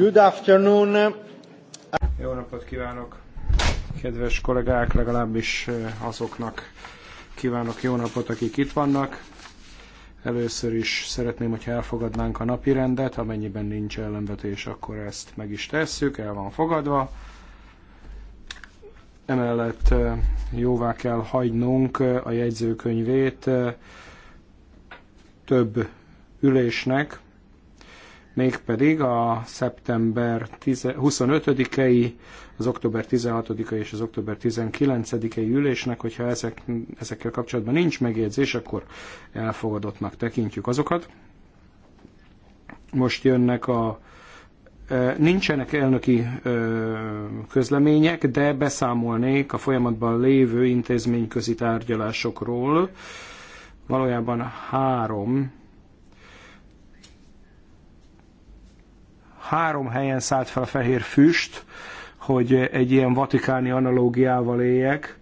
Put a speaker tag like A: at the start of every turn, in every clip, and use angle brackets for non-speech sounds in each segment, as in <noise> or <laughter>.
A: Good afternoon. Jó napot kívánok, kedves kollégák, legalábbis azoknak kívánok jó napot, akik itt vannak. Először is szeretném, hogyha elfogadnánk a napi rendet, amennyiben nincs ellenvetés, akkor ezt meg is tesszük, el van fogadva. Emellett jóvá kell hagynunk a jegyzőkönyvét több ülésnek, mégpedig a szeptember 25-ei, az október 16-ai és az október 19-ei ülésnek, hogyha ezek, ezekkel kapcsolatban nincs megjegyzés, akkor elfogadottnak tekintjük azokat. Most jönnek a e, Nincsenek elnöki e, közlemények, de beszámolnék a folyamatban lévő intézményközi tárgyalásokról. Valójában három három helyen szállt fel a fehér füst, hogy egy ilyen vatikáni analógiával éljek,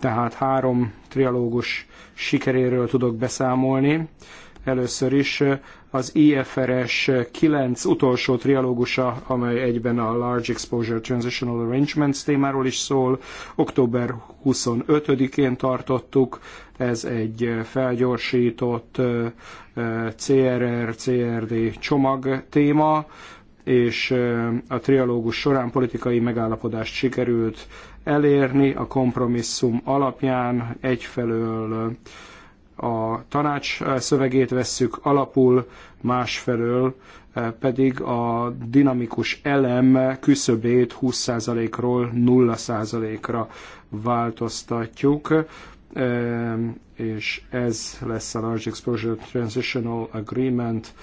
A: tehát három trialógus sikeréről tudok beszámolni. Először is az IFRS 9 utolsó trialógusa, amely egyben a Large Exposure Transitional Arrangements témáról is szól. Október 25-én tartottuk, ez egy felgyorsított CRR, CRD csomag téma, és a trialógus során politikai megállapodást sikerült elérni a kompromisszum alapján. Egyfelől a tanács szövegét vesszük alapul, másfelől pedig a dinamikus elem küszöbét 20%-ról 0%-ra változtatjuk és ez lesz a Large Exposure Transitional Agreement.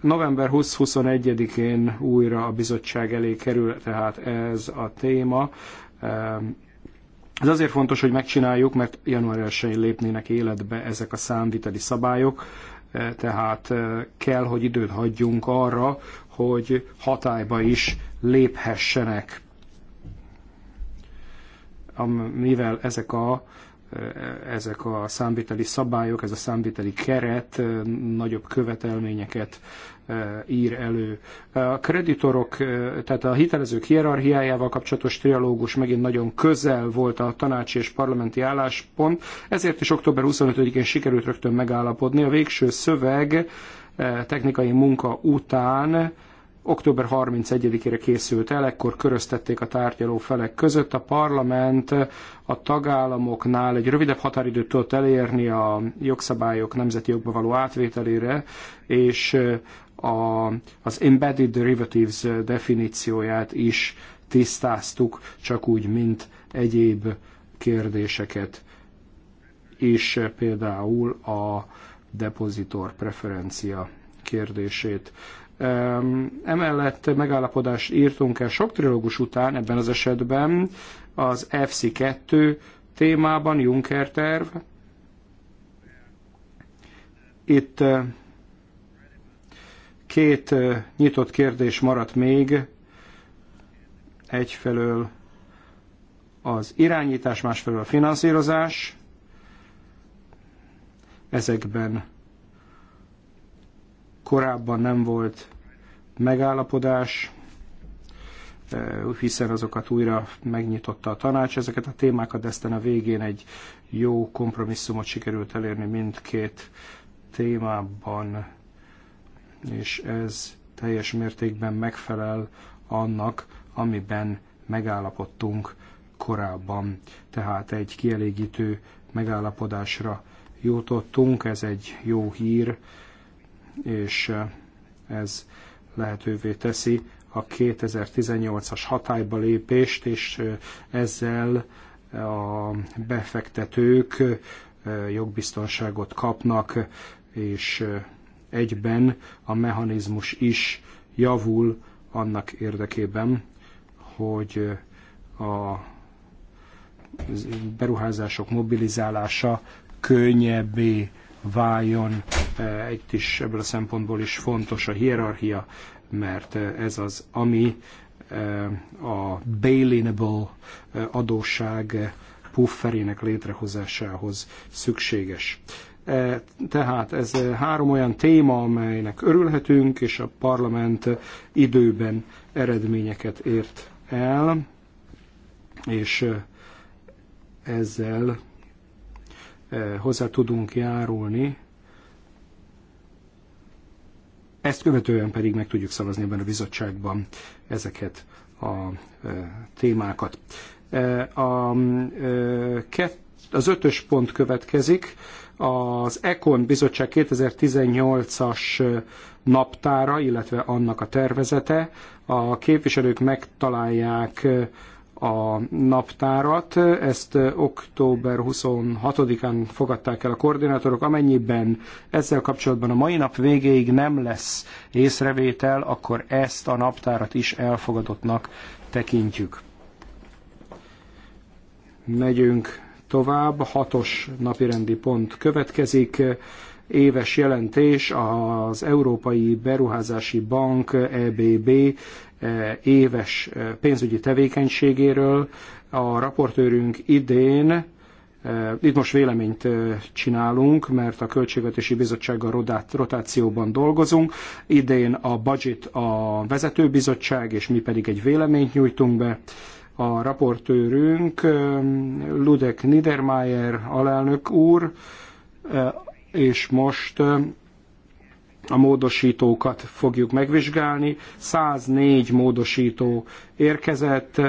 A: November 20-21-én újra a bizottság elé kerül, tehát ez a téma. Ez azért fontos, hogy megcsináljuk, mert január 1 lépnének életbe ezek a számviteli szabályok, e, tehát e, kell, hogy időt hagyjunk arra, hogy hatályba is léphessenek mivel ezek a eh, ezek a számviteli szabályok, ez a számviteli keret eh, nagyobb követelményeket eh, ír elő. A kreditorok, tehát a hitelezők hierarchiájával kapcsolatos trialógus megint nagyon közel volt a tanácsi és parlamenti álláspont, ezért is október 25-én sikerült rögtön megállapodni. A végső szöveg technikai munka után október 31-ére készült el, ekkor köröztették a tárgyaló felek között. A parlament a tagállamoknál egy rövidebb határidőt tudott elérni a jogszabályok nemzeti jogba való átvételére, és eh, a, az embedded derivatives definícióját is tisztáztuk, csak úgy, mint egyéb kérdéseket is, például a depozitor preferencia kérdését. Emellett megállapodást írtunk el sok trilógus után ebben az esetben az FC2 témában Juncker terv. Itt eh, két eh, nyitott kérdés maradt még. Egyfelől az irányítás, másfelől a finanszírozás. Ezekben korábban nem volt megállapodás, hiszen azokat újra megnyitotta a tanács. Ezeket a témákat, de aztán a végén egy jó kompromisszumot sikerült elérni mindkét témában, és ez teljes mértékben megfelel annak, amiben megállapodtunk korábban. Tehát egy kielégítő megállapodásra jutottunk, ez egy jó hír és ez lehetővé teszi a 2018-as hatályba lépést, és ezzel a befektetők jogbiztonságot kapnak, és egyben a mechanizmus is javul annak érdekében, hogy a beruházások mobilizálása könnyebbé váljon. Itt e, is ebből a szempontból is fontos a hierarchia, mert e, ez az, ami e, a bailinable adósság pufferének létrehozásához szükséges. Tehát ez három olyan téma, amelynek örülhetünk, és a parlament időben eredményeket ért el, és ezzel Eh, hozzá tudunk járulni. Ezt követően pedig meg tudjuk szavazni ebben a bizottságban ezeket a eh, témákat. Eh, a, az ötös pont következik, az ECON bizottság 2018-as naptára, illetve annak a tervezete. A képviselők megtalálják a naptárat. Ezt október 26-án fogadták el a koordinátorok. Amennyiben ezzel kapcsolatban a mai nap végéig nem lesz észrevétel, akkor ezt a naptárat is elfogadottnak tekintjük. Megyünk tovább. Hatos napirendi pont következik éves jelentés az Európai Beruházási Bank EBB éves pénzügyi tevékenységéről. A raportőrünk idén itt most véleményt csinálunk, mert a Költségvetési Bizottsággal rotációban dolgozunk. Idén a budget a vezetőbizottság, és mi pedig egy véleményt nyújtunk be. A raportőrünk Ludek Niedermayer alelnök úr, és most a módosítókat fogjuk megvizsgálni. 104 módosító érkezett,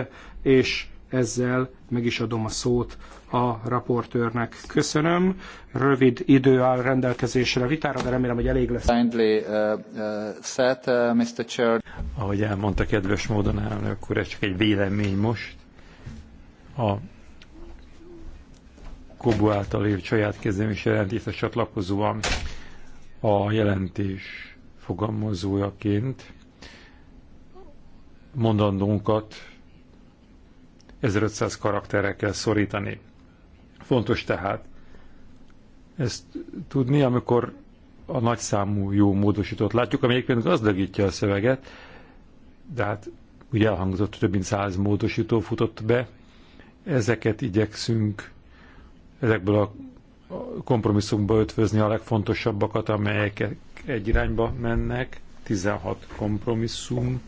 A: és ezzel meg is adom a szót a raportőrnek. Köszönöm. Rövid idő áll rendelkezésre vitára, de remélem, hogy elég lesz.
B: Kindly, uh, uh set, uh, Mr. Chair.
C: Ahogy elmondta kedves módon elnök úr, ez csak egy vélemény most. A Kobu által írt saját kezdeményezésre jelentést a csatlakozóan a jelentés fogalmazójaként mondandónkat 1500 karakterre kell szorítani. Fontos tehát ezt tudni, amikor a nagyszámú jó módosítót látjuk, ami egyébként gazdagítja a szöveget, de hát ugye elhangzott, több mint száz módosító futott be, ezeket igyekszünk ezekből a kompromisszumba ötvözni a legfontosabbakat, amelyek egy irányba mennek. 16 kompromisszum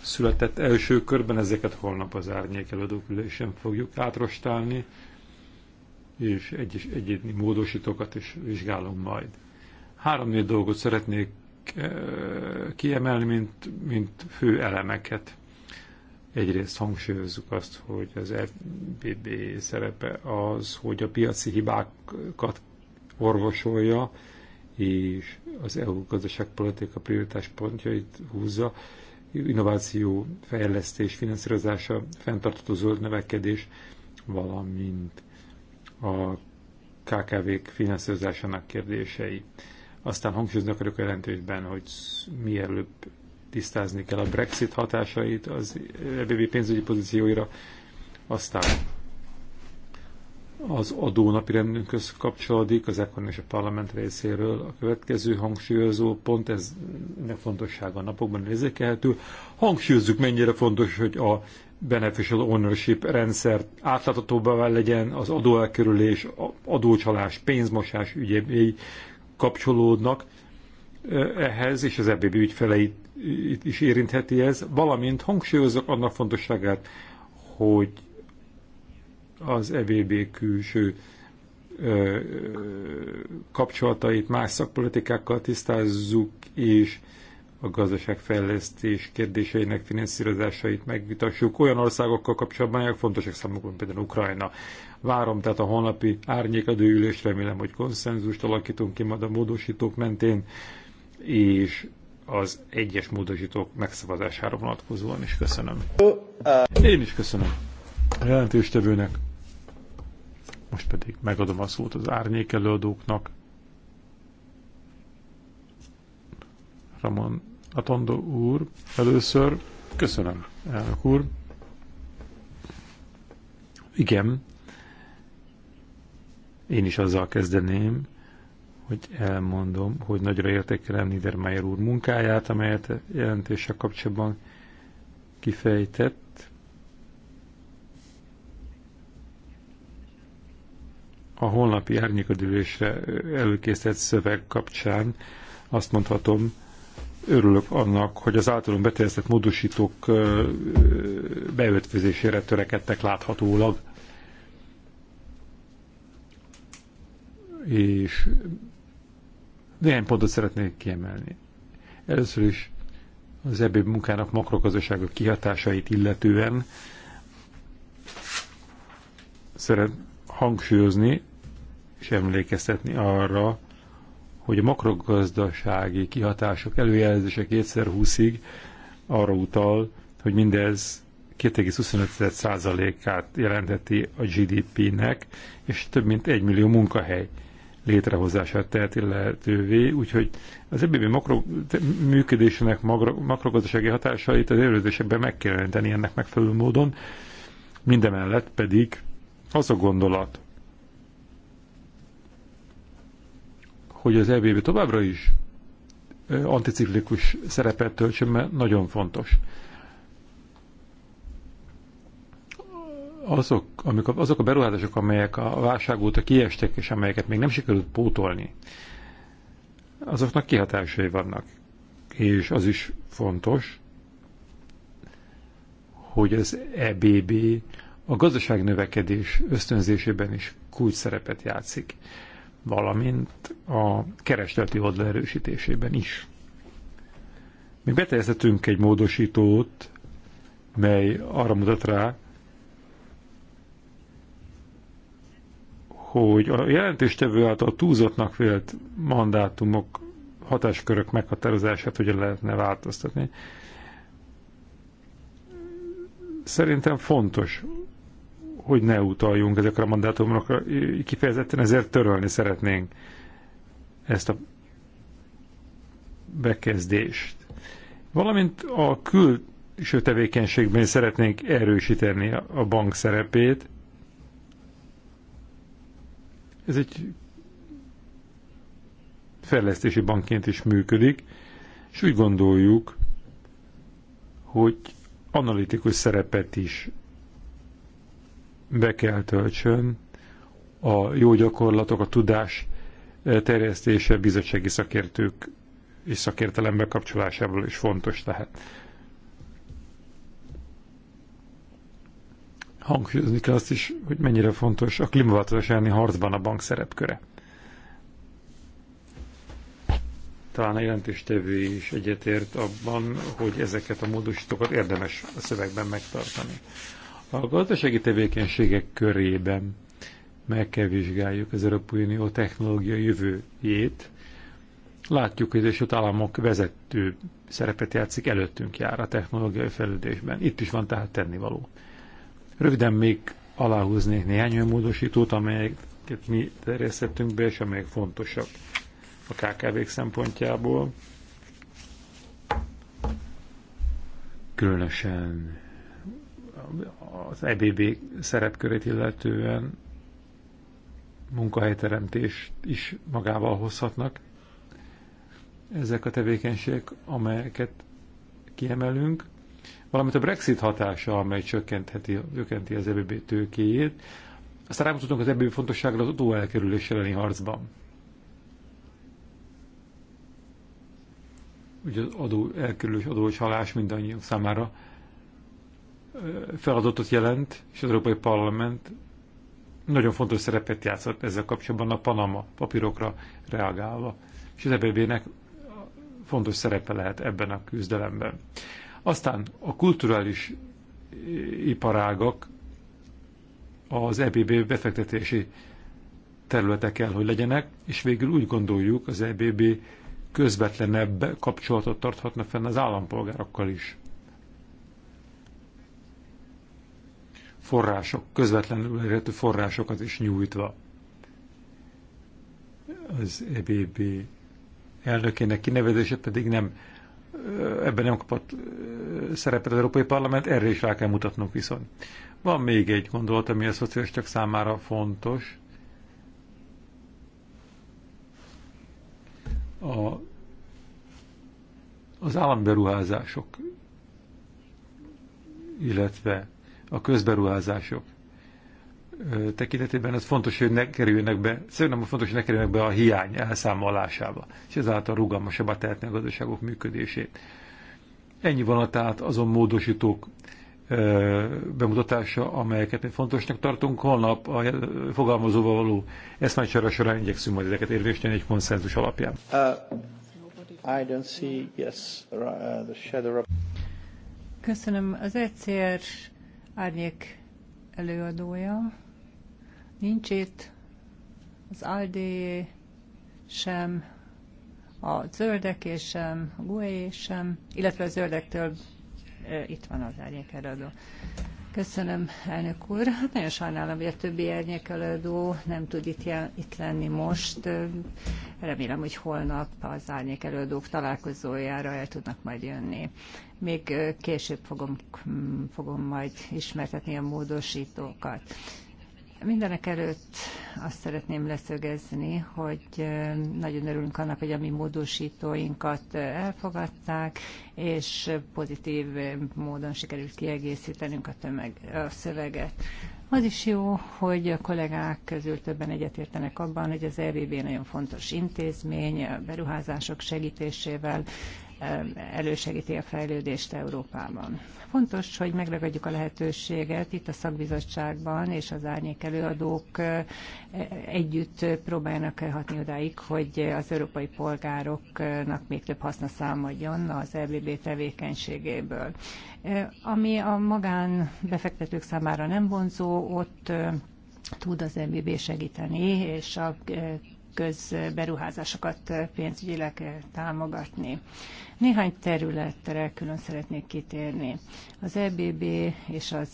C: született első körben, ezeket holnap az árnyék előadókülésen fogjuk átrostálni, és egy egyéni módosítókat is vizsgálunk majd. Három-négy dolgot szeretnék eh, kiemelni, mint, mint fő elemeket Egyrészt hangsúlyozzuk azt, hogy az FBB szerepe az, hogy a piaci hibákat orvosolja, és az EU gazdaságpolitika prioritás pontjait húzza, innováció, fejlesztés, finanszírozása, fenntartható zöld növekedés, valamint a KKV-k finanszírozásának kérdései. Aztán hangsúlyozni akarok a jelentésben, hogy mielőbb tisztázni kell a Brexit hatásait az EBB pénzügyi pozícióira, aztán az adó napirendünkhöz kapcsolódik, az ekkor és a Parlament részéről a következő hangsúlyozó pont, ez ennek fontossága a napokban érzékelhető. Hangsúlyozzuk, mennyire fontos, hogy a beneficial ownership rendszer átláthatóbbá legyen, az adóelkerülés, adócsalás, pénzmosás ügyei kapcsolódnak eh, ehhez, és az EBB ügyfeleit is érintheti ez, valamint hangsúlyozok annak fontosságát, hogy az EVB külső ö, kapcsolatait más szakpolitikákkal tisztázzuk, és a gazdaságfejlesztés kérdéseinek finanszírozásait megvitassuk olyan országokkal kapcsolatban, amelyek fontosak számukra, például Ukrajna. Várom tehát a holnapi árnyékadő ülés, remélem, hogy konszenzust alakítunk ki majd a módosítók mentén, és az egyes módosítók megszavazására vonatkozóan is köszönöm. Én is köszönöm a jelentéstevőnek. Most pedig megadom a szót az árnyék előadóknak. Ramon Atondo úr, először köszönöm, elnök úr. Igen, én is azzal kezdeném, hogy elmondom, hogy nagyra értékelem Niedermayer úr munkáját, amelyet jelentéssel kapcsolatban kifejtett. A holnapi árnyékadülésre előkészített szöveg kapcsán azt mondhatom, örülök annak, hogy az általunk beterjesztett módosítók beötvözésére törekedtek láthatólag. És néhány pontot szeretnék kiemelni. Először is az ebéd munkának makrogazdaságok kihatásait illetően szeret hangsúlyozni és emlékeztetni arra, hogy a makrogazdasági kihatások előjelzése 2020-ig arra utal, hogy mindez 2,25%-át jelenteti a GDP-nek, és több mint 1 millió munkahely létrehozását teheti lehetővé, úgyhogy az EBB makro, működésének makrogazdasági hatásait az előzésekben meg kell jelenteni ennek megfelelő módon, mindemellett pedig az a gondolat, hogy az EBB továbbra is anticiklikus szerepet töltsön, mert nagyon fontos. azok, amikor, azok a beruházások, amelyek a válság óta kiestek, és amelyeket még nem sikerült pótolni, azoknak kihatásai vannak. És az is fontos, hogy az EBB a gazdaság növekedés ösztönzésében is kulcs szerepet játszik, valamint a keresleti oldal erősítésében is. Mi beterjesztettünk egy módosítót, mely arra mutat rá, hogy a jelentéstevő által túlzottnak vélt mandátumok, hatáskörök meghatározását hogyan lehetne változtatni. Szerintem fontos, hogy ne utaljunk ezekre a mandátumokra, kifejezetten ezért törölni szeretnénk ezt a bekezdést. Valamint a külső tevékenységben szeretnénk erősíteni a bank szerepét, ez egy fejlesztési bankként is működik, és úgy gondoljuk, hogy analitikus szerepet is be kell töltsön a jó gyakorlatok, a tudás eh, terjesztése bizottsági szakértők és szakértelem bekapcsolásából is fontos lehet. hangsúlyozni kell azt is, hogy mennyire fontos a klímaváltozás elleni harcban a bank szerepköre. Talán a jelentéstevő is egyetért abban, hogy ezeket a módosítókat érdemes a szövegben megtartani. A gazdasági tevékenységek körében meg kell vizsgáljuk az Európai Unió technológia jövőjét. Látjuk, hogy az Egyesült Államok vezető szerepet játszik, előttünk jár a technológiai fejlődésben. Itt is van tehát tennivaló. Röviden még aláhúznék néhány olyan módosítót, amelyeket mi terjesztettünk be, és amelyek fontosak a kkv szempontjából. Különösen az EBB szerepkörét illetően munkahelyteremtést is magával hozhatnak ezek a tevékenységek, amelyeket kiemelünk valamint a Brexit hatása, amely csökkentheti, csökkenti az EBB tőkéjét. Aztán rámutatunk az EBB fontosságra az utóelkerülés elleni harcban. Ugye az adó elkerülés, halás mindannyiunk számára feladatot jelent, és az Európai Parlament nagyon fontos szerepet játszott ezzel kapcsolatban a Panama papírokra reagálva. És az EBB-nek fontos szerepe lehet ebben a küzdelemben. Aztán a kulturális eh, iparágak az EBB befektetési területek kell, hogy legyenek, és végül úgy gondoljuk, az EBB közvetlenebb kapcsolatot tarthatna fenn az állampolgárokkal is. Források, közvetlenül érhető forrásokat is nyújtva. Az EBB elnökének kinevezése pedig nem ebben nem kapott szerepet az Európai Parlament, erre is rá kell mutatnunk viszont. Van még egy gondolat, ami a szocialisták számára fontos. A, az államberuházások, illetve a közberuházások tekintetében az fontos, hogy ne kerüljenek be, szerintem fontos, hogy ne kerüljenek be a hiány elszámolásába, és ezáltal rugalmasabbá tehetne a gazdaságok működését. Ennyi van a tehát azon módosítók bemutatása, amelyeket mi fontosnak tartunk. Holnap a fogalmazóval való eszmánycsára során igyekszünk majd ezeket érvésnyelni egy konszenzus alapján.
D: Uh,
B: I don't see, yes, uh, the shadow...
E: Köszönöm. Az ECR árnyék előadója nincs itt, az Aldi sem, a zöldeké sem, a gué e sem, illetve a zöldektől e, itt van az árnyékeladó. Köszönöm, elnök úr. Hát nagyon sajnálom, hogy a többi árnyékeladó nem tud itt, jel, itt lenni most. Remélem, hogy holnap az árnyékeladók találkozójára el tudnak majd jönni. Még később fogom, mm, fogom majd ismertetni a módosítókat. Mindenek előtt azt szeretném leszögezni, hogy nagyon örülünk annak, hogy a mi módosítóinkat elfogadták, és pozitív módon sikerült kiegészítenünk a, tömeg, a szöveget. Az is jó, hogy a kollégák közül többen egyetértenek abban, hogy az EBB nagyon fontos intézmény, a beruházások segítésével elősegíti a fejlődést Európában. Fontos, hogy megragadjuk a lehetőséget itt a szakbizottságban, és az árnyék előadók e, együtt próbálnak hatni odáig, hogy az európai polgároknak még több haszna számadjon az EBB tevékenységéből. E, ami a magán befektetők számára nem vonzó, ott tud az MBB segíteni, és a e, közberuházásokat pénzügyileg támogatni. Néhány területre külön szeretnék kitérni. Az EBB és az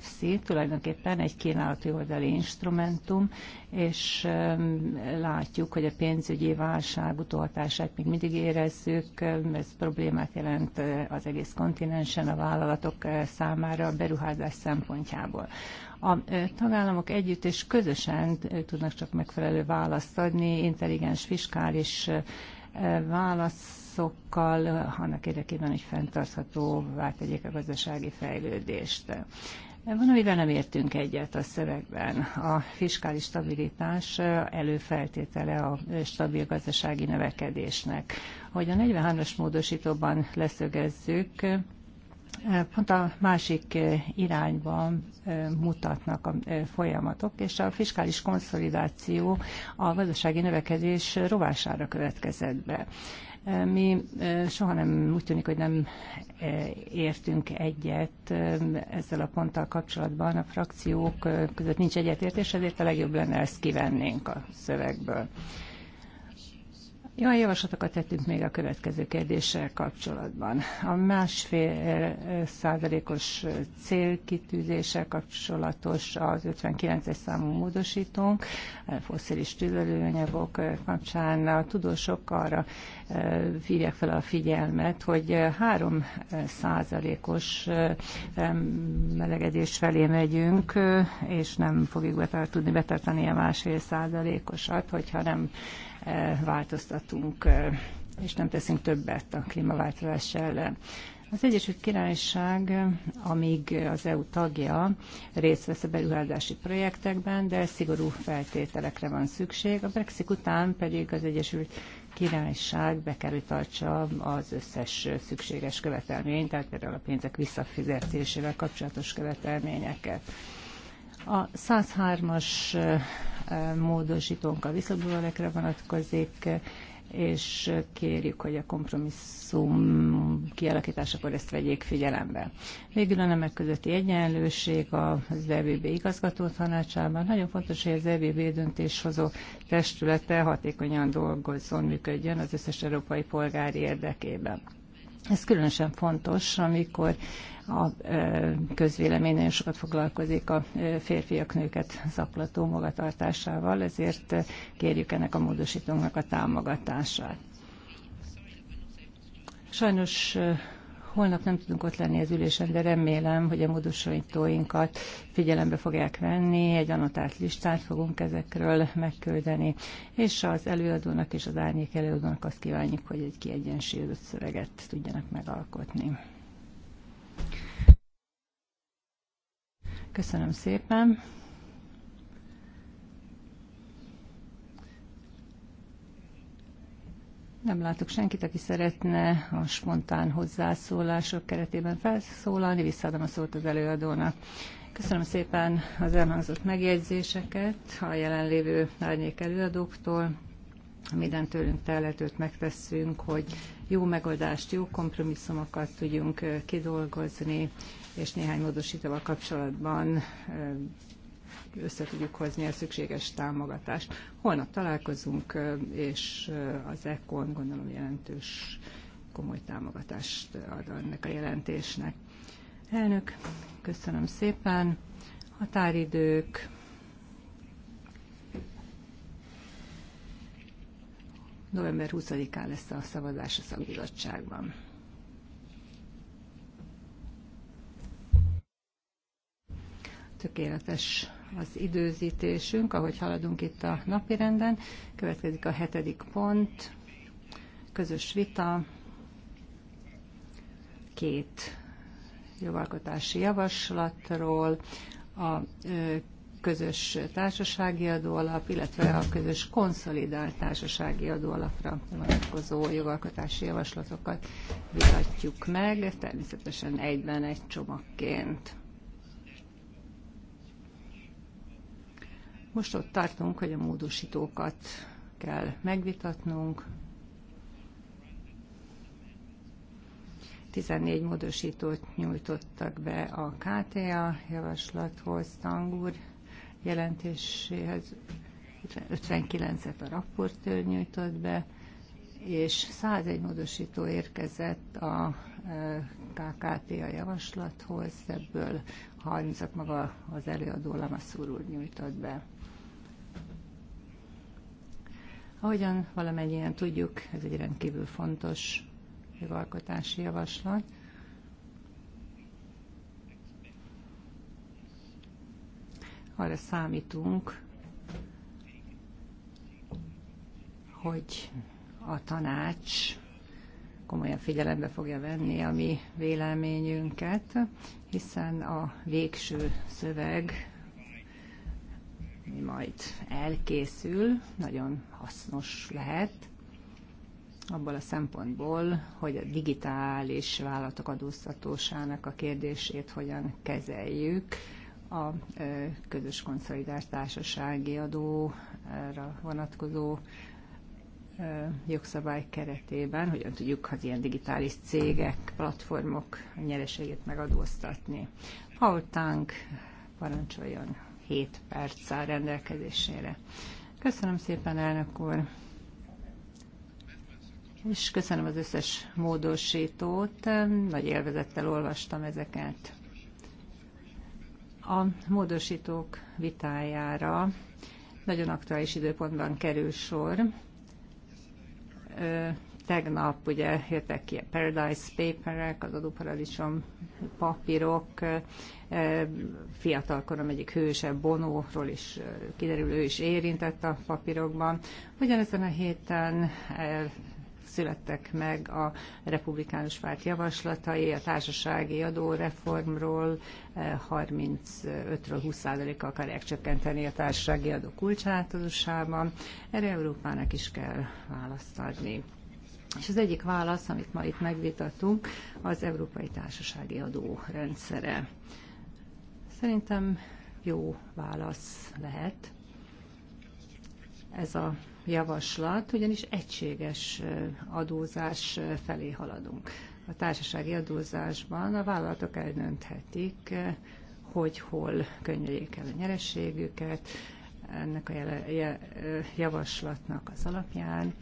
E: FC tulajdonképpen egy kínálati oldali instrumentum, és látjuk, hogy a pénzügyi válság utolhatását még mindig érezzük, ez problémát jelent az egész kontinensen a vállalatok számára a beruházás szempontjából. A tagállamok együtt és közösen tudnak csak megfelelő választ adni, intelligens fiskális válaszokkal, annak érdekében, hogy fenntarthatóvá tegyék a gazdasági fejlődést. Van, amivel nem értünk egyet a szövegben. A fiskális stabilitás előfeltétele a stabil gazdasági növekedésnek. Hogy a 43-as módosítóban leszögezzük, pont hát a másik irányban mutatnak a folyamatok, és a fiskális konszolidáció a gazdasági növekedés rovására következett be. Mi soha nem úgy tűnik, hogy nem értünk egyet ezzel a ponttal kapcsolatban. A frakciók között nincs egyetértés, ezért a legjobb lenne ezt kivennénk a szövegből. Jó javaslatokat tettünk még a következő kérdéssel kapcsolatban. A másfél eh, eh, százalékos eh, célkitűzéssel kapcsolatos az 59-es számú módosítónk, foszilis tüzelőanyagok kapcsán a tudósok arra hívják fel a figyelmet, hogy 3 százalékos melegedés felé megyünk, és nem fogjuk betart, tudni betartani a másfél százalékosat, hogyha nem Eh, változtatunk, eh, és nem teszünk többet a klímaváltozás ellen. Az Egyesült Királyság, amíg az EU tagja, részt vesz a beruházási projektekben, de szigorú feltételekre van szükség. A Brexit után pedig az Egyesült Királyság be kell, hogy tartsa az összes szükséges követelményt, tehát például a pénzek visszafizetésével kapcsolatos követelményeket. A 103-as módosítónk a visszabőlekre vonatkozik, és kérjük, hogy a kompromisszum kialakításakor ezt vegyék figyelembe. Végül a nemek közötti egyenlőség az EBB igazgató tanácsában. Nagyon fontos, hogy az EBB döntéshozó testülete hatékonyan dolgozzon, működjön az összes európai polgár érdekében. Ez különösen fontos, amikor a közvélemény nagyon sokat foglalkozik a férfiak nőket zaklató magatartásával, ezért kérjük ennek a módosítónak a támogatását. Sajnos holnap nem tudunk ott lenni az ülésen, de remélem, hogy a módosítóinkat figyelembe fogják venni, egy anotált listát fogunk ezekről megküldeni, és az előadónak és az árnyék előadónak azt kívánjuk, hogy egy kiegyensúlyozott szöveget tudjanak megalkotni. Köszönöm szépen. Nem látok senkit, aki szeretne a spontán hozzászólások keretében felszólalni. Visszaadom a szót az előadónak. Köszönöm szépen az elhangzott megjegyzéseket a jelenlévő árnyék előadóktól. Minden tőlünk telhetőt megteszünk, hogy jó megoldást, jó kompromisszumokat tudjunk kidolgozni, és néhány módosítóval kapcsolatban össze tudjuk hozni a szükséges támogatást. Holnap találkozunk, és az ECON gondolom jelentős komoly támogatást ad ennek a jelentésnek. Elnök, köszönöm szépen. Határidők november 20-án lesz a szavazás a szakbizottságban. Tökéletes az időzítésünk, ahogy haladunk itt a napirenden. Következik a hetedik pont, közös vita, két jogalkotási javaslatról, a közös társasági adóalap, illetve a közös konszolidált társasági adóalapra vonatkozó jogalkotási javaslatokat vitatjuk meg, természetesen egyben egy csomagként. Most ott tartunk, hogy a módosítókat kell megvitatnunk. 14 módosítót nyújtottak be a KTA javaslathoz, Tangúr jelentéséhez 59-et a raportőr nyújtott be, és 101 módosító érkezett a e, KKT a javaslathoz, ebből 30 maga az előadó Lamaszúr úr nyújtott be. Ahogyan valamennyien tudjuk, ez egy rendkívül fontos jogalkotási javaslat, arra számítunk, hogy a tanács komolyan figyelembe fogja venni a mi véleményünket, hiszen a végső szöveg majd elkészül, nagyon hasznos lehet, abból a szempontból, hogy a digitális vállalatok adóztatósának a kérdését hogyan kezeljük, a közös konszolidált társasági adóra vonatkozó jogszabály keretében, hogyan tudjuk az ilyen digitális cégek, platformok nyereségét megadóztatni. Paul Tang parancsoljon 7 perc rendelkezésére. Köszönöm szépen, elnök úr! És köszönöm az összes módosítót, nagy élvezettel olvastam ezeket a módosítók vitájára nagyon aktuális időpontban kerül sor. Tegnap ugye jöttek ki a Paradise Paperek, az adóparadicsom papírok, fiatalkorom egyik hőse Bonóról is kiderül, ő is érintett a papírokban. Ugyanezen a héten születtek meg a republikánus párt javaslatai, a társasági adóreformról 35-ről eh, 20%-kal akarják csökkenteni a társasági adó kulcsátozásában. Erre Európának is kell választ adni. És az egyik válasz, amit ma itt megvitatunk, az Európai Társasági Adó rendszere. Szerintem jó válasz lehet. Ez a javaslat, ugyanis egységes adózás felé haladunk. A társasági adózásban a vállalatok eldönthetik, hogy hol könnyeljék el a nyerességüket, ennek a javaslatnak az alapján,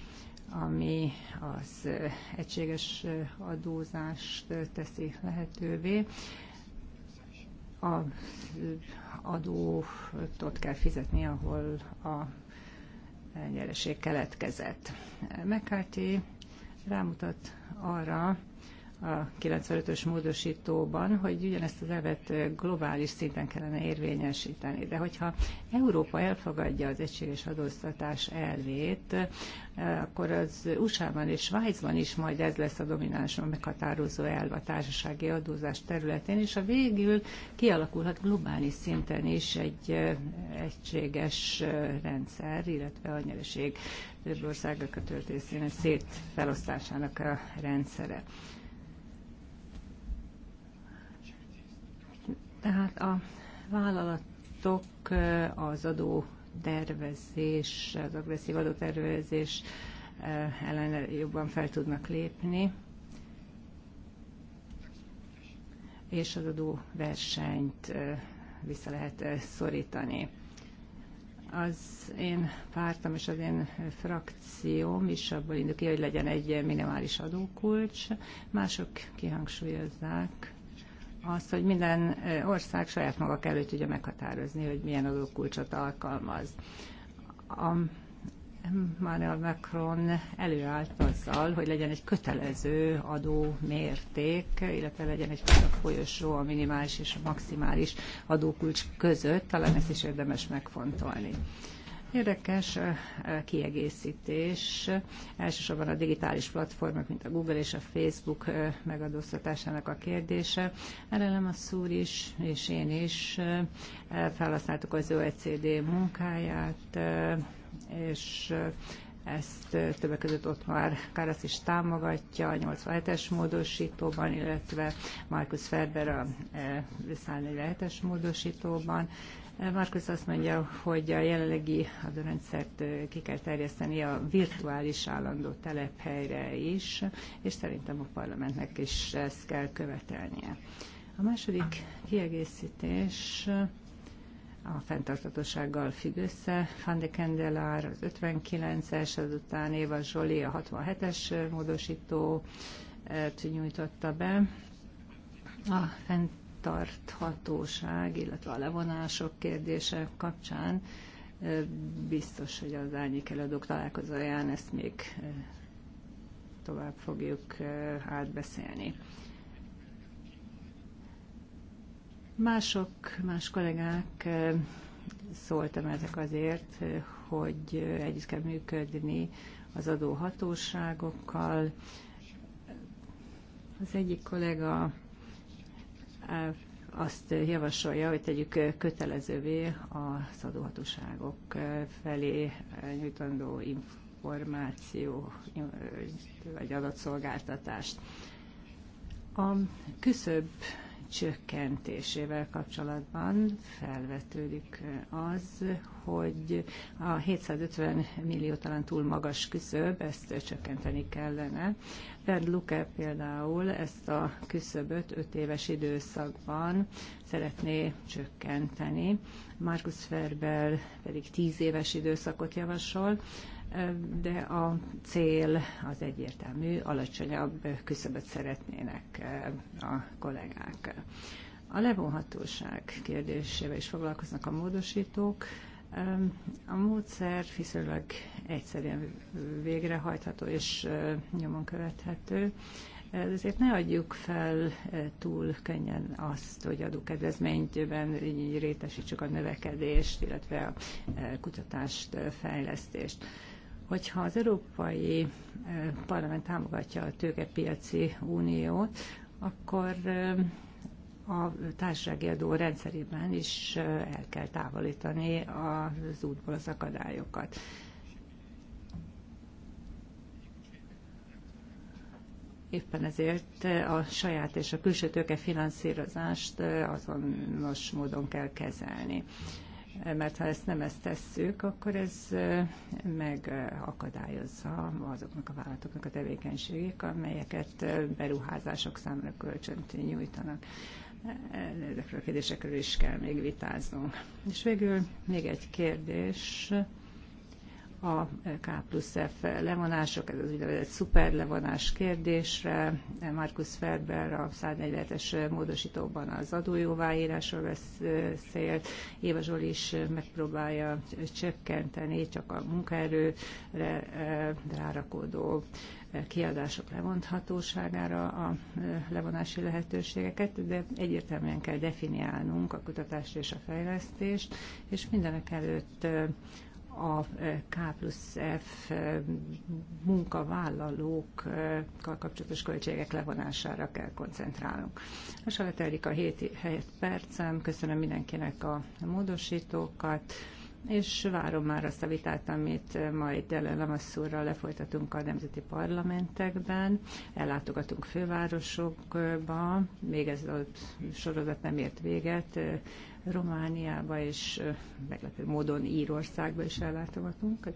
E: ami az egységes adózást teszi lehetővé. A adót ott kell fizetni, ahol a nyereség keletkezett. McCarthy rámutat arra, a 95-ös módosítóban, hogy ugyanezt az elvet globális szinten kellene érvényesíteni. De hogyha Európa elfogadja az egységes adóztatás elvét, akkor az USA-ban és Svájcban is majd ez lesz a domináns, a meghatározó elv a társasági adózás területén, és a végül kialakulhat globális szinten is egy eh, egységes eh, rendszer, illetve a nyereség több országra történő szétfelosztásának a rendszere. Tehát a vállalatok az adó tervezés, az agresszív adótervezés ellen jobban fel tudnak lépni, és az adó versenyt vissza lehet szorítani. Az én pártom és az én frakcióm is abból indul ki, hogy legyen egy minimális adókulcs. Mások kihangsúlyozzák, az, hogy minden ország saját maga kell, hogy tudja meghatározni, hogy milyen adókulcsot alkalmaz. A Emmanuel Macron előállt azzal, hogy legyen egy kötelező adó mérték, illetve legyen egy folyosó a minimális és a maximális adókulcs között, talán ezt is érdemes megfontolni. Érdekes kiegészítés, elsősorban a digitális platformok, mint a Google és a Facebook megadóztatásának a kérdése. Erre nem a szúr is, és én is felhasználtuk az OECD munkáját, és ezt többek között ott már Karasz is támogatja a 87-es módosítóban, illetve Markus Ferber a 147-es módosítóban. Markus azt mondja, hogy a jelenlegi adórendszert ki kell terjeszteni a virtuális állandó telephelyre is, és szerintem a parlamentnek is ezt kell követelnie. A második kiegészítés a fenntartatósággal függ össze. Van de Kendelár az 59-es, azután Éva Zsoli a 67-es módosító nyújtotta be. A fent fenntarthatóság, illetve a levonások kérdése kapcsán biztos, hogy az árnyék előadók találkozóján ezt még tovább fogjuk átbeszélni. Mások, más kollégák szóltam ezek azért, hogy együtt kell működni az adóhatóságokkal. Az egyik kollega azt javasolja, hogy tegyük kötelezővé az adóhatóságok felé nyújtandó információ vagy adatszolgáltatást. A küszöbb csökkentésével kapcsolatban felvetődik az, hogy a 750 millió talán túl magas küszöb, ezt csökkenteni kellene. Ted Luke például ezt a küszöböt öt éves időszakban szeretné csökkenteni, Markus Ferber pedig tíz éves időszakot javasol, de a cél az egyértelmű, alacsonyabb küszöböt szeretnének a kollégák. A levonhatóság kérdésével is foglalkoznak a módosítók. A módszer viszonylag egyszerűen végrehajtható és nyomon követhető. Ezért ne adjuk fel túl könnyen azt, hogy adókedvezményben rétesítsük a növekedést, illetve a kutatást, fejlesztést. Hogyha az Európai Parlament támogatja a tőkepiaci uniót, akkor a társasági adó rendszerében is el kell távolítani az útból az akadályokat. Éppen ezért a saját és a külső tőke finanszírozást azonos módon kell kezelni. Mert ha ezt nem ezt tesszük, akkor ez megakadályozza azoknak a vállalatoknak a tevékenységét, amelyeket beruházások számára kölcsönt nyújtanak ezekről a kérdésekről is kell még vitáznunk. És végül még egy kérdés, a K plusz F levonások, ez az úgynevezett szuper levonás kérdésre. Markus Ferber a 147-es módosítóban az adójóváírásról beszélt, Éva Zsoli is megpróbálja csökkenteni csak a munkaerőre eh, rárakódó kiadások levonthatóságára a levonási lehetőségeket, de egyértelműen kell definiálnunk a kutatást és a fejlesztést, és mindenek előtt a K plusz F munkavállalókkal kapcsolatos költségek levonására kell koncentrálnunk. Most eltelik a 7 percem, köszönöm mindenkinek a módosítókat és várom már azt a vitát, amit majd Lamasszúrral lefolytatunk a nemzeti parlamentekben, ellátogatunk fővárosokba, még ez a sorozat nem ért véget, Romániába és meglepő módon Írországba is ellátogatunk.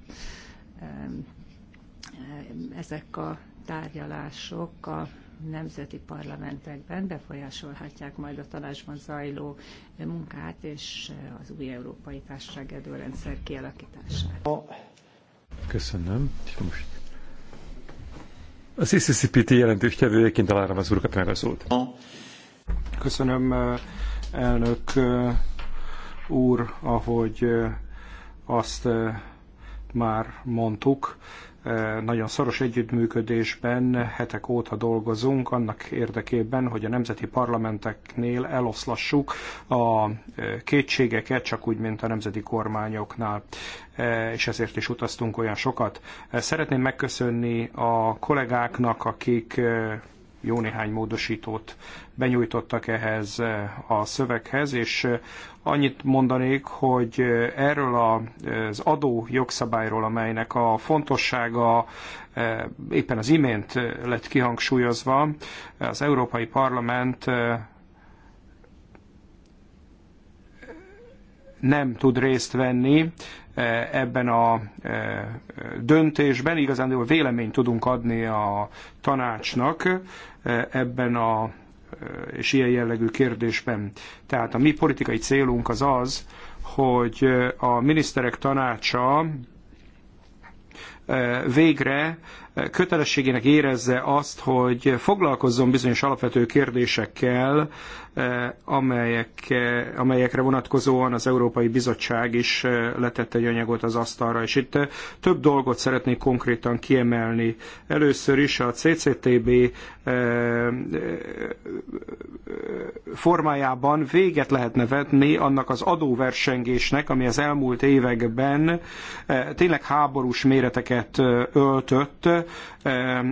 E: Ezek a tárgyalások a nemzeti parlamentekben befolyásolhatják majd a tanácsban zajló munkát és az új európai társaság edőrendszer kialakítását.
C: Köszönöm. Most az ICCPT jelentős tevőjeként találom az úr meg a szót.
A: Köszönöm, elnök eh, úr, ahogy eh, azt eh, már mondtuk, nagyon szoros együttműködésben hetek óta dolgozunk annak érdekében, hogy a nemzeti parlamenteknél eloszlassuk a e, kétségeket, csak úgy, mint a nemzeti kormányoknál e, és ezért is utaztunk olyan sokat. E, szeretném megköszönni a kollégáknak, akik jó néhány módosítót benyújtottak ehhez a szöveghez, és Annyit mondanék, hogy erről az adó jogszabályról, amelynek a fontossága éppen az imént lett kihangsúlyozva, az Európai Parlament nem tud részt venni ebben a döntésben. Igazán véleményt tudunk adni a tanácsnak ebben a és ilyen jellegű kérdésben. Tehát a mi politikai célunk az az, hogy a miniszterek tanácsa eh, végre kötelességének érezze azt, hogy foglalkozzon bizonyos alapvető kérdésekkel, eh, amelyek, eh, amelyekre vonatkozóan az Európai Bizottság is eh, letette egy anyagot az asztalra. És itt több dolgot szeretnék konkrétan kiemelni. Először is a CCTB formájában véget lehetne vetni annak az adóversengésnek, ami az elmúlt években tényleg háborús méreteket öltött,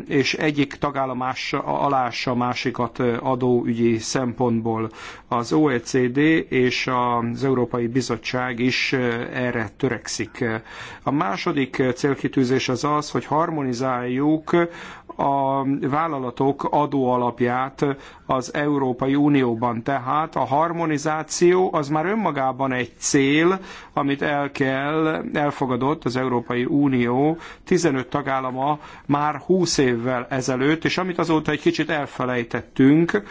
A: és egyik tagállam alássa másikat adóügyi szempontból. Az OECD és az Európai Bizottság is erre törekszik. A második célkitűzés az az, hogy harmonizáljuk a vállalatok adóalapját az Európai Unióban. Tehát a harmonizáció az már önmagában egy cél, amit el kell, elfogadott az Európai Unió 15 tagállama már 20 évvel ezelőtt, és amit azóta egy kicsit elfelejtettünk,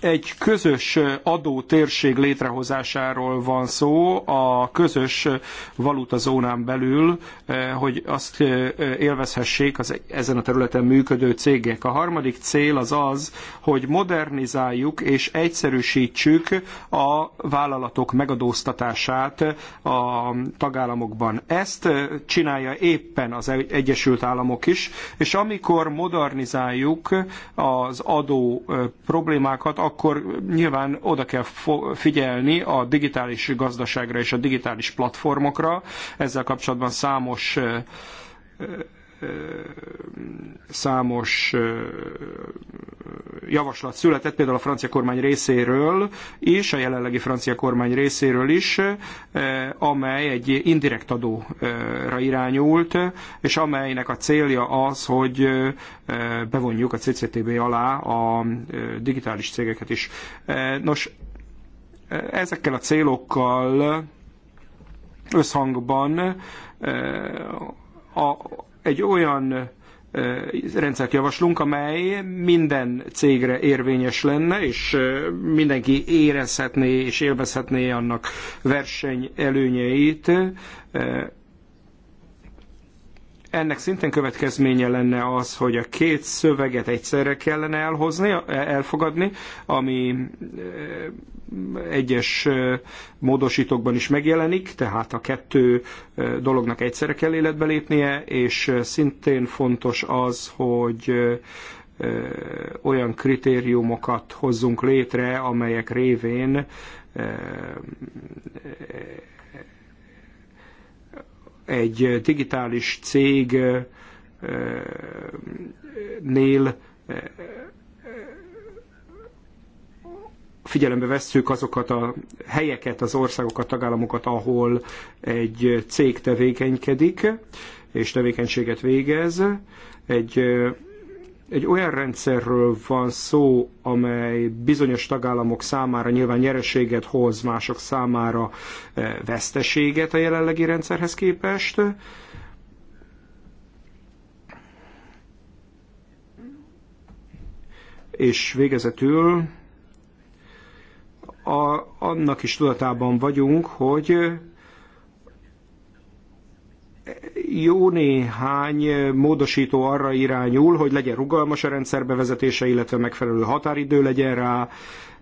A: egy közös adótérség létrehozásáról van szó a közös valutazónán belül, eh, hogy azt eh, élvezhessék az ezen a területen működő cégek. A harmadik cél az az, hogy modernizáljuk és egyszerűsítsük a vállalatok megadóztatását a tagállamokban. Ezt eh, csinálja éppen az Egyesült Államok is, és amikor modernizáljuk az adó problémákat, akkor nyilván oda kell figyelni a digitális gazdaságra és a digitális platformokra. Ezzel kapcsolatban számos számos javaslat született, például a francia kormány részéről is, a jelenlegi francia kormány részéről is, amely egy indirekt adóra irányult, és amelynek a célja az, hogy bevonjuk a CCTB alá a digitális cégeket is. Nos, ezekkel a célokkal összhangban a, egy olyan rendszert javaslunk, amely minden cégre érvényes lenne, és mindenki érezhetné és élvezhetné annak verseny előnyeit, ennek szintén következménye lenne az, hogy a két szöveget egyszerre kellene elhozni, elfogadni, ami eh, egyes eh, módosítókban is megjelenik, tehát a kettő eh, dolognak egyszerre kell életbe lépnie, és szintén fontos az, hogy olyan kritériumokat hozzunk létre, amelyek révén egy digitális cég nél figyelembe vesszük azokat a helyeket, az országokat, tagállamokat, ahol egy cég tevékenykedik és tevékenységet végez. Egy egy olyan rendszerről van szó, amely bizonyos tagállamok számára nyilván nyereséget hoz, mások számára eh, veszteséget a jelenlegi rendszerhez képest. És végezetül a, annak is tudatában vagyunk, hogy jó néhány módosító arra irányul, hogy legyen rugalmas a rendszer bevezetése, illetve megfelelő határidő legyen rá.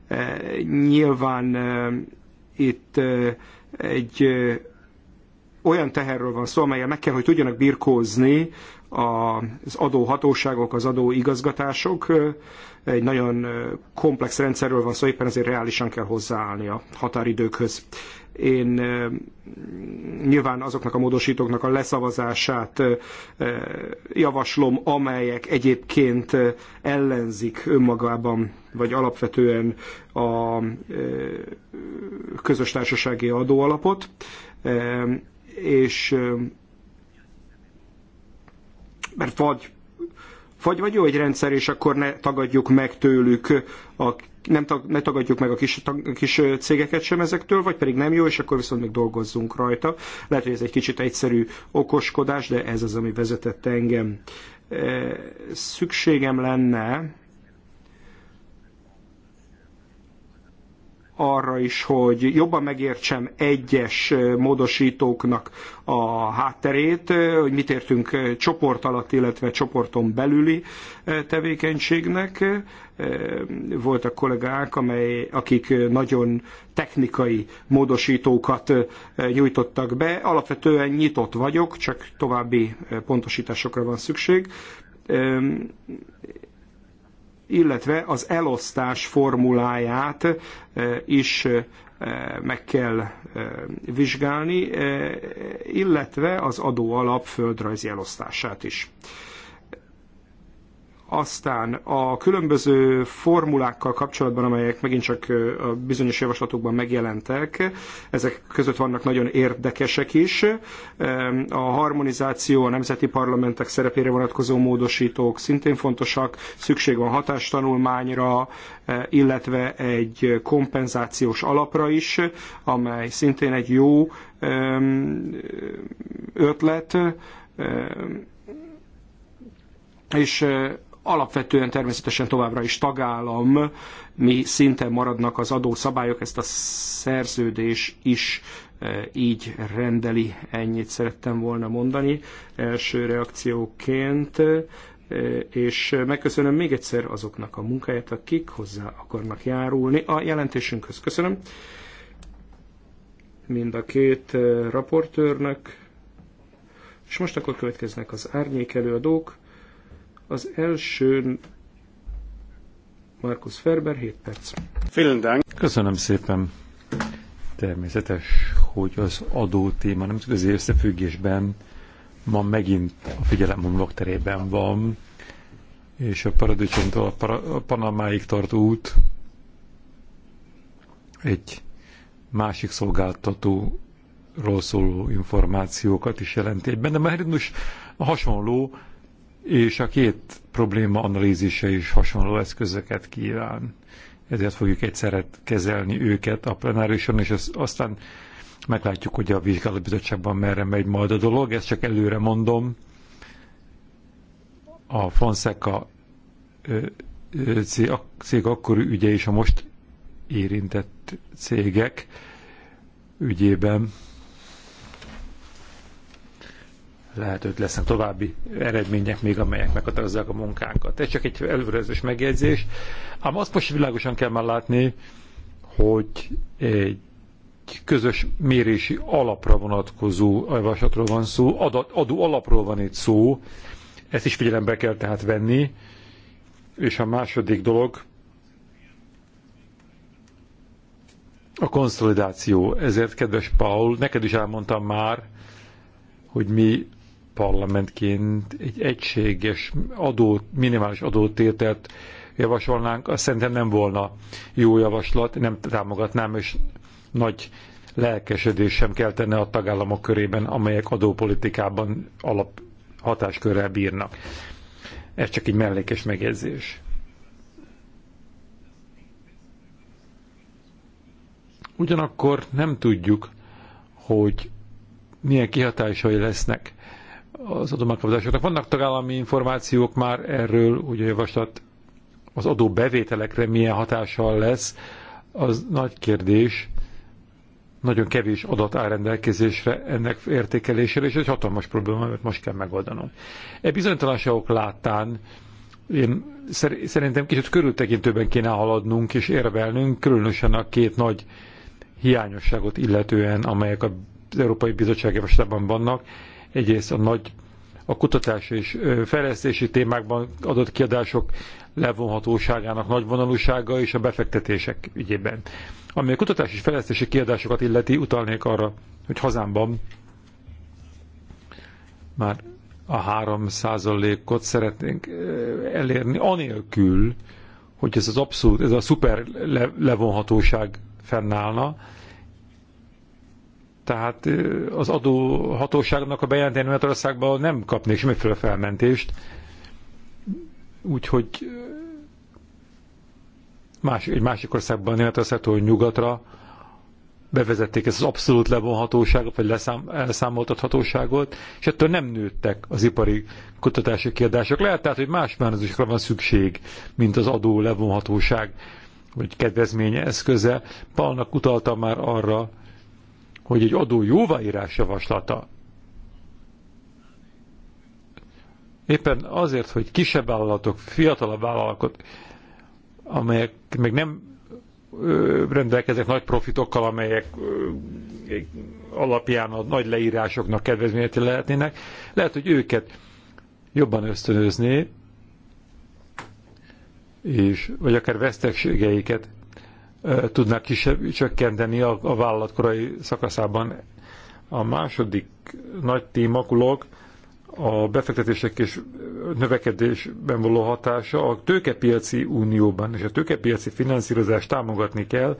A: E, nyilván e, itt e, egy olyan teherről van szó, amelyel meg kell, hogy tudjanak birkózni az adóhatóságok, az adóigazgatások. Egy nagyon komplex rendszerről van szó, éppen ezért reálisan kell hozzáállni a határidőkhöz. Én nyilván azoknak a módosítóknak a leszavazását javaslom, amelyek egyébként ellenzik önmagában, vagy alapvetően a közös társasági adóalapot, és mert vagy vagy, vagy jó egy rendszer, és akkor ne tagadjuk meg tőlük a nem tag, ne tagadjuk meg a kis, tag, kis cégeket sem ezektől, vagy pedig nem jó, és akkor viszont még dolgozzunk rajta. Lehet, hogy ez egy kicsit egyszerű okoskodás, de ez az, ami vezetett engem. Szükségem lenne arra is, hogy jobban megértsem egyes módosítóknak a hátterét, hogy mit értünk csoport alatt, illetve csoporton belüli tevékenységnek. Voltak kollégák, amely, akik nagyon technikai módosítókat nyújtottak be. Alapvetően nyitott vagyok, csak további pontosításokra van szükség illetve az elosztás formuláját eh, is eh, meg kell eh, vizsgálni, illetve az adóalap földrajzi elosztását is. Aztán a különböző formulákkal kapcsolatban, amelyek megint csak a bizonyos javaslatokban megjelentek, ezek között vannak nagyon érdekesek is. A harmonizáció, a nemzeti parlamentek szerepére vonatkozó módosítók szintén fontosak, szükség van hatástanulmányra, e, illetve egy kompenzációs alapra is, amely szintén egy jó ötlet, és e, alapvetően természetesen továbbra is tagállam, mi szinten maradnak az adószabályok, ezt a szerződés is e, így rendeli. Ennyit szerettem volna mondani első reakcióként, e, és megköszönöm még egyszer azoknak a munkáját, akik hozzá akarnak járulni a jelentésünkhöz. Köszönöm mind a két e, raportőrnek, és most akkor következnek az árnyékelőadók. Az első Markus Ferber, 7 perc.
C: Köszönöm szépen. Természetes, hogy az adó téma nemzetközi összefüggésben ma megint a figyelem terében van, és a paradicsomtól a, para, a Panamáig tart út egy másik szolgáltató szóló információkat is jelent egyben, de már a hasonló és a két probléma analízise is hasonló eszközöket kíván. Ezért fogjuk egyszerre kezelni őket a plenárison, és aztán meglátjuk, hogy a vizsgálatbizottságban merre megy majd a dolog, ezt csak előre mondom. A Fonseca cég akkori ügye és a most érintett cégek ügyében lehet, hogy lesznek további eredmények még, amelyek meghatározzák a munkánkat. Ez csak egy előrezős megjegyzés. Ám azt most világosan kell már látni, hogy egy közös mérési alapra vonatkozó javaslatról van szó, adat, adó alapról van itt szó, ezt is figyelembe kell tehát venni, és a második dolog a konszolidáció. Ezért, kedves Paul, neked is elmondtam már, hogy mi parlamentként egy egységes adó, minimális adótételt javasolnánk, azt szerintem nem volna jó javaslat, nem támogatnám, és nagy lelkesedés sem kell tenni a tagállamok körében, amelyek adópolitikában alap hatáskörrel bírnak. Ez csak egy mellékes megjegyzés. Ugyanakkor nem tudjuk, hogy milyen kihatásai lesznek az adománykapozásoknak. Vannak tagállami információk már erről, hogy a javaslat az adó bevételekre milyen hatással lesz, az nagy kérdés. Nagyon kevés adat áll rendelkezésre ennek értékelésére, és egy hatalmas probléma, amit most kell megoldanom. E bizonytalanságok láttán én szerintem kicsit körültekintőben kéne haladnunk és érvelnünk, különösen a két nagy hiányosságot illetően, amelyek az Európai Bizottság javaslatában vannak Egyrészt a nagy a kutatás és fejlesztési témákban adott kiadások levonhatóságának nagy vonalúsága és a befektetések ügyében. Ami a kutatás és fejlesztési kiadásokat illeti, utalnék arra, hogy hazámban már a 3 százalékot szeretnénk elérni, anélkül, hogy ez az abszolút, ez a szuper levonhatóság fennállna, tehát az adó hatóságnak a bejelentén Németországban nem kapnék semmiféle felmentést, úgyhogy más, egy másik országban, Németországtól nyugatra bevezették ezt az abszolút levonhatóságot, vagy leszám, elszámoltathatóságot, és ettől nem nőttek az ipari kutatási kiadások. Lehet tehát, hogy más mechanizmusokra van szükség, mint az adó levonhatóság, vagy kedvezménye eszköze. Palnak utaltam már arra, hogy egy adó jóváírás javaslata éppen azért, hogy kisebb vállalatok, fiatalabb vállalatok, amelyek még nem rendelkeznek nagy profitokkal, amelyek alapján a nagy leírásoknak kedvezményeti lehetnének, lehet, hogy őket jobban ösztönözni, és, vagy akár veszteségeiket tudnak kisebb, csökkenteni a, a vállalat korai szakaszában. A második nagy témakulog a befektetések és növekedésben való hatása a tőkepiaci unióban, és a tőkepiaci finanszírozást támogatni kell,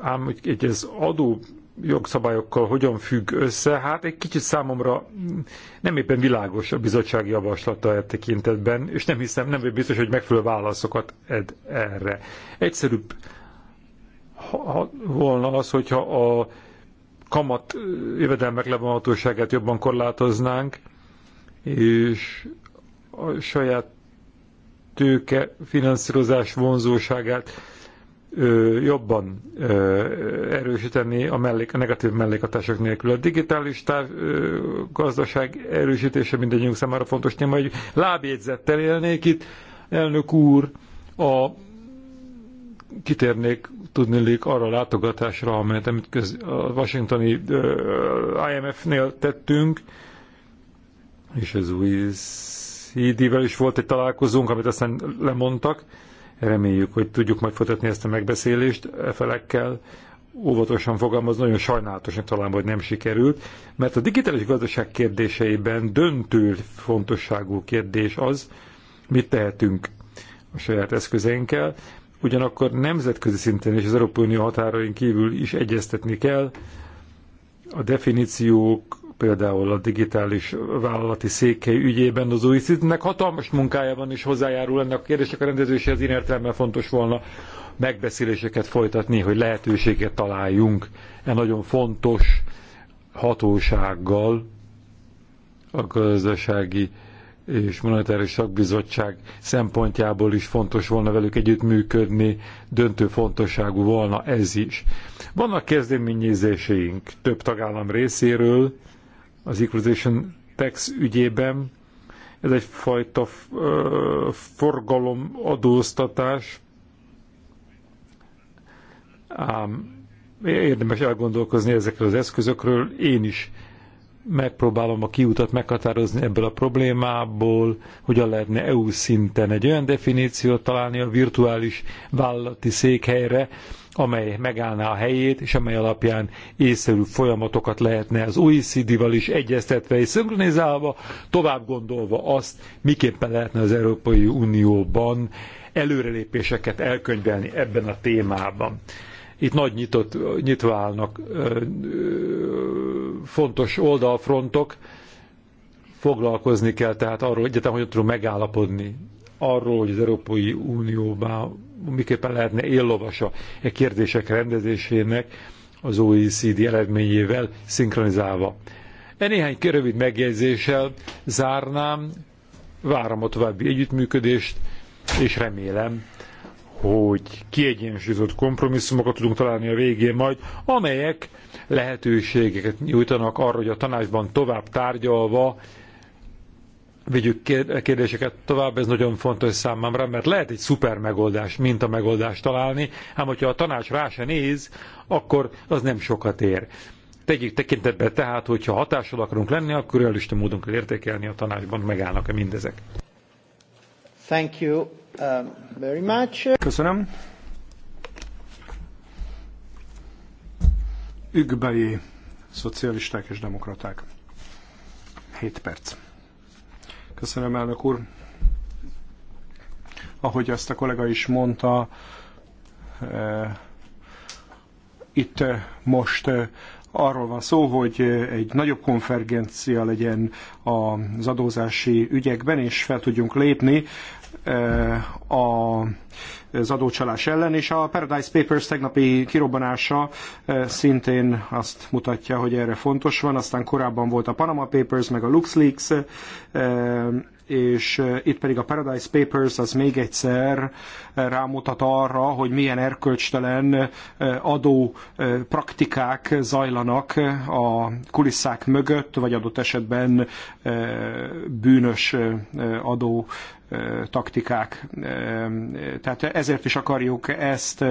C: ám hogy ez adó jogszabályokkal hogyan függ össze, hát egy kicsit számomra nem éppen világos a bizottság javaslata e tekintetben, és nem hiszem, nem biztos, hogy megfelelő válaszokat ed erre. Egyszerűbb ha, volna az, hogyha a kamat jövedelmek levonhatóságát jobban korlátoznánk, és a saját tőke finanszírozás vonzóságát jobban erősíteni a, mellék, a negatív mellékhatások nélkül. A digitális táv, gazdaság erősítése mindegyünk számára fontos téma, hogy lábjegyzettel élnék itt, elnök úr, a kitérnék tudnélik arra a látogatásra, amelyet amit köz, a washingtoni IMF-nél tettünk, és az új CD-vel is volt egy találkozónk, amit aztán lemondtak, Reméljük, hogy tudjuk majd folytatni ezt a megbeszélést e felekkel. Óvatosan fogalmaz, nagyon sajnálatosan talán, hogy nem sikerült, mert a digitális gazdaság kérdéseiben döntő fontosságú kérdés az, mit tehetünk a saját eszközeinkkel, ugyanakkor nemzetközi szinten és az Európai Unió határain kívül is egyeztetni kell a definíciók, például a digitális vállalati székhely ügyében az OECD-nek hatalmas munkájában is hozzájárul ennek a kérdésnek a rendezéséhez, én értelemben fontos volna megbeszéléseket folytatni, hogy lehetőséget találjunk e nagyon fontos hatósággal, a gazdasági és monetáris szakbizottság szempontjából is fontos volna velük együttműködni, döntő fontosságú volna ez is. Vannak kezdeményezéseink több tagállam részéről, az Equalization Tax ügyében. Ez egyfajta forgalomadóztatás, ám érdemes elgondolkozni ezekről az eszközökről. Én is megpróbálom a kiutat meghatározni ebből a problémából, hogyan lehetne EU szinten egy olyan definíciót találni a virtuális vállalati székhelyre, amely megállná a helyét, és amely alapján észszerű folyamatokat lehetne az OECD-val is egyeztetve és szinkronizálva, tovább gondolva azt, miképpen lehetne az Európai Unióban előrelépéseket elkönyvelni ebben a témában. Itt nagy nyitott, nyitva állnak ö, ö, fontos oldalfrontok, foglalkozni kell tehát arról, hogy egyetem, hogyan tudunk megállapodni arról, hogy az Európai Unióban miképpen lehetne éllovasa e kérdések rendezésének az OECD eredményével szinkronizálva. E néhány rövid megjegyzéssel zárnám, várom a további együttműködést, és remélem, hogy kiegyensúlyozott kompromisszumokat tudunk találni a végén majd, amelyek lehetőségeket nyújtanak arra, hogy a tanácsban tovább tárgyalva vigyük kérdéseket tovább, ez nagyon fontos számomra, mert lehet egy szuper megoldás, mint a megoldást találni, ám hogyha a tanács rá se néz, akkor az nem sokat ér. Tegyük tekintetbe tehát, hogyha hatással akarunk lenni, akkor realista módon kell értékelni a tanácsban, megállnak-e mindezek.
E: Thank you
A: um, very much. Köszönöm. Ügbei szocialisták és demokraták. 7 perc. Köszönöm, elnök úr. Ahogy azt a kollega is mondta, eh, itt eh, most eh, arról van szó, hogy egy nagyobb konfergencia legyen az adózási ügyekben, és fel tudjunk lépni a, az adócsalás ellen, és a Paradise Papers tegnapi kirobbanása eh, szintén azt mutatja, hogy erre fontos van. Aztán korábban volt a Panama Papers, meg a LuxLeaks, eh, és eh, itt pedig a Paradise Papers az még egyszer rámutat arra, hogy milyen erkölcstelen adó praktikák zajlanak a kulisszák mögött, vagy adott esetben bűnös adó taktikák. Tehát ezért is akarjuk ezt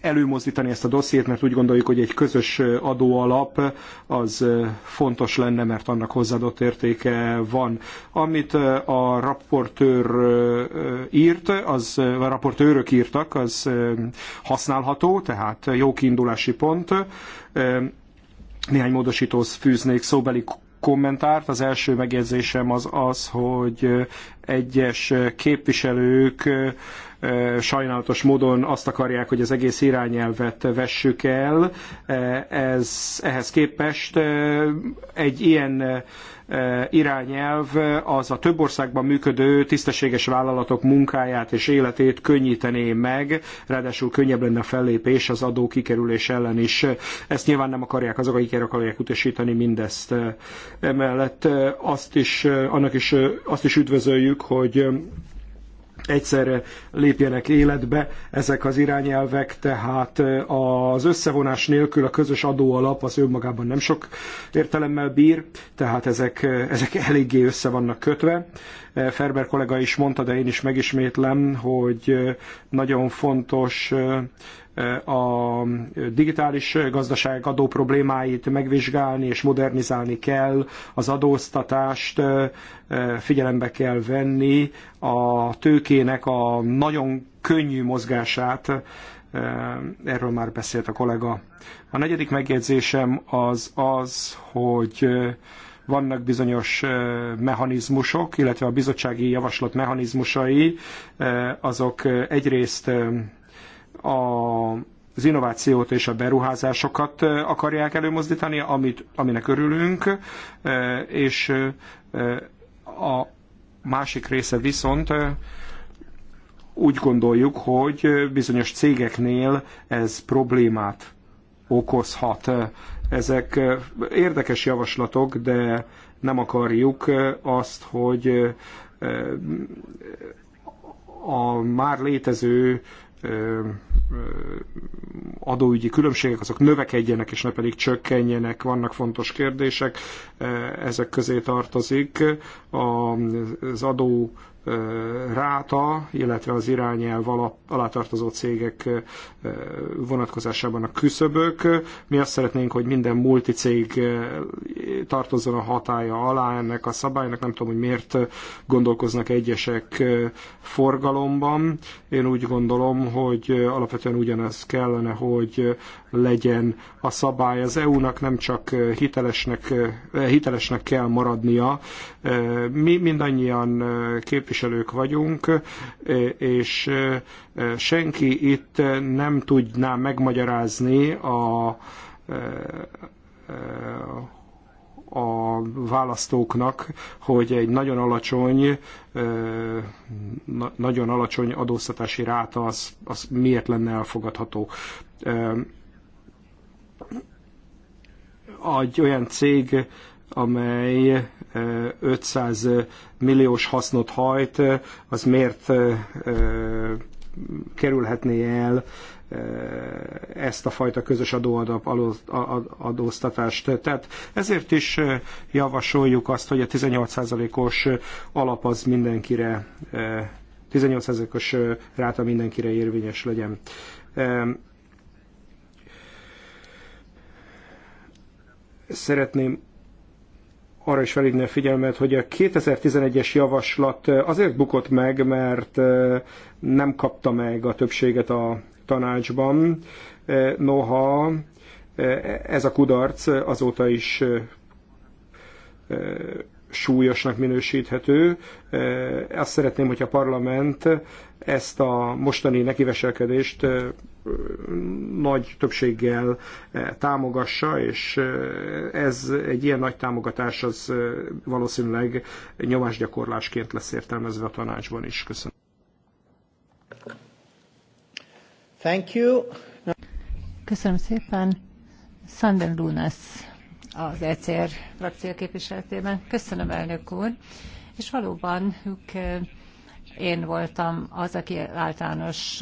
A: előmozdítani ezt a dossziét, mert úgy gondoljuk, hogy egy közös adóalap az fontos lenne, mert annak hozzáadott értéke van. Amit a raportőr írt, az, a raportőrök írtak, az használható, tehát jó kiindulási pont néhány módosítóhoz fűznék szóbeli kommentárt. Az első megjegyzésem az az, hogy egyes képviselők sajnálatos módon azt akarják, hogy az egész irányelvet vessük el. Ez, ehhez képest egy ilyen irányelv az a több országban működő tisztességes vállalatok munkáját és életét könnyítené meg, ráadásul könnyebb lenne a fellépés az adó kikerülés ellen is. Ezt nyilván nem akarják azok, akik el akarják utasítani mindezt. Emellett azt is, annak is, azt is üdvözöljük, hogy egyszerre lépjenek életbe ezek az irányelvek, tehát az összevonás nélkül a közös adóalap az önmagában nem sok értelemmel bír, tehát ezek, ezek eléggé össze vannak kötve. Ferber kollega is mondta, de én is megismétlem, hogy nagyon fontos a digitális gazdaság adó problémáit megvizsgálni és modernizálni kell, az adóztatást figyelembe kell venni, a tőkének a nagyon könnyű mozgását, erről már beszélt a kollega. A negyedik megjegyzésem az az, hogy vannak bizonyos mechanizmusok, illetve a bizottsági javaslat mechanizmusai, azok egyrészt a az innovációt és a beruházásokat akarják előmozdítani, amit, aminek örülünk, és a másik része viszont úgy gondoljuk, hogy bizonyos cégeknél ez problémát okozhat. Ezek érdekes javaslatok, de nem akarjuk azt, hogy a már létező adóügyi különbségek azok növekedjenek, és ne pedig csökkenjenek. Vannak fontos kérdések, ezek közé tartozik az adó ráta, illetve az irányelv alátartozó cégek vonatkozásában a küszöbök. Mi azt szeretnénk, hogy minden multicég tartozzon a hatája alá ennek a szabálynak. Nem tudom, hogy miért gondolkoznak egyesek forgalomban. Én úgy gondolom, hogy alapvetően ugyanez kellene, hogy legyen a szabály. Az EU-nak nem csak hitelesnek, hitelesnek kell maradnia. Mi mindannyian kép képviselők vagyunk, e, és e, senki itt nem tudná megmagyarázni a, e, a választóknak, hogy egy nagyon alacsony, nagyon alacsony adóztatási ráta az, az miért lenne elfogadható egy olyan cég, amely 500 milliós hasznot hajt, az miért kerülhetné el ezt a fajta közös adóadap, adóztatást. Tehát ezért is javasoljuk azt, hogy a 18%-os alap az mindenkire, 18%-os ráta mindenkire érvényes legyen. Szeretném arra is felhívni a figyelmet, hogy a 2011-es javaslat eh, azért bukott meg, mert eh, nem kapta meg a többséget a tanácsban. Eh, noha ez a kudarc azóta is súlyosnak minősíthető. Azt szeretném, hogy a parlament ezt a mostani nekiveselkedést nagy többséggel támogassa, és ez egy ilyen nagy támogatás az valószínűleg nyomásgyakorlásként lesz értelmezve a tanácsban is. Köszönöm.
E: Thank you. Köszönöm szépen. Sander Lunas az ECR frakció képviseletében. Köszönöm, elnök úr. És valóban ők én voltam az, aki általános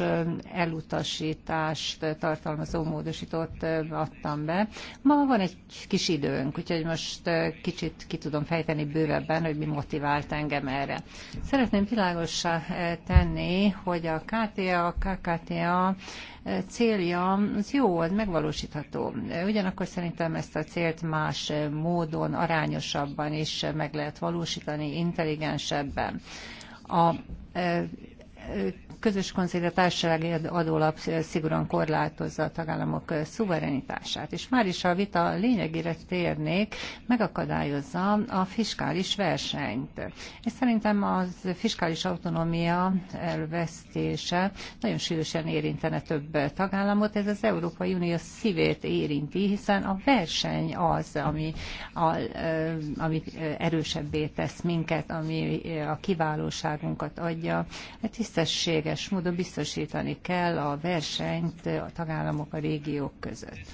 E: elutasítást tartalmazó módosítót adtam be. Ma van egy kis időnk, úgyhogy most kicsit ki tudom fejteni bővebben, hogy mi motivált engem erre. Szeretném világossá tenni, hogy a KTA, a KKTA célja az jó, az megvalósítható. Ugyanakkor szerintem ezt a célt más módon, arányosabban is meg lehet valósítani, intelligensebben a közös konszolidált társasági adólap szigorúan korlátozza a tagállamok szuverenitását, és már is a vita lényegére térnék, megakadályozza a fiskális versenyt. És szerintem az fiskális autonómia elvesztése nagyon sűrűsen érintene több tagállamot, ez az Európai Unió szívét érinti, hiszen a verseny az, ami, a, ami erősebbé tesz minket, ami a kiválóságunkat adja, a tisztességes egységes módon biztosítani kell a versenyt a tagállamok, a régiók között.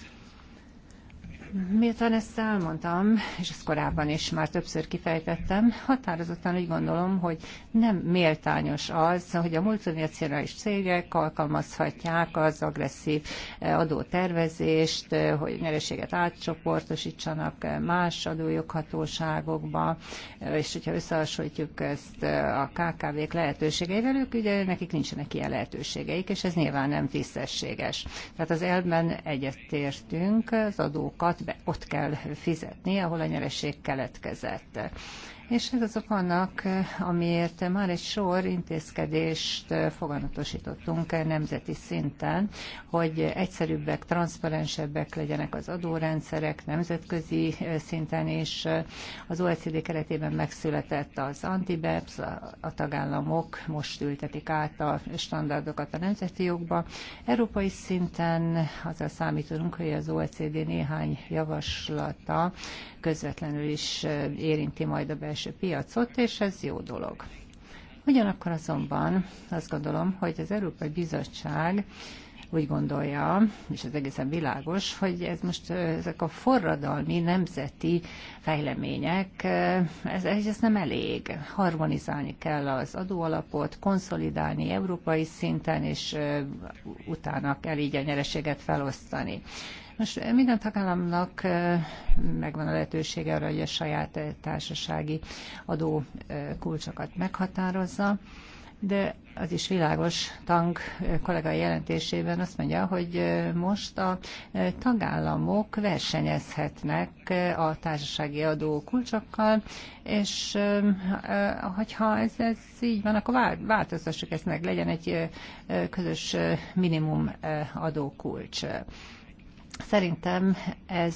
E: Miután ezt elmondtam, és ezt korábban is már többször kifejtettem, határozottan úgy gondolom, hogy nem méltányos az, hogy a multinacionális cégek alkalmazhatják az agresszív eh, adótervezést, eh, hogy nyereséget átcsoportosítsanak eh, más adójoghatóságokba, és hogyha összehasonlítjuk ezt a KKV-k lehetőségeivel, ők ugye nekik nincsenek ilyen lehetőségeik, és ez nyilván nem tisztességes. Tehát az elben egyetértünk, az adókat ott kell fizetni, ahol a nyereség keletkezett. És ez hát azok annak, amiért már egy sor intézkedést eh, foganatosítottunk nemzeti szinten, hogy egyszerűbbek, transzparensebbek legyenek az adórendszerek nemzetközi eh, szinten is. Az OECD keretében megszületett az antibeps, a tagállamok most ültetik át a standardokat a nemzeti jogba. Európai szinten azzal számítunk, hogy az OECD néhány javaslata közvetlenül is eh, érinti majd a belső belső piacot, és ez jó dolog. Ugyanakkor azonban azt gondolom, hogy az Európai Bizottság úgy gondolja, és ez egészen világos, hogy ez most ezek a forradalmi nemzeti fejlemények, ez, ez nem elég. Harmonizálni kell az adóalapot, konszolidálni európai szinten, és utána kell így a nyereséget felosztani. Most minden tagállamnak megvan a lehetősége arra, hogy a saját társasági adó kulcsokat meghatározza, de az is világos Tang kollega jelentésében azt mondja, hogy most a tagállamok versenyezhetnek a társasági adó kulcsokkal, és hogyha ez, ez így van, akkor változtassuk ezt meg, legyen egy közös minimum adókulcs. Szerintem ez,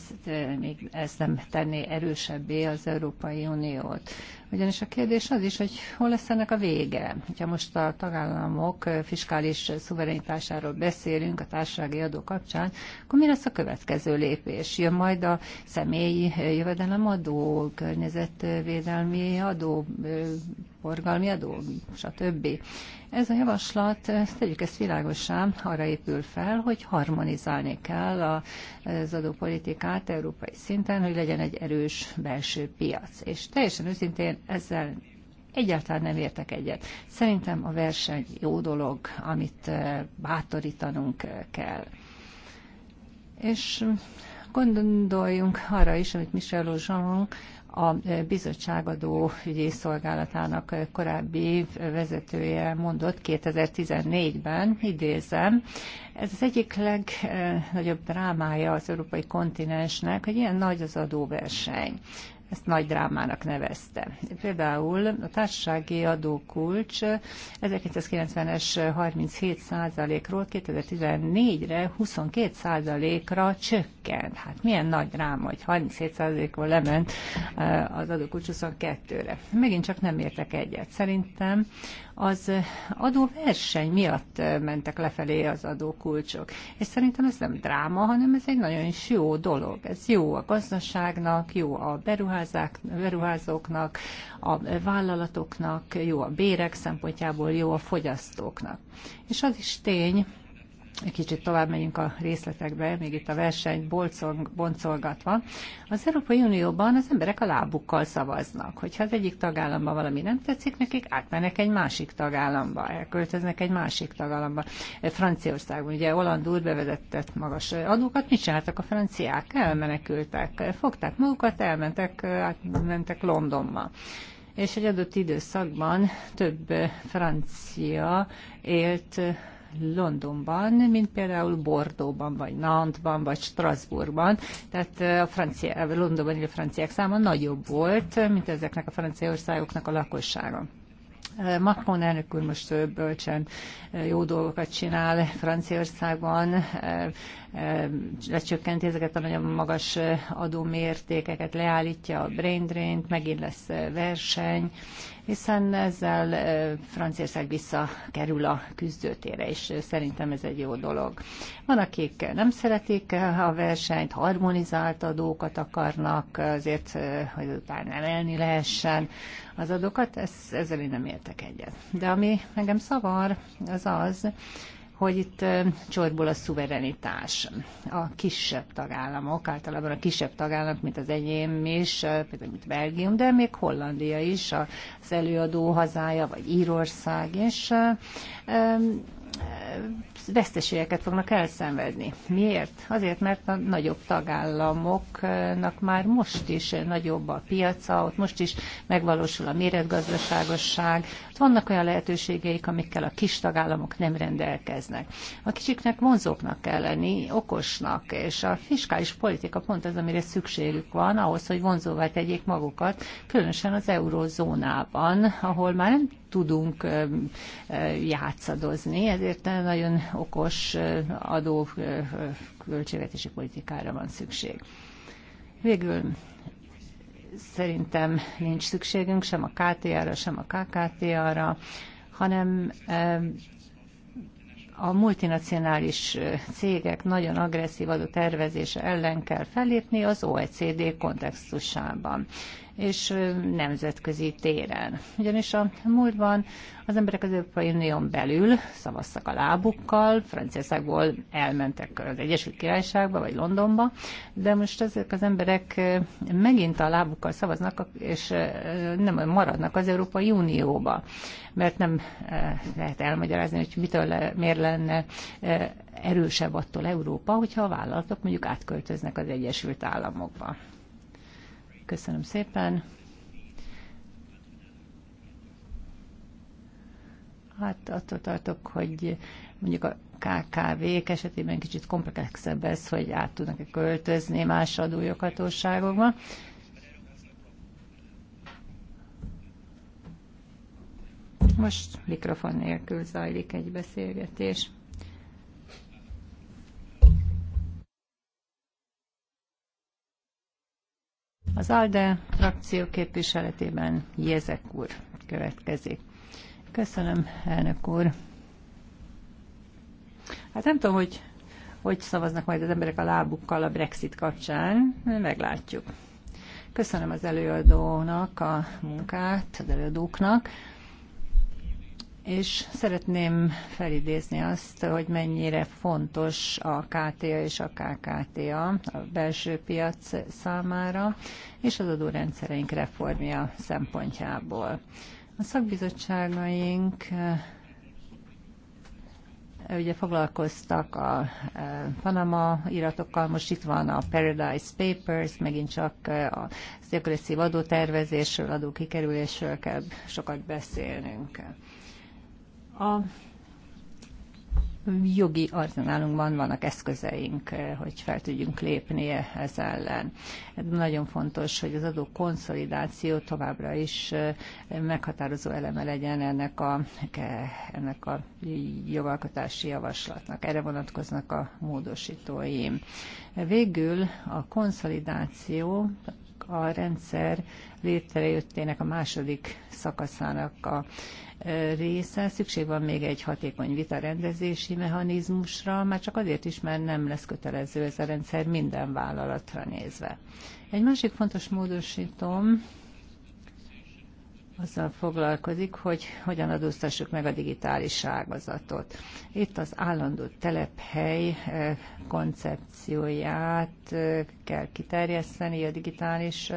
E: még ez nem tenné erősebbé az Európai Uniót. Ugyanis a kérdés az is, hogy hol lesz ennek a vége. Ha most a tagállamok fiskális szuverenitásáról beszélünk a társasági adó kapcsán, akkor mi lesz a következő lépés? Jön majd a személyi jövedelemadó, környezetvédelmi adó, forgalmi adó, stb. Ez a javaslat, tegyük ezt világosan, arra épül fel, hogy harmonizálni kell az adópolitikát európai szinten, hogy legyen egy erős belső piac. És teljesen őszintén ezzel egyáltalán nem értek egyet. Szerintem a verseny jó dolog, amit eh, bátorítanunk eh, kell. És gondoljunk arra is, amit Michel Jean a bizottságadó ügyészszolgálatának korábbi vezetője mondott 2014-ben, idézem, ez az egyik legnagyobb drámája az európai kontinensnek, hogy ilyen nagy az adóverseny ezt nagy drámának nevezte. Például a társasági adókulcs 1990-es 37%-ról 2014-re 22%-ra csökkent. Hát milyen nagy dráma, hogy 37%-ról lement eh, az adókulcs 22-re. Megint csak nem értek egyet. Szerintem az adóverseny miatt mentek lefelé az adókulcsok. És szerintem ez nem dráma, hanem ez egy nagyon is jó dolog. Ez jó a gazdaságnak, jó a beruházóknak, a vállalatoknak, jó a bérek szempontjából, jó a fogyasztóknak. És az is tény, egy kicsit tovább megyünk a részletekbe, még itt a verseny boncolgatva, az Európai Unióban az emberek a lábukkal szavaznak. Hogyha az egyik tagállamban valami nem tetszik, nekik átmennek egy másik tagállamba, elköltöznek egy másik tagállamba. E, Franciaországban ugye Holland úr bevezetett magas e, adókat, mit csináltak a franciák? Elmenekültek, e, fogták magukat, elmentek, átmentek Londonba és egy adott időszakban több francia élt Londonban, mint például Bordóban, vagy Nantban, vagy Strasbourgban. Tehát a francia, Londonban élő franciák száma nagyobb volt, mint ezeknek a francia országoknak a lakossága. Macron elnök úr most bölcsen jó dolgokat csinál Franciaországban, lecsökkenti ezeket a nagyon magas adómértékeket, leállítja a brain drain-t, megint lesz verseny, hiszen ezzel Franciaország visszakerül a küzdőtére, és szerintem ez egy jó dolog. Van, akik nem szeretik a versenyt, harmonizált adókat akarnak, azért, hogy utána emelni lehessen az adókat, ez, ezzel én nem értek egyet. De ami engem szavar, az az, hogy itt csorból a szuverenitás. A kisebb tagállamok, általában a kisebb tagállamok, mint az enyém is, például mint Belgium, de még Hollandia is, az előadó hazája, vagy Írország is, veszteségeket fognak elszenvedni. Miért? Azért, mert a nagyobb tagállamoknak már most is nagyobb a piaca, ott most is megvalósul a méretgazdaságosság. Vannak olyan lehetőségeik, amikkel a kis tagállamok nem rendelkeznek. A kicsiknek vonzóknak kell lenni, okosnak, és a fiskális politika pont az, amire szükségük van ahhoz, hogy vonzóvá tegyék magukat, különösen az eurózónában, ahol már nem tudunk játszadozni, ezért nagyon okos adó költségvetési politikára van szükség. Végül szerintem nincs szükségünk sem a ktr ra sem a KKTA-ra, hanem a multinacionális cégek nagyon agresszív adó tervezése ellen kell fellépni az OECD kontextusában és nemzetközi téren. Ugyanis a múltban az emberek az Európai Unión belül szavaztak a lábukkal, Franciaországból elmentek az Egyesült Királyságba vagy Londonba, de most ezek az emberek megint a lábukkal szavaznak, és nem maradnak az Európai Unióba, mert nem lehet elmagyarázni, hogy mitől, miért lenne erősebb attól Európa, hogyha a vállalatok mondjuk átköltöznek az Egyesült Államokba. Köszönöm szépen. Hát attól tartok, hogy mondjuk a KKV-k esetében kicsit komplexebb ez, hogy át tudnak-e költözni más adójoghatóságokba. Most mikrofon nélkül zajlik egy beszélgetés. Az ALDE frakció képviseletében Jezek úr következik. Köszönöm, elnök úr. Hát nem tudom, hogy hogy szavaznak majd az emberek a lábukkal a Brexit kapcsán, meglátjuk. Köszönöm az előadónak a munkát, az előadóknak és szeretném felidézni azt, hogy mennyire fontos a KTA és a KKTA a belső piac számára, és az adórendszereink reformja szempontjából. A szakbizottságaink eh, ugye foglalkoztak a eh, Panama iratokkal, most itt van a Paradise Papers, megint csak az eh, agresszív adótervezésről, adókikerülésről kell sokat beszélnünk. A jogi arzenálunkban vannak eszközeink, eh, hogy fel tudjunk lépni ez ellen. Nagyon fontos, hogy az adó konszolidáció továbbra is eh, meghatározó eleme legyen ennek a, ennek a jogalkotási javaslatnak. Erre vonatkoznak a módosítóim. Végül a konszolidáció a rendszer létrejöttének a második szakaszának a e, része. Szükség van még egy hatékony vita rendezési mechanizmusra, már csak azért is, mert nem lesz kötelező ez a rendszer minden vállalatra nézve. Egy másik fontos módosítom, azzal foglalkozik, hogy hogyan adóztassuk meg a digitális ágazatot. Itt az állandó telephely e, koncepcióját e, kell kiterjeszteni a digitális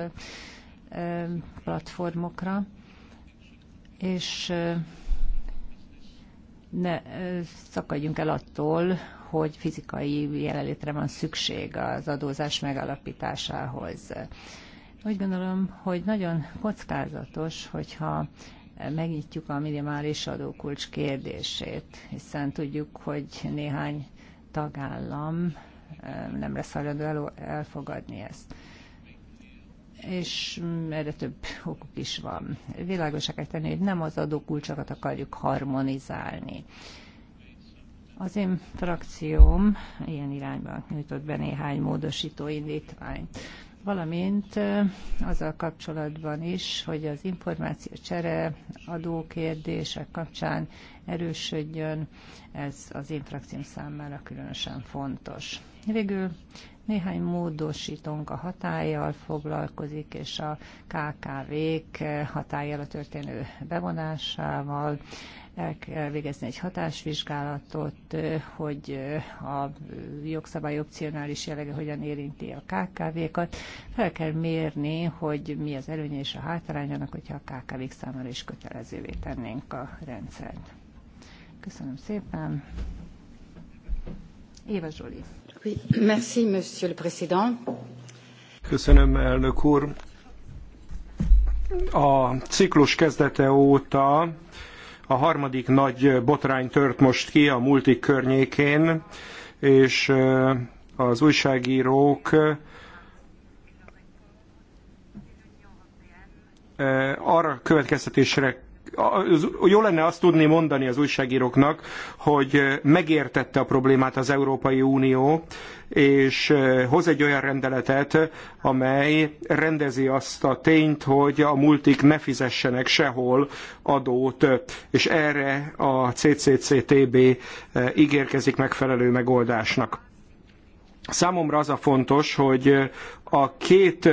E: platformokra, és ne szakadjunk el attól, hogy fizikai jelenlétre van szükség az adózás megalapításához. Úgy gondolom, hogy nagyon kockázatos, hogyha megnyitjuk a minimális adókulcs kérdését, hiszen tudjuk, hogy néhány tagállam nem lesz hajlandó elfogadni ezt és mm, erre több okuk is van. Világosá kell tenni, hogy nem az adókulcsokat akarjuk harmonizálni. Az én frakcióm ilyen irányban nyújtott be néhány módosító indítványt valamint azzal kapcsolatban is, hogy az információ csere adókérdések kapcsán erősödjön, ez az frakcióm számára különösen fontos. Végül néhány módosítónk a hatállyal foglalkozik, és a KKV-k hatállyal történő bevonásával el kell végezni egy hatásvizsgálatot, hogy a jogszabály opcionális jellege hogyan érinti a KKV-kat. Fel kell mérni, hogy mi az előnye és a hátrányának, hogyha a KKV-k számára is kötelezővé tennénk a rendszert. Köszönöm szépen. Éva Zsoli.
A: Köszönöm, elnök úr. A ciklus kezdete óta a harmadik nagy botrány tört most ki a multik környékén, és eh, az újságírók eh, arra következtetésre jó lenne azt tudni mondani az újságíróknak, hogy megértette a problémát az Európai Unió, és eh, hoz egy olyan rendeletet, amely rendezi azt a tényt, hogy a multik ne fizessenek sehol adót, és erre a CCCTB eh, ígérkezik megfelelő megoldásnak. Számomra az a fontos, hogy eh, a két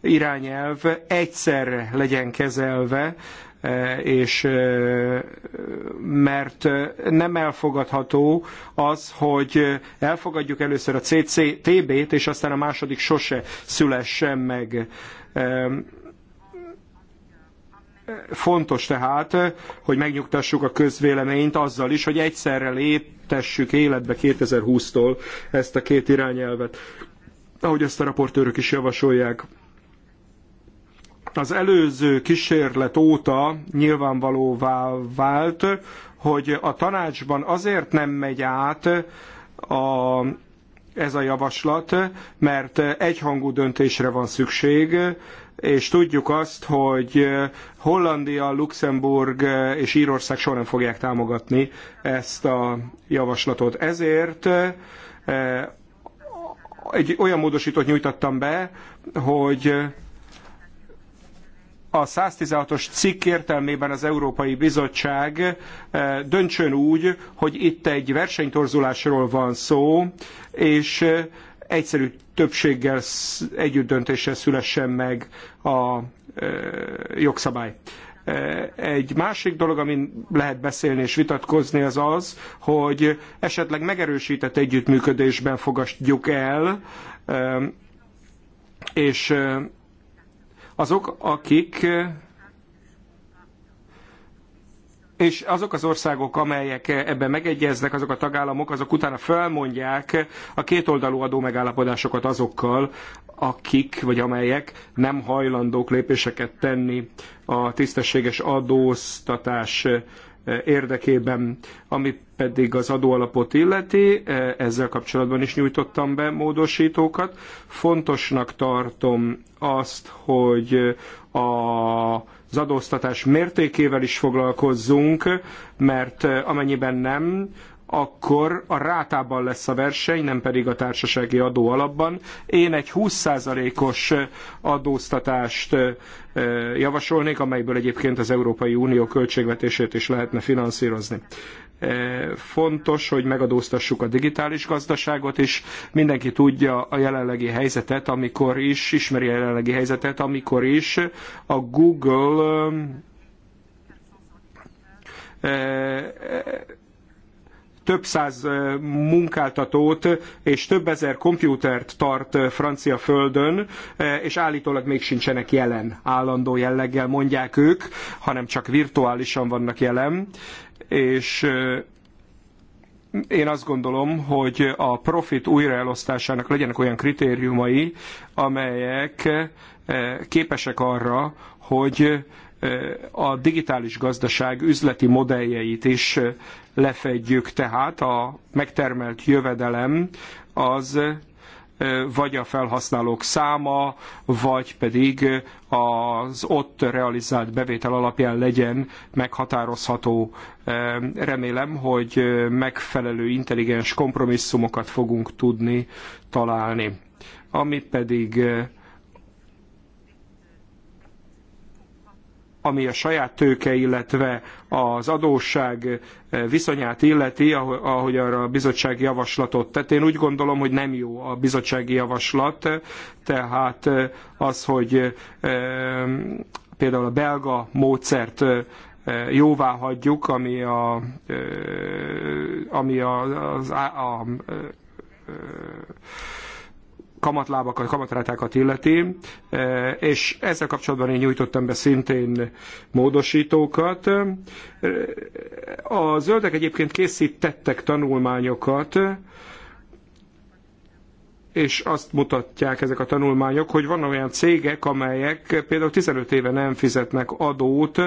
A: irányelv egyszerre legyen kezelve, Eh, és eh, mert eh, nem elfogadható az, hogy elfogadjuk először a CCTB-t, és aztán a második sose szülessen meg. Fontos tehát, hogy megnyugtassuk a közvéleményt azzal is, hogy egyszerre létessük életbe 2020-tól ezt a két irányelvet, ahogy ezt a raportőrök is javasolják. Az előző kísérlet óta nyilvánvalóvá vált, hogy a tanácsban azért nem megy át a, ez a javaslat, mert egyhangú döntésre van szükség, és tudjuk azt, hogy Hollandia, Luxemburg és Írország soha nem fogják támogatni ezt a javaslatot. Ezért eh, egy olyan módosítót nyújtattam be, hogy a 116-os cikk értelmében az Európai Bizottság eh, döntsön úgy, hogy itt egy versenytorzulásról van szó, és eh, egyszerű többséggel együtt döntéssel szülessen meg a eh, jogszabály. Egy másik dolog, amin lehet beszélni és vitatkozni, az az, hogy esetleg megerősített együttműködésben fogadjuk el, és azok, akik és azok az országok, amelyek ebben megegyeznek, azok a tagállamok, azok utána felmondják a kétoldalú megállapodásokat azokkal, akik vagy amelyek nem hajlandók lépéseket tenni a tisztességes adóztatás érdekében, ami pedig az adóalapot illeti, e, ezzel kapcsolatban is nyújtottam be módosítókat. Fontosnak tartom azt, hogy a az adóztatás mértékével is foglalkozzunk, mert e, amennyiben nem, akkor a rátában lesz a verseny, nem pedig a társasági adó alapban. Én egy 20%-os adóztatást javasolnék, amelyből egyébként az Európai Unió költségvetését is lehetne finanszírozni fontos, hogy megadóztassuk a digitális gazdaságot, és mindenki tudja a jelenlegi helyzetet, amikor is, ismeri a jelenlegi helyzetet, amikor is a Google több száz munkáltatót és több ezer kompjútert tart francia földön, és állítólag még sincsenek jelen, állandó jelleggel mondják ők, hanem csak virtuálisan vannak jelen, és én azt gondolom, hogy a profit újraelosztásának legyenek olyan kritériumai, amelyek képesek arra, hogy a digitális gazdaság üzleti modelljeit is lefedjük, tehát a megtermelt jövedelem az vagy a felhasználók száma, vagy pedig az ott realizált bevétel alapján legyen meghatározható. Remélem, hogy megfelelő intelligens kompromisszumokat fogunk tudni találni. Ami pedig ami a saját tőke, illetve az adósság eh, viszonyát illeti, ahogy arra a bizottság javaslatot tett. Én úgy gondolom, hogy nem jó a bizottsági javaslat, tehát eh, az, hogy eh, például a belga módszert jóvá hagyjuk, ami a, ami a, az, a, a, a kamatlábakat, kamatrátákat illeti, e, és ezzel kapcsolatban én nyújtottam be szintén módosítókat. E, a zöldek egyébként készítettek tanulmányokat, és azt mutatják ezek a tanulmányok, hogy van olyan cégek, amelyek például 15 éve nem fizetnek adót,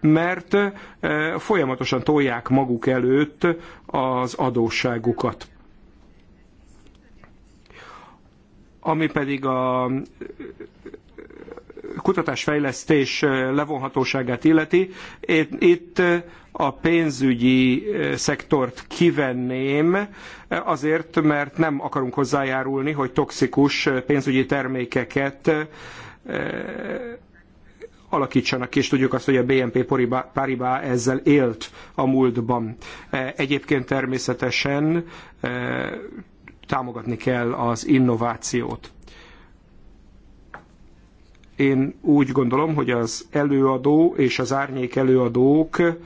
A: mert e, folyamatosan tolják maguk előtt az adósságukat. Ami pedig a kutatásfejlesztés levonhatóságát illeti, itt a pénzügyi szektort kivenném, azért, mert nem akarunk hozzájárulni, hogy toxikus pénzügyi termékeket alakítsanak, és tudjuk azt, hogy a BNP Paribas ezzel élt a múltban. Egyébként természetesen támogatni kell az innovációt. Én úgy gondolom, hogy az előadó és az árnyék előadók eh,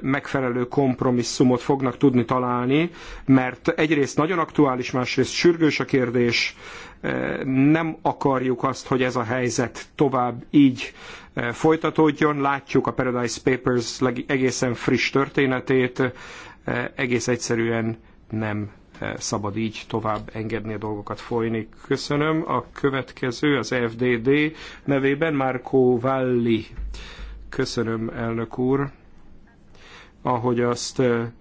A: megfelelő kompromisszumot fognak tudni találni, mert egyrészt nagyon aktuális, másrészt sürgős a kérdés, eh, nem akarjuk azt, hogy ez a helyzet tovább így eh, folytatódjon. Látjuk a Paradise Papers egészen friss történetét, egész egyszerűen nem E, szabad így tovább engedni a dolgokat folyni. Köszönöm. A következő az FDD nevében Márkó Valli. Köszönöm, elnök úr. Ahogy azt e,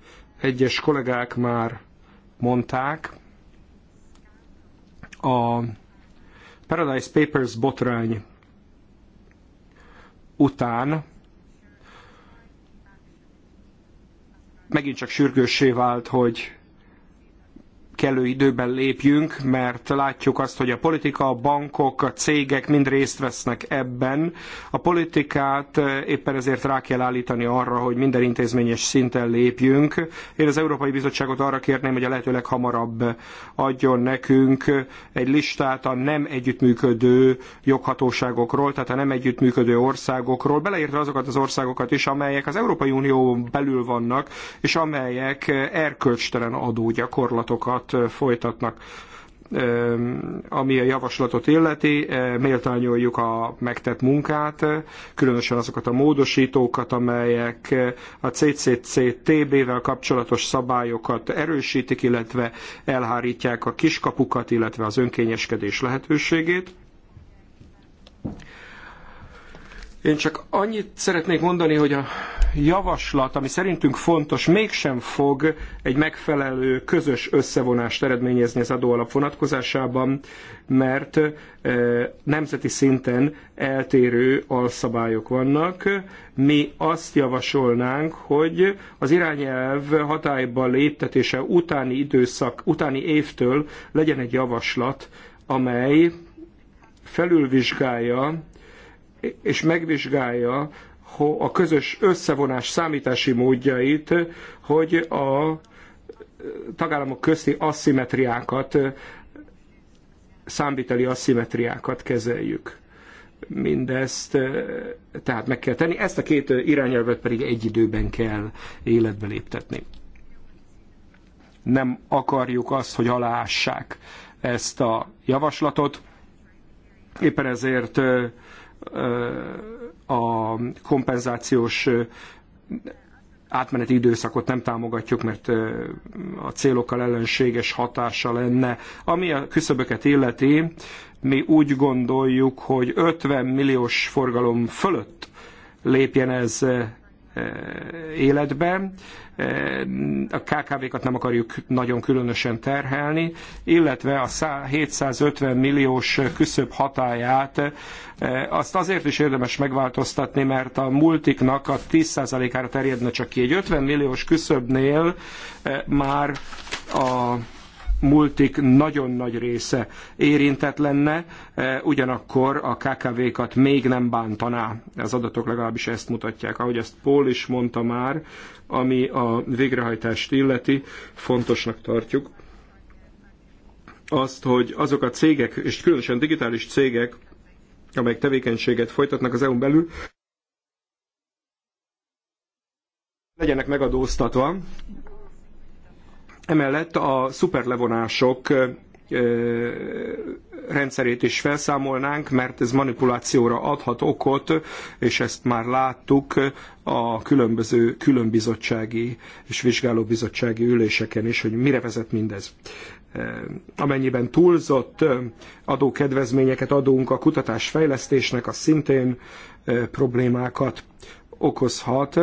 A: egyes kollégák már mondták, a Paradise Papers botrány után megint csak sürgőssé vált, hogy kellő időben lépjünk, mert látjuk azt, hogy a politika, a bankok, a cégek mind részt vesznek ebben. A politikát éppen ezért rá kell állítani arra, hogy minden intézményes szinten lépjünk. Én az Európai Bizottságot arra kérném, hogy a lehető leghamarabb adjon nekünk egy listát a nem együttműködő joghatóságokról, tehát a nem együttműködő országokról, beleértve azokat az országokat is, amelyek az Európai Unión belül vannak, és amelyek erkölcstelen adógyakorlatokat vitát folytatnak ami a javaslatot illeti, méltányoljuk a megtett munkát, különösen azokat a módosítókat, amelyek a CCCTB-vel kapcsolatos szabályokat erősítik, illetve elhárítják a kiskapukat, illetve az önkényeskedés lehetőségét. Én csak annyit szeretnék mondani, hogy a javaslat, ami szerintünk fontos, mégsem fog egy megfelelő közös összevonást eredményezni az adóalap vonatkozásában, mert e, nemzeti szinten eltérő alszabályok vannak. Mi azt javasolnánk, hogy az irányelv hatályba léptetése utáni időszak, utáni évtől legyen egy javaslat, amely felülvizsgálja és megvizsgálja a közös összevonás számítási módjait, hogy a tagállamok közti asszimetriákat, számviteli asszimetriákat kezeljük. Mindezt eh, tehát meg kell tenni, ezt a két eh, irányelvet pedig egy időben kell életbe léptetni. Nem akarjuk azt, hogy aláássák ezt a javaslatot, éppen ezért eh, a kompenzációs átmeneti időszakot nem támogatjuk, mert a célokkal ellenséges hatása lenne. Ami a küszöböket illeti, mi úgy gondoljuk, hogy 50 milliós forgalom fölött lépjen ez életbe. A KKV-kat nem akarjuk nagyon különösen terhelni, illetve a 750 milliós küszöb hatáját azt azért is érdemes megváltoztatni, mert a multiknak a 10%-ára terjedne csak ki. Egy 50 milliós küszöbnél már a multik nagyon nagy része érintett lenne, e, ugyanakkor a KKV-kat még nem bántaná. Az adatok legalábbis ezt mutatják. Ahogy ezt Paul is mondta már, ami a végrehajtást illeti, fontosnak tartjuk azt, hogy azok a cégek, és különösen digitális cégek, amelyek tevékenységet folytatnak az EU-n belül, legyenek megadóztatva, Emellett a szuperlevonások rendszerét is felszámolnánk, mert ez manipulációra adhat okot, és ezt már láttuk a különböző különbizottsági és vizsgálóbizottsági üléseken is, hogy mire vezet mindez. Amennyiben túlzott adókedvezményeket adunk a kutatásfejlesztésnek, az szintén problémákat okozhat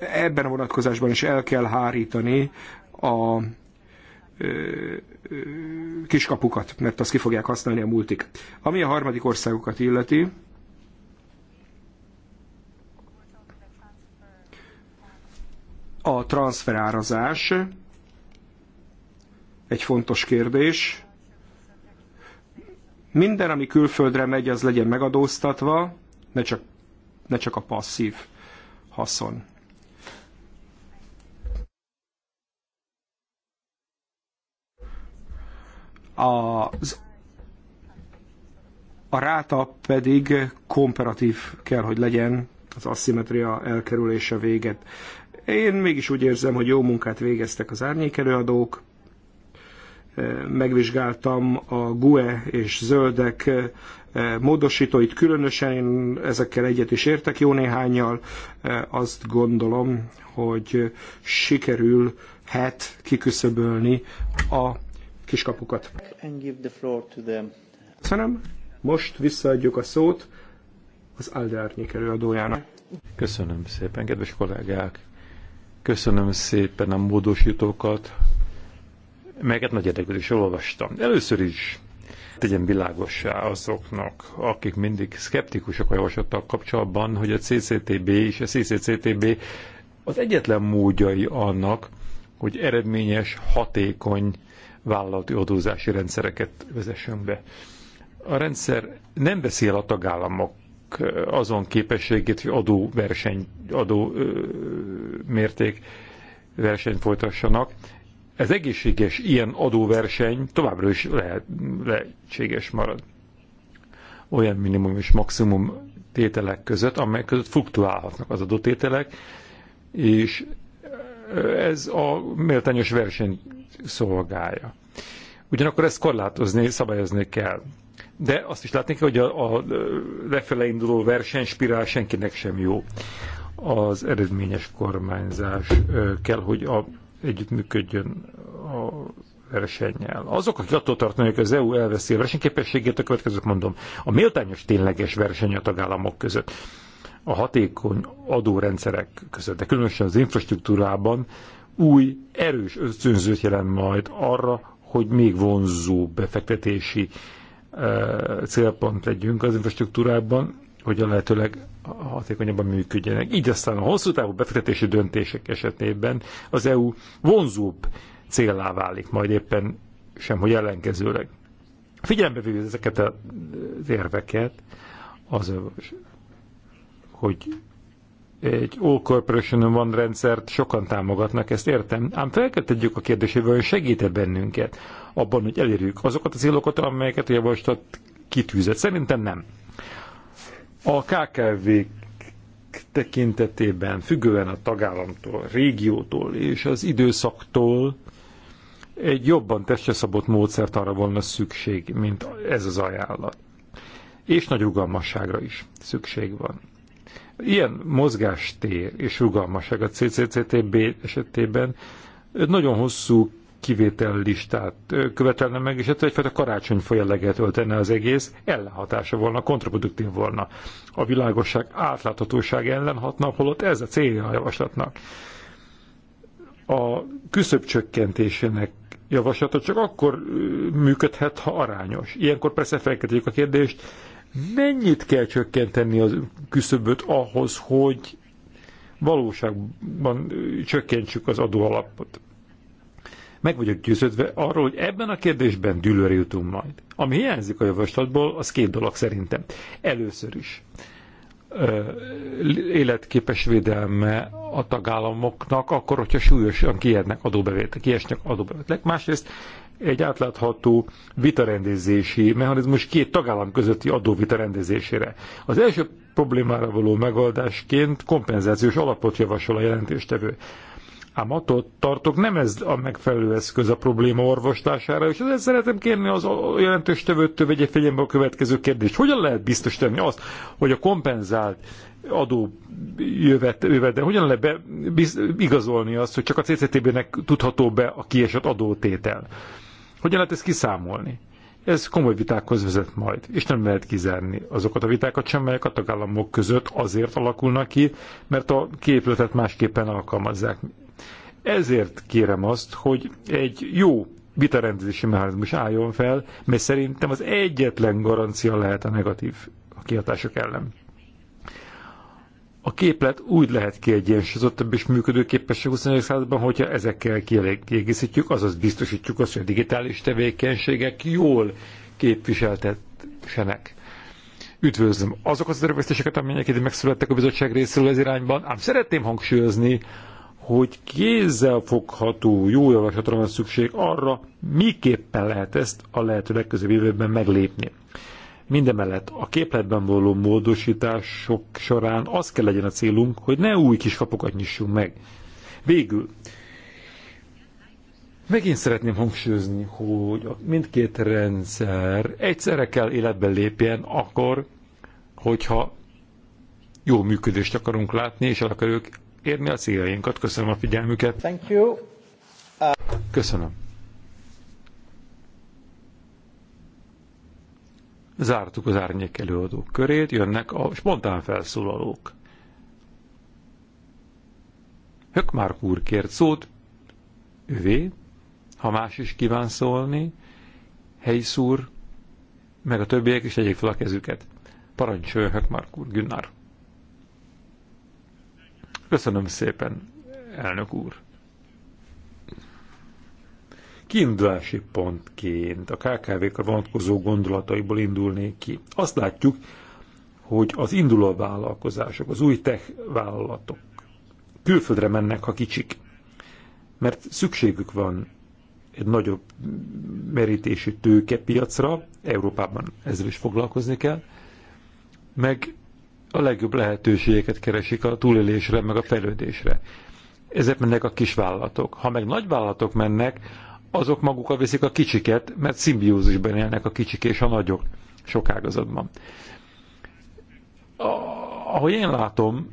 A: ebben a vonatkozásban is el kell hárítani a kiskapukat, mert azt ki fogják használni a multik. Ami a harmadik országokat illeti, a transferárazás egy fontos kérdés. Minden, ami külföldre megy, az legyen megadóztatva, ne csak, ne csak a passzív haszon. Az, a ráta pedig komparatív kell, hogy legyen az asszimetria elkerülése véget. Én mégis úgy érzem, hogy jó munkát végeztek az árnyékelőadók, megvizsgáltam a GUE és zöldek módosítóit különösen, én ezekkel egyet is értek jó néhányal, azt gondolom, hogy sikerül hát kiküszöbölni a kiskapukat. Köszönöm. Most visszaadjuk a szót az Alde Árnyék előadójának. Köszönöm szépen, kedves kollégák!
C: Köszönöm szépen a módosítókat, melyeket nagy érdeklődéssel olvastam. Először is tegyen világossá azoknak, akik mindig szkeptikusok a javaslattal kapcsolatban, hogy a CCTB és a CCCTB az egyetlen módjai annak, hogy eredményes, hatékony vállalati adózási rendszereket vezessen be. A rendszer nem beszél a tagállamok eh, azon képességét, hogy adóverseny, adó ö, mérték versenyt folytassanak. Ez egészséges, ilyen adóverseny továbbra is lehet, lehetséges marad. Olyan minimum és maximum tételek között, amelyek között fluktuálhatnak az adótételek, és eh, ez a méltányos verseny szolgálja. Ugyanakkor ezt korlátozni, szabályozni kell. De azt is látni kell, hogy a, a lefele induló versenyspirál senkinek sem jó. Az eredményes kormányzás kell, hogy a, együttműködjön a versennyel. Azok, akik attól tartanak, hogy az EU elveszi a versenyképességét, a következőt mondom. A méltányos tényleges verseny a tagállamok között, a hatékony adórendszerek között, de különösen az infrastruktúrában új, erős ösztönzőt jelent majd arra, hogy még vonzó befektetési e, célpont legyünk az infrastruktúrában, hogy a lehetőleg hatékonyabban működjenek. Így aztán a hosszú távú befektetési döntések esetében az EU vonzóbb célá válik, majd éppen sem, hogy ellenkezőleg. Figyelembe véve ezeket az érveket, az, hogy egy all corporation van rendszert sokan támogatnak, ezt értem. Ám fel kell tegyük a kérdésével, hogy segít-e bennünket abban, hogy elérjük azokat a célokat, amelyeket a javaslat kitűzett. Szerintem nem. A kkv tekintetében, függően a tagállamtól, régiótól és az időszaktól egy jobban testre szabott módszert arra volna szükség, mint ez az ajánlat. És nagy rugalmasságra is szükség van Ilyen mozgástér és rugalmaság a CCCTB esetében nagyon hosszú kivétel listát követelne meg, és ettől hát egyfajta karácsony folyeleget öltene az egész, ellenhatása volna, kontraproduktív volna. A világosság átláthatóság ellen hatna, holott ez a célja a javaslatnak. A küszöbb csökkentésének javaslata csak akkor működhet, ha arányos. Ilyenkor persze felkedjük a kérdést, mennyit kell csökkenteni az küszöböt ahhoz, hogy valóságban csökkentsük az adóalapot. Meg vagyok győződve arról, hogy ebben a kérdésben dűlőre jutunk majd. Ami hiányzik a javaslatból, az két dolog szerintem.
A: Először is
C: életképes védelme a tagállamoknak, akkor, hogyha súlyosan kiednek adóbevételek, kiesnek adóbevételek. Másrészt egy átlátható vitarendezési mechanizmus két tagállam közötti adó vitarendezésére. Az első problémára való megoldásként kompenzációs alapot javasol a jelentéstevő. Ám attól tartok, nem ez a megfelelő eszköz a probléma orvostására, és ezért szeretem kérni az jelentős tevőtől vegye figyelembe a következő kérdést. Hogyan lehet biztos tenni azt, hogy a kompenzált adó jövet, jövedel, hogyan lehet be, biz, igazolni azt, hogy csak a CCTB-nek tudható be a kiesett adótétel? Hogyan lehet ezt kiszámolni? Ez komoly vitákhoz vezet majd, és nem lehet kizárni azokat a vitákat sem, melyek a tagállamok között azért alakulnak ki, mert a képletet másképpen alkalmazzák. Ezért kérem azt, hogy egy jó vitarendezési mechanizmus álljon fel, mert szerintem az egyetlen garancia lehet a negatív kihatások ellen a képlet úgy lehet kiegyensúlyozottabb és működőképes a 21. században, hogyha ezekkel kiegészítjük, azaz biztosítjuk azt, hogy a digitális tevékenységek jól képviseltetsenek. Üdvözlöm Azok az erőfeszítéseket, amelyek itt megszülettek a bizottság részéről ez irányban, ám szeretném hangsúlyozni, hogy kézzelfogható jó javaslatra van szükség arra, miképpen lehet ezt a lehető legközelebb jövőben meglépni. Mindemellett a képletben való módosítások során az kell legyen a célunk, hogy ne új kis kapokat nyissunk meg. Végül, megint szeretném hangsúlyozni, hogy mindkét rendszer egyszerre kell életbe lépjen akkor, hogyha jó működést akarunk látni, és el akarjuk érni a céljainkat. Köszönöm a figyelmüket. Thank you. Uh... Köszönöm. Zártuk az árnyék előadók körét, jönnek a spontán felszólalók. Hökmár úr kért szót, ővé, ha más is kíván szólni, helyszúr, meg a többiek is tegyék fel a kezüket. Parancsoljon Hökmár úr, Günnár. Köszönöm szépen, elnök úr kiindulási pontként a KKV-kra vonatkozó gondolataiból indulnék ki. Azt látjuk, hogy az induló vállalkozások, az új tech vállalatok külföldre mennek, ha kicsik, mert szükségük van egy nagyobb merítési tőkepiacra, Európában ezzel is foglalkozni kell, meg a legjobb lehetőségeket keresik a túlélésre, meg a fejlődésre. Ezek mennek a kisvállalatok. Ha meg nagyvállalatok mennek, azok magukkal viszik a kicsiket, mert szimbiózisban élnek a kicsik és a nagyok sok ágazatban. ahogy én látom,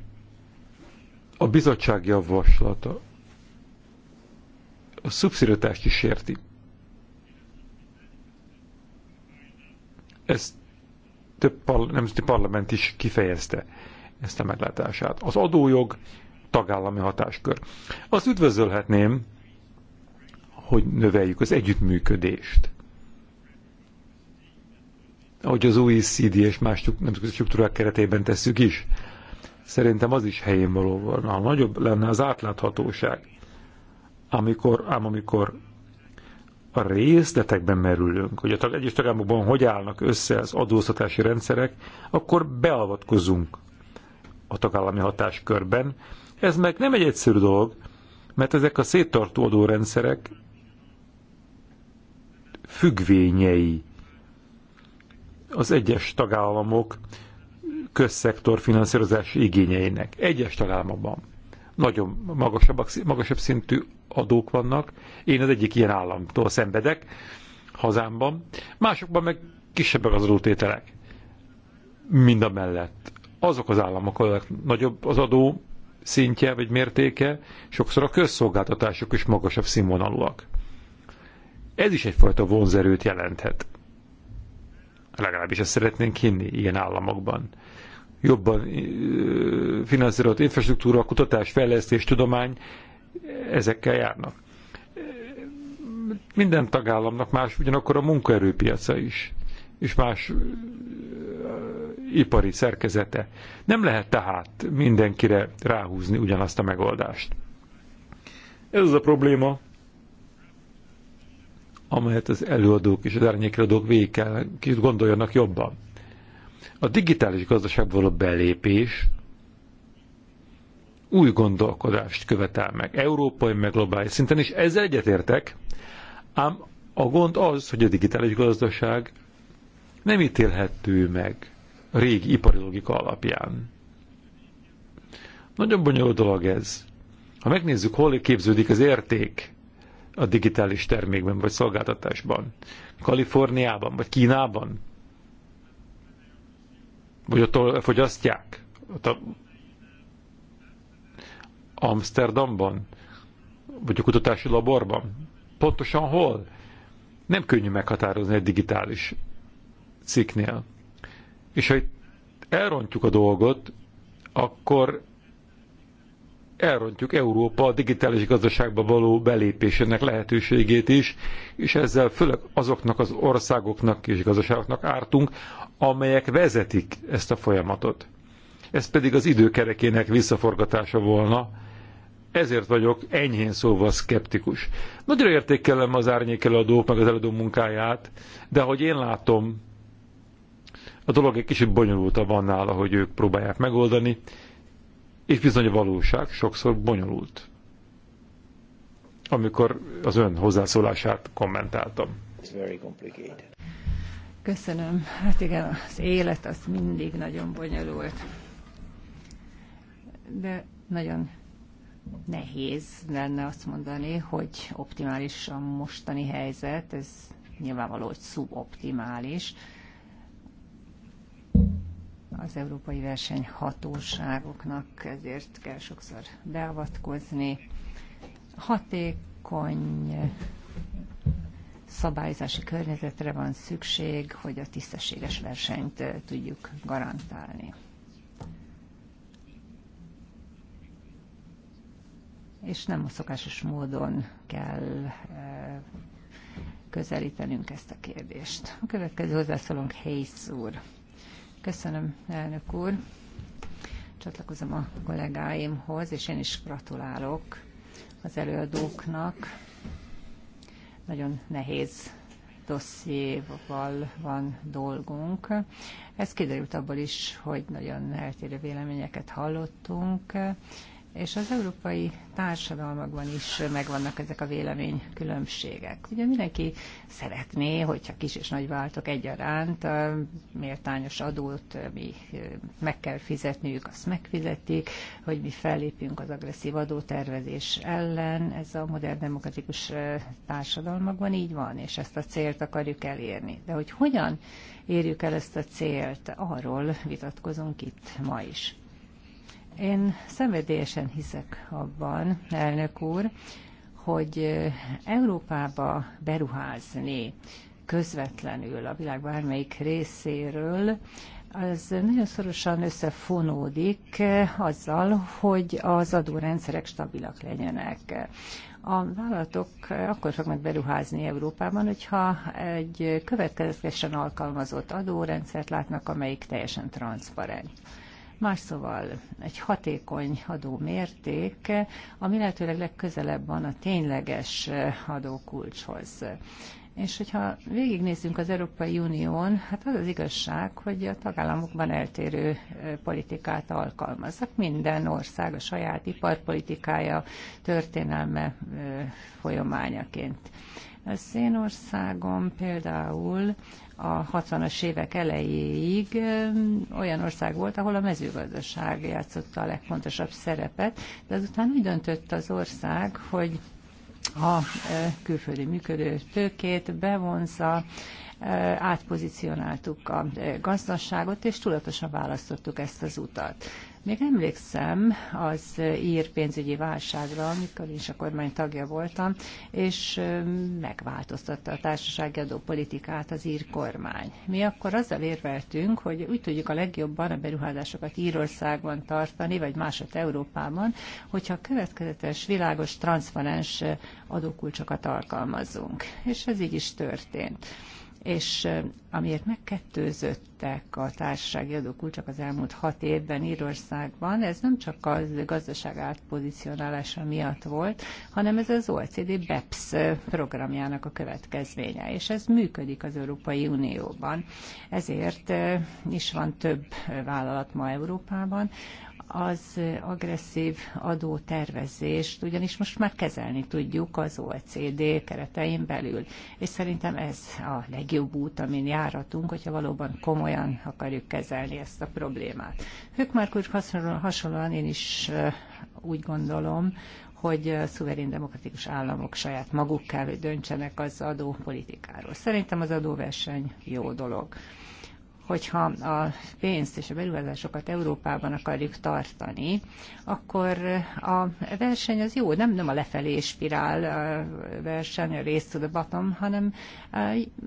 C: a bizottság javaslata a szubszidotást is érti. Ezt több parla nemzeti parlament is kifejezte ezt a meglátását. Az adójog tagállami hatáskör. Azt üdvözölhetném, hogy növeljük az együttműködést. Ahogy az új e CD és más nemzetközi struktúrák keretében tesszük is. Szerintem az is helyén való volna. Ha nagyobb lenne az átláthatóság, amikor, ám amikor a részletekben merülünk, hogy a tag, egyes tagállamokban hogy állnak össze az adóztatási rendszerek, akkor beavatkozunk a tagállami hatáskörben. Ez meg nem egy egyszerű dolog, mert ezek a széttartó adórendszerek függvényei az egyes tagállamok közszektor finanszírozási igényeinek. Egyes tagállamokban nagyon magasabbak, magasabb szintű adók vannak. Én az egyik ilyen államtól szenvedek hazámban. Másokban meg kisebbek az adótételek. Mind a mellett. Azok az államok, ahol nagyobb az adó szintje vagy mértéke, sokszor a közszolgáltatások is magasabb színvonalúak. Ez is egyfajta vonzerőt jelenthet. Legalábbis ezt szeretnénk hinni ilyen államokban. Jobban finanszírozott infrastruktúra, kutatás, fejlesztés, tudomány ezekkel járnak. Minden tagállamnak más ugyanakkor a munkaerőpiaca is, és más ipari szerkezete. Nem lehet tehát mindenkire ráhúzni ugyanazt a megoldást. Ez az a probléma, amelyet az előadók és az árnyékeladók végig kell, kicsit gondoljanak jobban. A digitális gazdaságból a belépés új gondolkodást követel meg, európai, meg globális szinten, és ezzel egyetértek, ám a gond az, hogy a digitális gazdaság nem ítélhető meg a régi ipari logika alapján. Nagyon bonyolult dolog ez. Ha megnézzük, hol képződik az érték, a digitális termékben vagy szolgáltatásban? Kaliforniában vagy Kínában? Vagy ott fogyasztják? Ott a... Amsterdamban? Vagy a kutatási laborban? Pontosan hol? Nem könnyű meghatározni egy digitális cikknél. És ha itt elrontjuk a dolgot, akkor elrontjuk Európa a digitális gazdaságba való belépésének lehetőségét is, és ezzel főleg azoknak az országoknak és gazdaságoknak ártunk, amelyek vezetik ezt a folyamatot. Ez pedig az időkerekének visszaforgatása volna, ezért vagyok enyhén szóval szkeptikus. Nagyra értékelem az árnyékeladók meg az előadó munkáját, de ahogy én látom, a dolog egy kicsit bonyolultabb annál, ahogy ők próbálják megoldani, és bizony a valóság sokszor bonyolult, amikor az ön hozzászólását kommentáltam.
E: Köszönöm. Hát igen, az élet az mindig nagyon bonyolult. De nagyon nehéz lenne azt mondani, hogy optimális a mostani helyzet, ez nyilvánvaló, hogy szuboptimális, az európai versenyhatóságoknak ezért kell sokszor beavatkozni. Hatékony szabályzási környezetre van szükség, hogy a tisztességes versenyt tudjuk garantálni. És nem a szokásos módon kell közelítenünk ezt a kérdést. A következő hozzászólónk Hayes úr. Köszönöm, elnök úr. Csatlakozom a kollégáimhoz, és én is gratulálok az előadóknak. Nagyon nehéz dossziéval van dolgunk. Ez kiderült abból is, hogy nagyon eltérő véleményeket hallottunk, és az európai társadalmakban is megvannak ezek a vélemény különbségek. Ugye mindenki szeretné, hogyha kis és nagy váltok egyaránt, a méltányos adót mi meg kell fizetniük, azt megfizetik, hogy mi fellépjünk az agresszív adótervezés ellen. Ez a modern demokratikus társadalmakban így van, és ezt a célt akarjuk elérni. De hogy hogyan érjük el ezt a célt, arról vitatkozunk itt ma is. Én szenvedélyesen hiszek abban, elnök úr, hogy Európába beruházni közvetlenül a világ bármelyik részéről, az nagyon szorosan összefonódik azzal, hogy az adórendszerek stabilak legyenek. A vállalatok akkor fognak beruházni Európában, hogyha egy következetesen alkalmazott adórendszert látnak, amelyik teljesen transzparens. Más szóval egy hatékony adó mérték, ami lehetőleg legközelebb van a tényleges eh, adókulcshoz. És hogyha végignézzünk az Európai Unión, hát az az igazság, hogy a tagállamokban eltérő eh, politikát alkalmaznak. Minden ország a saját iparpolitikája, történelme eh, folyamányaként. A én országom például a 60-as évek elejéig olyan ország volt, ahol a mezőgazdaság játszotta a legfontosabb szerepet, de azután úgy döntött az ország, hogy a külföldi működő tőkét bevonza, átpozícionáltuk a gazdaságot, és tudatosan választottuk ezt az utat. Még emlékszem az ír pénzügyi válságra, amikor is a kormány tagja voltam, és megváltoztatta a társasági adópolitikát az ír kormány. Mi akkor azzal érveltünk, hogy úgy tudjuk a legjobban a beruházásokat Írországban tartani, vagy másod Európában, hogyha következetes, világos, transzparens adókulcsokat alkalmazunk. És ez így is történt és amiért megkettőzöttek a társasági adókulcsak az elmúlt hat évben Írországban, ez nem csak a gazdaság átpozicionálása miatt volt, hanem ez az OECD BEPS programjának a következménye, és ez működik az Európai Unióban. Ezért is van több vállalat ma Európában, az agresszív adótervezést, ugyanis most már kezelni tudjuk az OECD keretein belül. És szerintem ez a legjobb út, amin járhatunk, hogyha valóban komolyan akarjuk kezelni ezt a problémát. Hökmark úr hasonlóan én is úgy gondolom, hogy szuverén demokratikus államok saját maguk kell, hogy döntsenek az adópolitikáról. Szerintem az adóverseny jó dolog hogyha a pénzt és a beruházásokat Európában akarjuk tartani, akkor a verseny az jó, nem, nem a lefelé spirál a verseny, a race to the bottom, hanem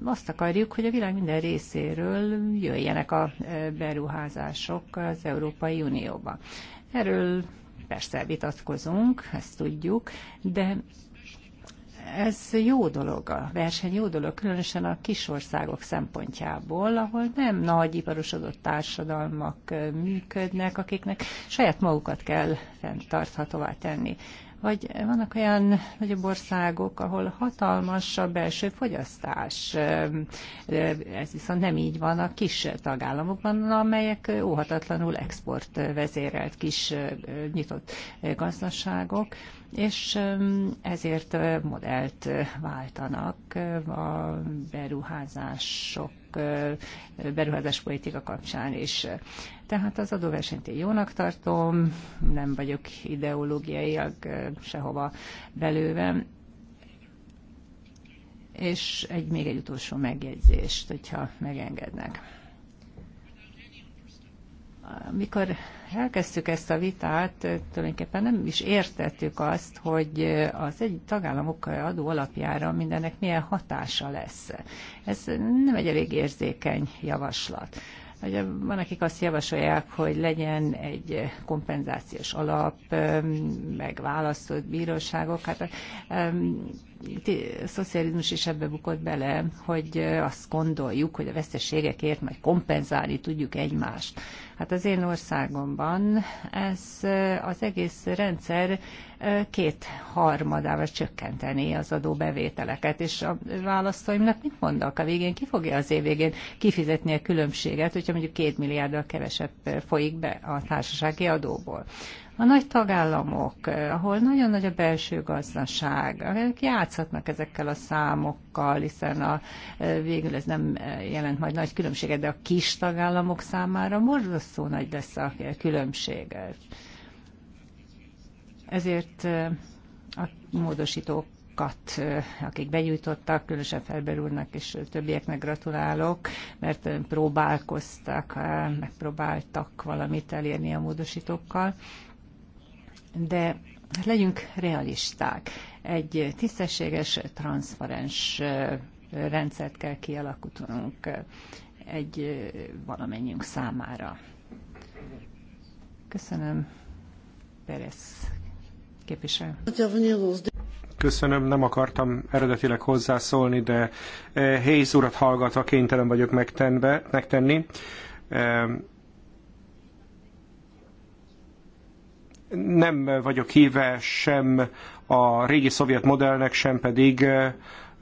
E: azt akarjuk, hogy a világ minden részéről jöjjenek a beruházások az Európai Unióba. Erről persze vitatkozunk, ezt tudjuk, de ez jó dolog, a verseny jó dolog, különösen a kis országok szempontjából, ahol nem nagy iparosodott társadalmak működnek, akiknek saját magukat kell fenntarthatóvá tenni. Vagy vannak olyan nagyobb országok, ahol hatalmas a belső fogyasztás. Ez viszont nem így van a kis tagállamokban, amelyek óhatatlanul export vezérelt kis nyitott gazdaságok, és ezért modellt váltanak a beruházások beruházáspolitika kapcsán is. Tehát az adóversenyt én jónak tartom, nem vagyok ideológiailag sehova belőve. És egy, még egy utolsó megjegyzést, hogyha megengednek amikor elkezdtük ezt a vitát, tulajdonképpen nem is értettük azt, hogy az egy tagállamok adó alapjára mindennek milyen hatása lesz. Ez nem egy elég érzékeny javaslat. Ugye van, akik azt javasolják, hogy legyen egy kompenzációs alap, meg választott bíróságok. Hát a szocializmus is ebbe bukott bele, hogy azt gondoljuk, hogy a veszteségekért majd kompenzálni tudjuk egymást. Hát az én országomban ez eh, az egész rendszer eh, két harmadával csökkenteni az adóbevételeket, és a választóimnak mit mondok a végén? Ki fogja az év végén kifizetni a különbséget, hogyha mondjuk két milliárddal kevesebb eh, folyik be a társasági adóból? A nagy tagállamok, eh, ahol nagyon nagy a belső gazdaság, akik játszhatnak ezekkel a számokkal, hiszen a, eh, végül ez nem eh, jelent majd nagy különbséget, de a kis tagállamok számára morzasztó nagy lesz a különbség. Ezért a módosítók akik begyújtottak, különösen Felber úrnak és többieknek gratulálok, mert próbálkoztak, megpróbáltak valamit elérni a módosítókkal de hát legyünk realisták. Egy tisztességes, transzparens rendszert kell kialakítanunk egy valamennyiünk számára. Köszönöm, Perez képviselő.
A: Köszönöm, nem akartam eredetileg hozzászólni, de Hayes urat hallgatva kénytelen vagyok megtenbe, megtenni. nem vagyok híve sem a régi szovjet modellnek, sem pedig eh,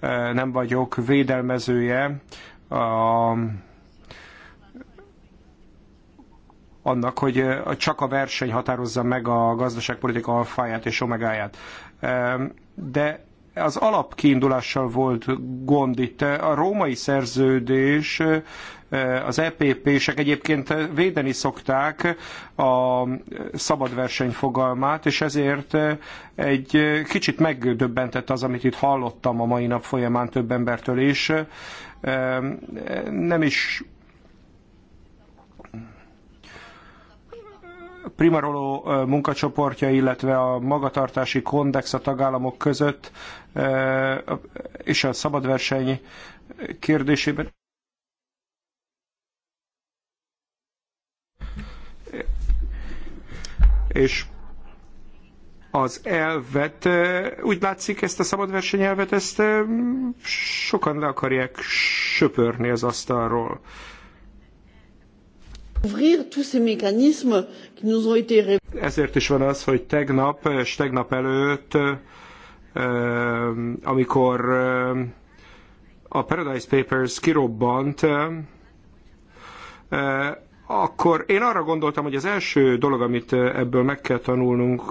A: eh, nem vagyok védelmezője a, annak, hogy eh, csak a verseny határozza meg a gazdaságpolitika alfáját és omegáját. De az alapkiindulással volt gond itt. A római szerződés az EPP-sek egyébként védeni szokták a szabad verseny fogalmát, és ezért egy kicsit megdöbbentett az, amit itt hallottam a mai nap folyamán több embertől is. Nem is Primaroló munkacsoportja, illetve a magatartási kondex a tagállamok között és a szabadverseny kérdésében és az elvet, úgy látszik ezt a szabad versenyelvet, ezt sokan le akarják söpörni az asztalról. Ezért is van az, hogy tegnap és tegnap előtt, amikor a Paradise Papers kirobbant, akkor én arra gondoltam, hogy az első dolog, amit ebből meg kell tanulnunk,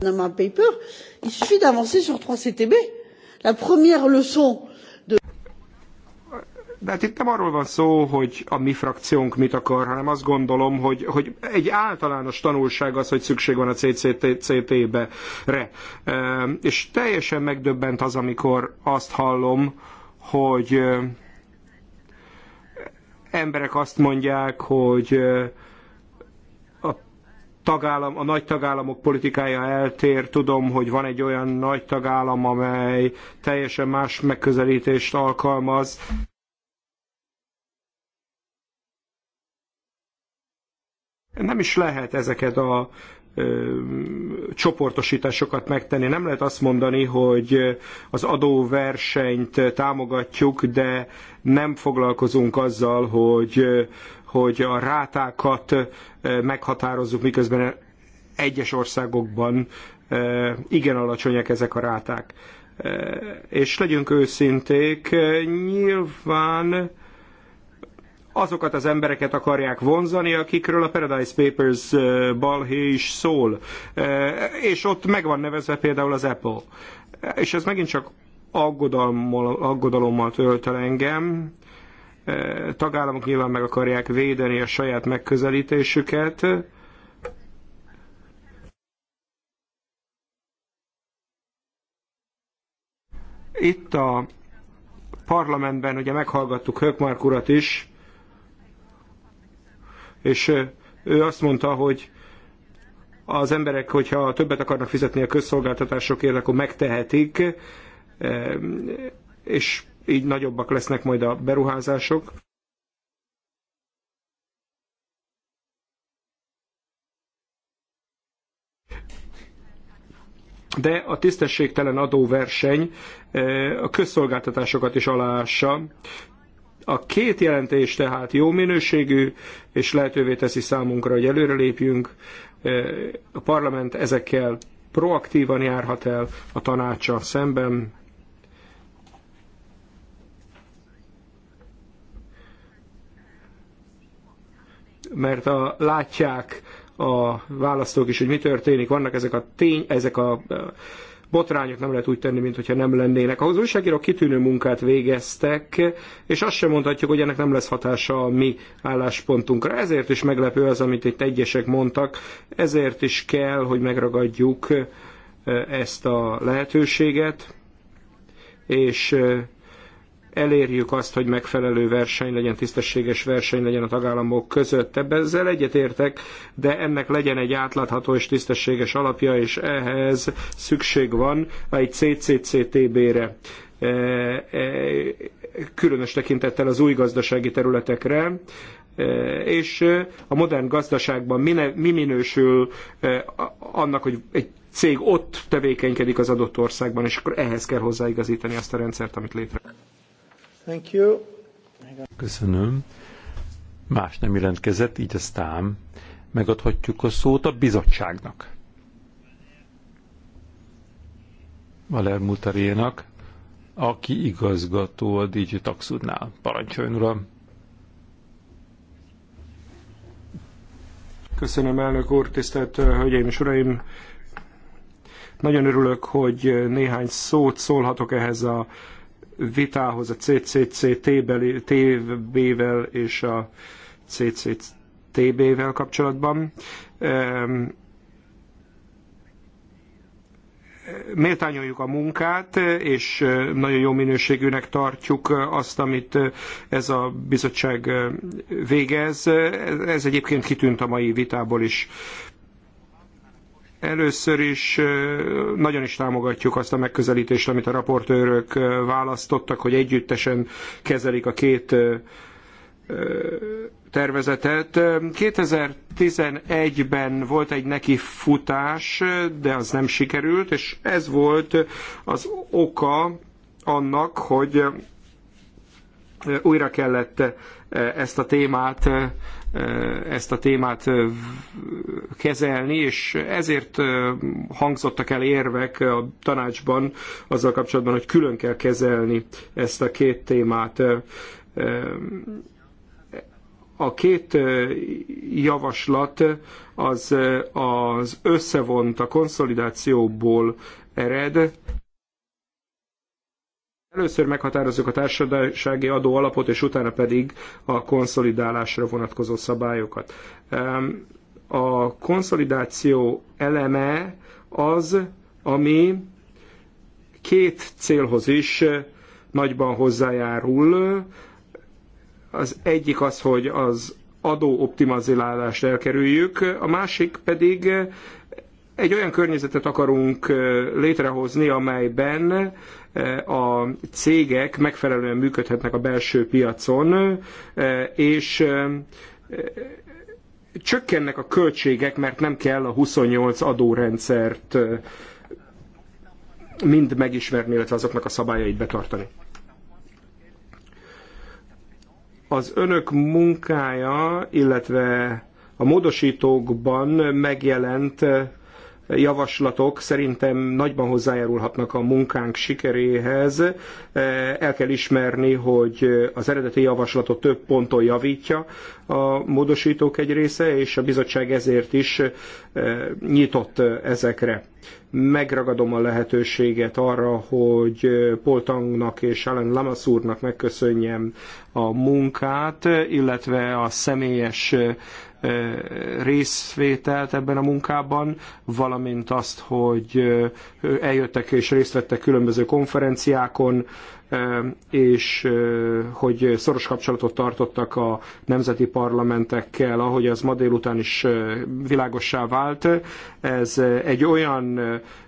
B: paper, il suffit d'avancer sur 3 CTB. La première leçon
A: de... De hát itt nem arról van szó, hogy a mi frakciónk mit akar, hanem azt gondolom, hogy, hogy egy általános tanulság az, hogy szükség van a CCT-be. És teljesen megdöbbent az, amikor azt hallom, hogy emberek azt mondják, hogy a, tagállam, a nagy tagállamok politikája eltér. Tudom, hogy van egy olyan nagy tagállam, amely teljesen más megközelítést alkalmaz. Nem is lehet ezeket a csoportosításokat megtenni. Nem lehet azt mondani, hogy az adóversenyt támogatjuk, de nem foglalkozunk azzal, hogy, hogy a rátákat meghatározzuk, miközben egyes országokban igen alacsonyak ezek a ráták. És legyünk őszinték, nyilván azokat az embereket akarják vonzani, akikről a Paradise Papers balhé is szól. És ott meg van nevezve például az Apple. És ez megint csak aggodalommal, aggodalommal tölt el engem. Tagállamok nyilván meg akarják védeni a saját megközelítésüket. Itt a parlamentben ugye meghallgattuk Hökmark urat is, és ő azt mondta, hogy az emberek, hogyha többet akarnak fizetni a közszolgáltatásokért, akkor megtehetik, és így nagyobbak lesznek majd a beruházások. De a tisztességtelen adóverseny a közszolgáltatásokat is aláássa, a két jelentés tehát jó minőségű, és lehetővé teszi számunkra, hogy előrelépjünk. A parlament ezekkel proaktívan járhat el a tanácsa szemben. Mert a, látják a választók is, hogy mi történik, vannak ezek a tény, ezek a, a botrányok nem lehet úgy tenni, mintha nem lennének. Ahhoz újságírók kitűnő munkát végeztek, és azt sem mondhatjuk, hogy ennek nem lesz hatása a mi álláspontunkra. Ezért is meglepő az, amit itt egyesek mondtak, ezért is kell, hogy megragadjuk eh, ezt a lehetőséget, és eh, elérjük azt, hogy megfelelő verseny legyen, tisztességes verseny legyen a tagállamok között. Ebben ezzel egyetértek, de ennek legyen egy átlátható és tisztességes alapja, és ehhez szükség van egy CCCTB-re e, e, különös tekintettel az új gazdasági területekre, e, és a modern gazdaságban mi, minősül annak, hogy egy cég ott tevékenykedik az adott országban, és akkor ehhez kell hozzáigazítani azt a rendszert, amit létre. Thank you.
C: Köszönöm. Más nem jelentkezett, így aztán megadhatjuk a szót a bizottságnak. Valer Mutarénak, aki igazgató a Digitaxudnál. Parancsoljon, uram!
A: Köszönöm, elnök úr, tisztelt eh, hölgyeim és uraim! Nagyon örülök, hogy eh, néhány szót szólhatok ehhez a vitához a tb vel és a tb vel kapcsolatban. Méltányoljuk a munkát, és nagyon jó minőségűnek tartjuk azt, amit ez a bizottság végez. Ez egyébként kitűnt a mai vitából is. Először is nagyon is támogatjuk azt a megközelítést, amit a raportőrök választottak, hogy együttesen kezelik a két tervezetet. 2011-ben volt egy neki futás, de az nem sikerült, és ez volt az oka annak, hogy újra kellett ezt a témát Eh, ezt a témát eh, kezelni, és ezért eh, hangzottak el érvek a tanácsban azzal kapcsolatban, hogy külön kell kezelni ezt a két témát. A két javaslat az, az összevont a konszolidációból ered, Először meghatározzuk a társadalmi adó alapot, és utána pedig a konszolidálásra vonatkozó szabályokat. A konszolidáció eleme az, ami két célhoz is nagyban hozzájárul. Az egyik az, hogy az adóoptimalizálást elkerüljük, a másik pedig egy olyan környezetet akarunk létrehozni, amelyben a cégek megfelelően működhetnek a belső piacon, és csökkennek a költségek, mert nem kell a 28 adórendszert mind megismerni, illetve azoknak a szabályait betartani. Az önök munkája, illetve a módosítókban megjelent javaslatok szerintem nagyban hozzájárulhatnak a munkánk sikeréhez. El kell ismerni, hogy az eredeti javaslatot több ponton javítja a módosítók egy része, és a bizottság ezért is eh, nyitott ezekre. Megragadom a lehetőséget arra, hogy Poltangnak és Alan Lamassúrnak megköszönjem a munkát, illetve a személyes részvételt ebben a munkában, valamint azt, hogy eljöttek és részt vettek különböző konferenciákon, és hogy szoros kapcsolatot tartottak a nemzeti parlamentekkel, ahogy az ma délután is világossá vált. Ez egy olyan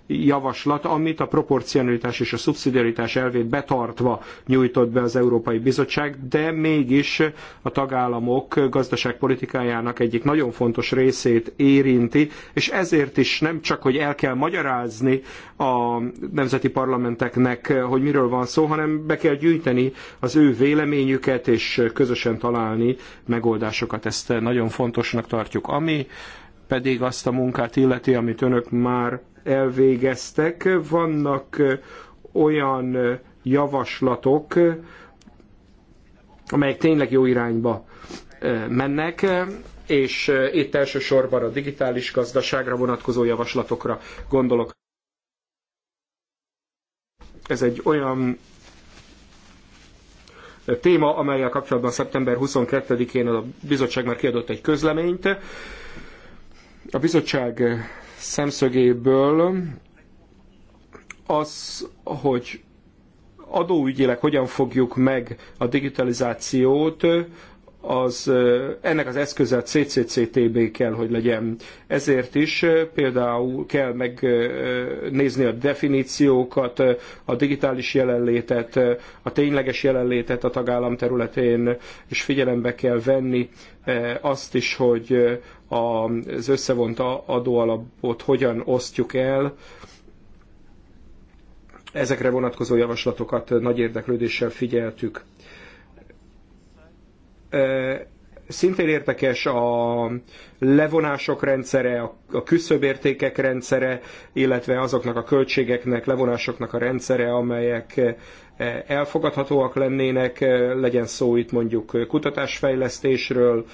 A: javaslat, amit a proporcionalitás és a szubszidiaritás elvét betartva nyújtott be az Európai Bizottság, de mégis a tagállamok gazdaságpolitikájának egyik nagyon fontos részét érinti, és ezért is nem csak, hogy el kell magyarázni a nemzeti parlamenteknek, hogy miről van szó, hanem be kell gyűjteni az ő véleményüket, és közösen találni megoldásokat. Ezt nagyon fontosnak tartjuk. Ami pedig azt a munkát illeti, amit önök már elvégeztek. Vannak olyan javaslatok, amelyek tényleg jó irányba mennek, és itt elsősorban a digitális gazdaságra vonatkozó javaslatokra gondolok. Ez egy olyan téma, amelyel kapcsolatban szeptember 22-én a bizottság már kiadott egy közleményt, a bizottság eh, szemszögéből az, hogy adóügyileg hogyan fogjuk meg a digitalizációt, az, ennek az eszköze a CCCTB kell, hogy legyen. Ezért is például kell megnézni a definíciókat, a digitális jelenlétet, a tényleges jelenlétet a tagállam területén, és figyelembe kell venni azt is, hogy az összevont adóalapot hogyan osztjuk el, Ezekre vonatkozó javaslatokat nagy érdeklődéssel figyeltük szintén érdekes a levonások rendszere, a küszöbértékek rendszere, illetve azoknak a költségeknek, levonásoknak a rendszere, amelyek elfogadhatóak lennének, legyen szó itt mondjuk kutatásfejlesztésről,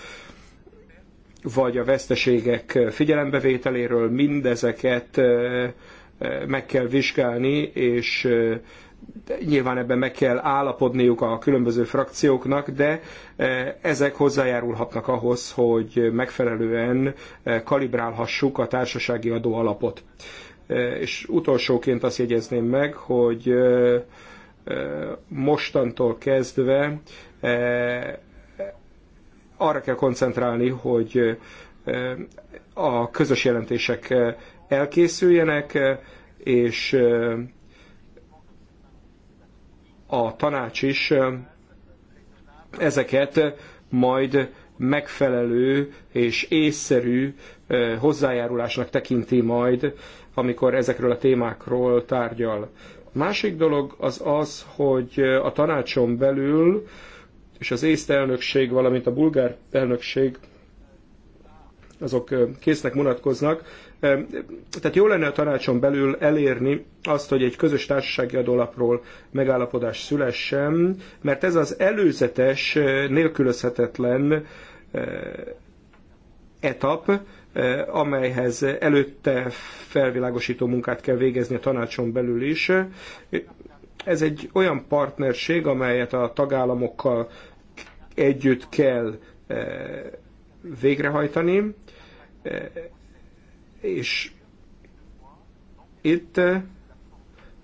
A: vagy a veszteségek figyelembevételéről, mindezeket meg kell vizsgálni, és nyilván ebben meg kell állapodniuk a különböző frakcióknak, de e, ezek hozzájárulhatnak ahhoz, hogy megfelelően e, kalibrálhassuk a társasági adó alapot. E, és utolsóként azt jegyezném meg, hogy mostantól kezdve arra kell koncentrálni, hogy a közös jelentések elkészüljenek, és a tanács is ezeket majd megfelelő és észszerű hozzájárulásnak tekinti majd, amikor ezekről a témákról tárgyal. Másik dolog az az, hogy a tanácson belül és az észt elnökség, valamint a bulgár elnökség azok késznek mutatkoznak tehát jó lenne a tanácson belül elérni azt, hogy egy közös társasági adólapról megállapodás szülessen, mert ez az előzetes, eh, nélkülözhetetlen eh, etap, eh, amelyhez előtte felvilágosító munkát kell végezni a tanácson belül is. Ez egy olyan partnerség, amelyet a tagállamokkal együtt kell végrehajtani. És itt eh,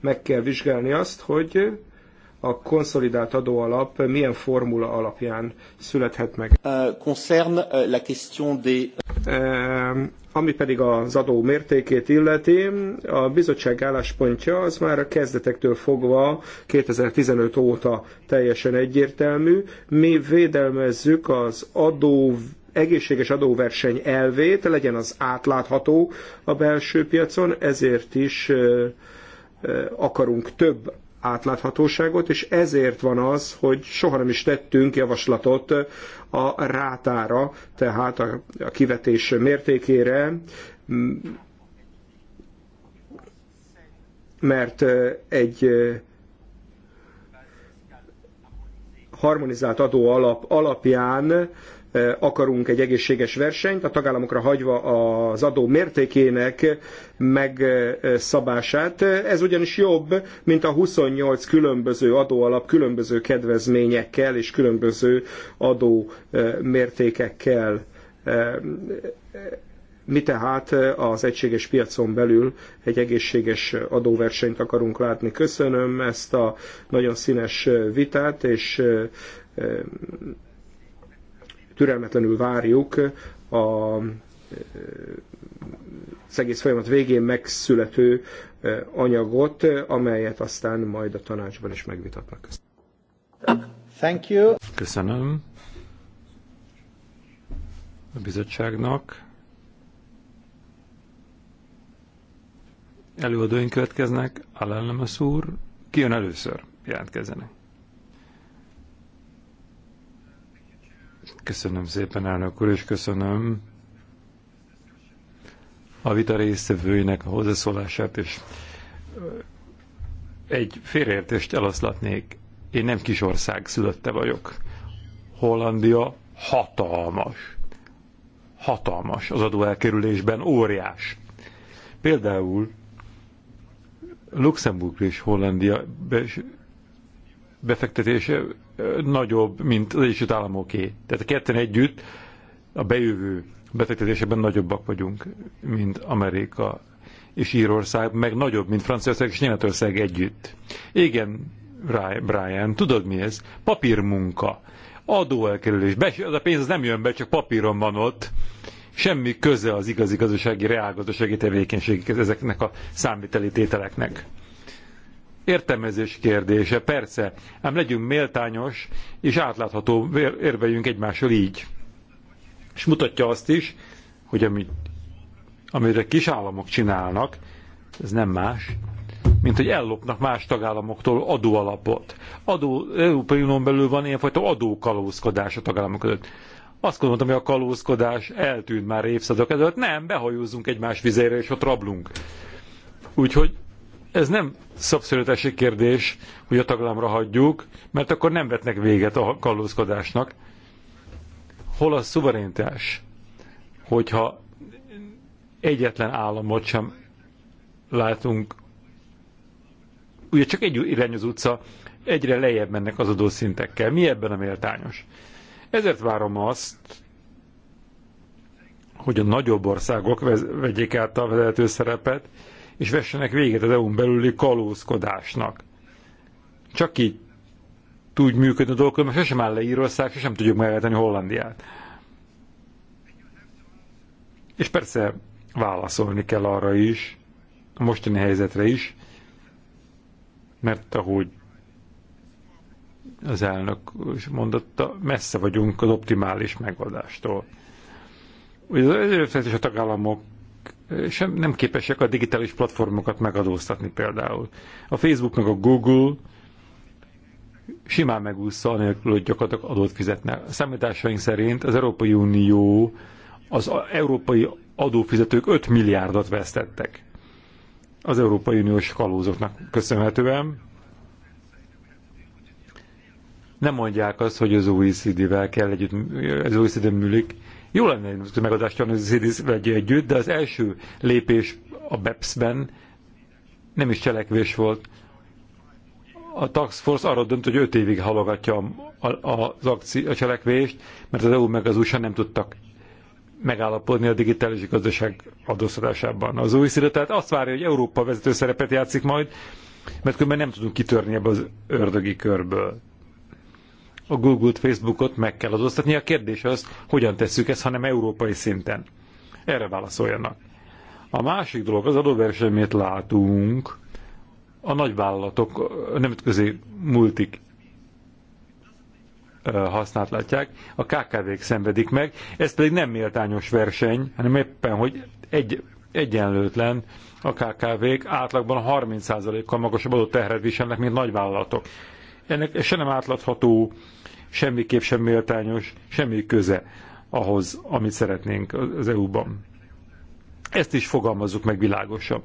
A: meg kell vizsgálni azt, hogy a konszolidált adóalap milyen formula alapján születhet meg. Euh, concerne euh, la question des... Eh, ami pedig az adó mértékét illeti, a bizottság álláspontja az már a kezdetektől fogva 2015 óta teljesen egyértelmű. Mi védelmezzük az adó egészséges adóverseny elvét, legyen az átlátható a belső piacon, ezért is akarunk több átláthatóságot, és ezért van az, hogy soha nem is tettünk javaslatot a rátára, tehát a, kivetés mértékére, mert egy harmonizált adó alap, alapján akarunk egy egészséges versenyt, a tagállamokra hagyva az adó mértékének megszabását. Ez ugyanis jobb, mint a 28 különböző adóalap különböző kedvezményekkel és különböző adó mértékekkel. Mi tehát az egységes piacon belül egy egészséges adóversenyt akarunk látni. Köszönöm ezt a nagyon színes vitát, és türelmetlenül várjuk a az egész folyamat végén megszülető anyagot, amelyet aztán majd a tanácsban is megvitatnak. Thank you.
C: Köszönöm a bizottságnak. Előadóink következnek, Alellemes úr, kijön először, jelentkezzenek. Köszönöm szépen, elnök úr, és köszönöm a vita résztvevőinek a hozzászólását, és egy félreértést eloszlatnék. Én nem kis ország szülötte vagyok. Hollandia hatalmas. Hatalmas az adóelkerülésben, óriás. Például Luxemburg és Hollandia befektetése nagyobb, mint az Egyesült Államoké. Tehát a ketten együtt a bejövő befektetésekben nagyobbak vagyunk, mint Amerika és Írország, meg nagyobb, mint Franciaország és Németország együtt. Igen, Brian, tudod mi ez? Papírmunka, adóelkerülés. Be, az a pénz az nem jön be, csak papíron van ott. Semmi köze az igazi gazdasági, reálgazdasági tevékenységhez ezeknek a számviteli tételeknek értelmezés kérdése, persze, ám legyünk méltányos és átlátható érveljünk egymással így. És mutatja azt is, hogy amit, amire államok csinálnak, ez nem más, mint hogy ellopnak más tagállamoktól adóalapot. Adó, Európai Unión belül van ilyenfajta adókalózkodás a tagállamok között. Azt gondoltam, hogy a kalózkodás eltűnt már évszázadok előtt. Nem, behajózunk egymás vizére, és ott rablunk. Úgyhogy ez nem szabszerűtesi kérdés, hogy a taglámra hagyjuk, mert akkor nem vetnek véget a kallózkodásnak. Hol a szuverenitás, hogyha egyetlen államot sem látunk? Ugye csak egy irány az utca, egyre lejjebb mennek az adószintekkel. Mi ebben a méltányos? Ezért várom azt, hogy a nagyobb országok vegyék át a vezető szerepet, és vessenek véget az EU-n belüli kalózkodásnak. Csak így tud működni a dolgok, mert sosem áll le Írország, sosem tudjuk megállítani Hollandiát. És persze válaszolni kell arra is, a mostani helyzetre is, mert ahogy az elnök is mondotta, messze vagyunk az optimális megoldástól. Ugye az előfeszítés a tagállamok sem nem képesek a digitális platformokat megadóztatni például. A Facebook meg a Google simán megúszta, anélkül, hogy gyakorlatilag adót fizetne. A számításaink szerint az Európai Unió, az európai adófizetők 5 milliárdot vesztettek az Európai Uniós kalózoknak köszönhetően. Nem mondják azt, hogy az OECD-vel kell együtt, az OECD műlik, jó lenne egy megadást a CDC vegye együtt, de az első lépés a BEPS-ben nem is cselekvés volt. A Tax Force arra dönt, hogy 5 évig halogatja a, a, az akci, a cselekvést, mert az EU meg az USA nem tudtak megállapodni a digitális gazdaság adóztatásában. Az OECD tehát azt várja, hogy Európa vezető szerepet játszik majd, mert különben nem tudunk kitörni ebből az ördögi körből a Google-t, Facebookot meg kell adóztatni. A kérdés az, hogyan tesszük ezt, hanem európai szinten. Erre válaszoljanak. A másik dolog, az adóverseny, amit látunk, a nagyvállalatok, nemzetközi multik hasznát látják, a KKV-k szenvedik meg, ez pedig nem méltányos verseny, hanem éppen, hogy egy, egyenlőtlen a KKV-k átlagban 30%-kal magasabb adóterhet viselnek, mint nagyvállalatok. Ennek se nem átlatható, semmiképp sem méltányos, semmi köze ahhoz, amit szeretnénk az EU-ban. Ezt is fogalmazzuk meg világosan.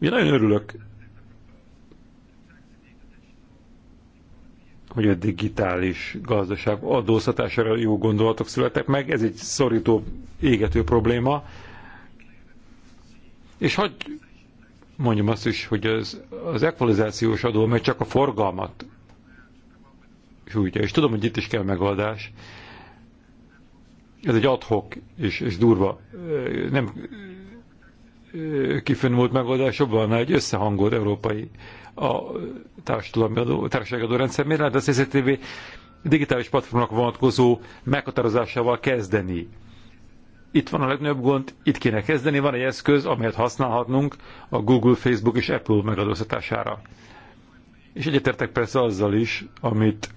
C: Ugye nagyon örülök, hogy a digitális gazdaság adóztatására jó gondolatok születtek meg, ez egy szorító, égető probléma. És hogy mondjam azt is, hogy az, az ekvalizációs adó, mert csak a forgalmat sújtja, és tudom, hogy itt is kell megoldás, ez egy adhok és, és durva, nem kifönmúlt megoldás, jobban egy összehangolt európai a társadalmi adó, társadalmi rendszer. Miért lehet a CCTV digitális platformnak vonatkozó meghatározásával kezdeni? itt van a legnagyobb gond, itt kéne kezdeni, van egy eszköz, amelyet használhatnunk a Google, Facebook és Apple megadóztatására. És egyetértek persze azzal is, amit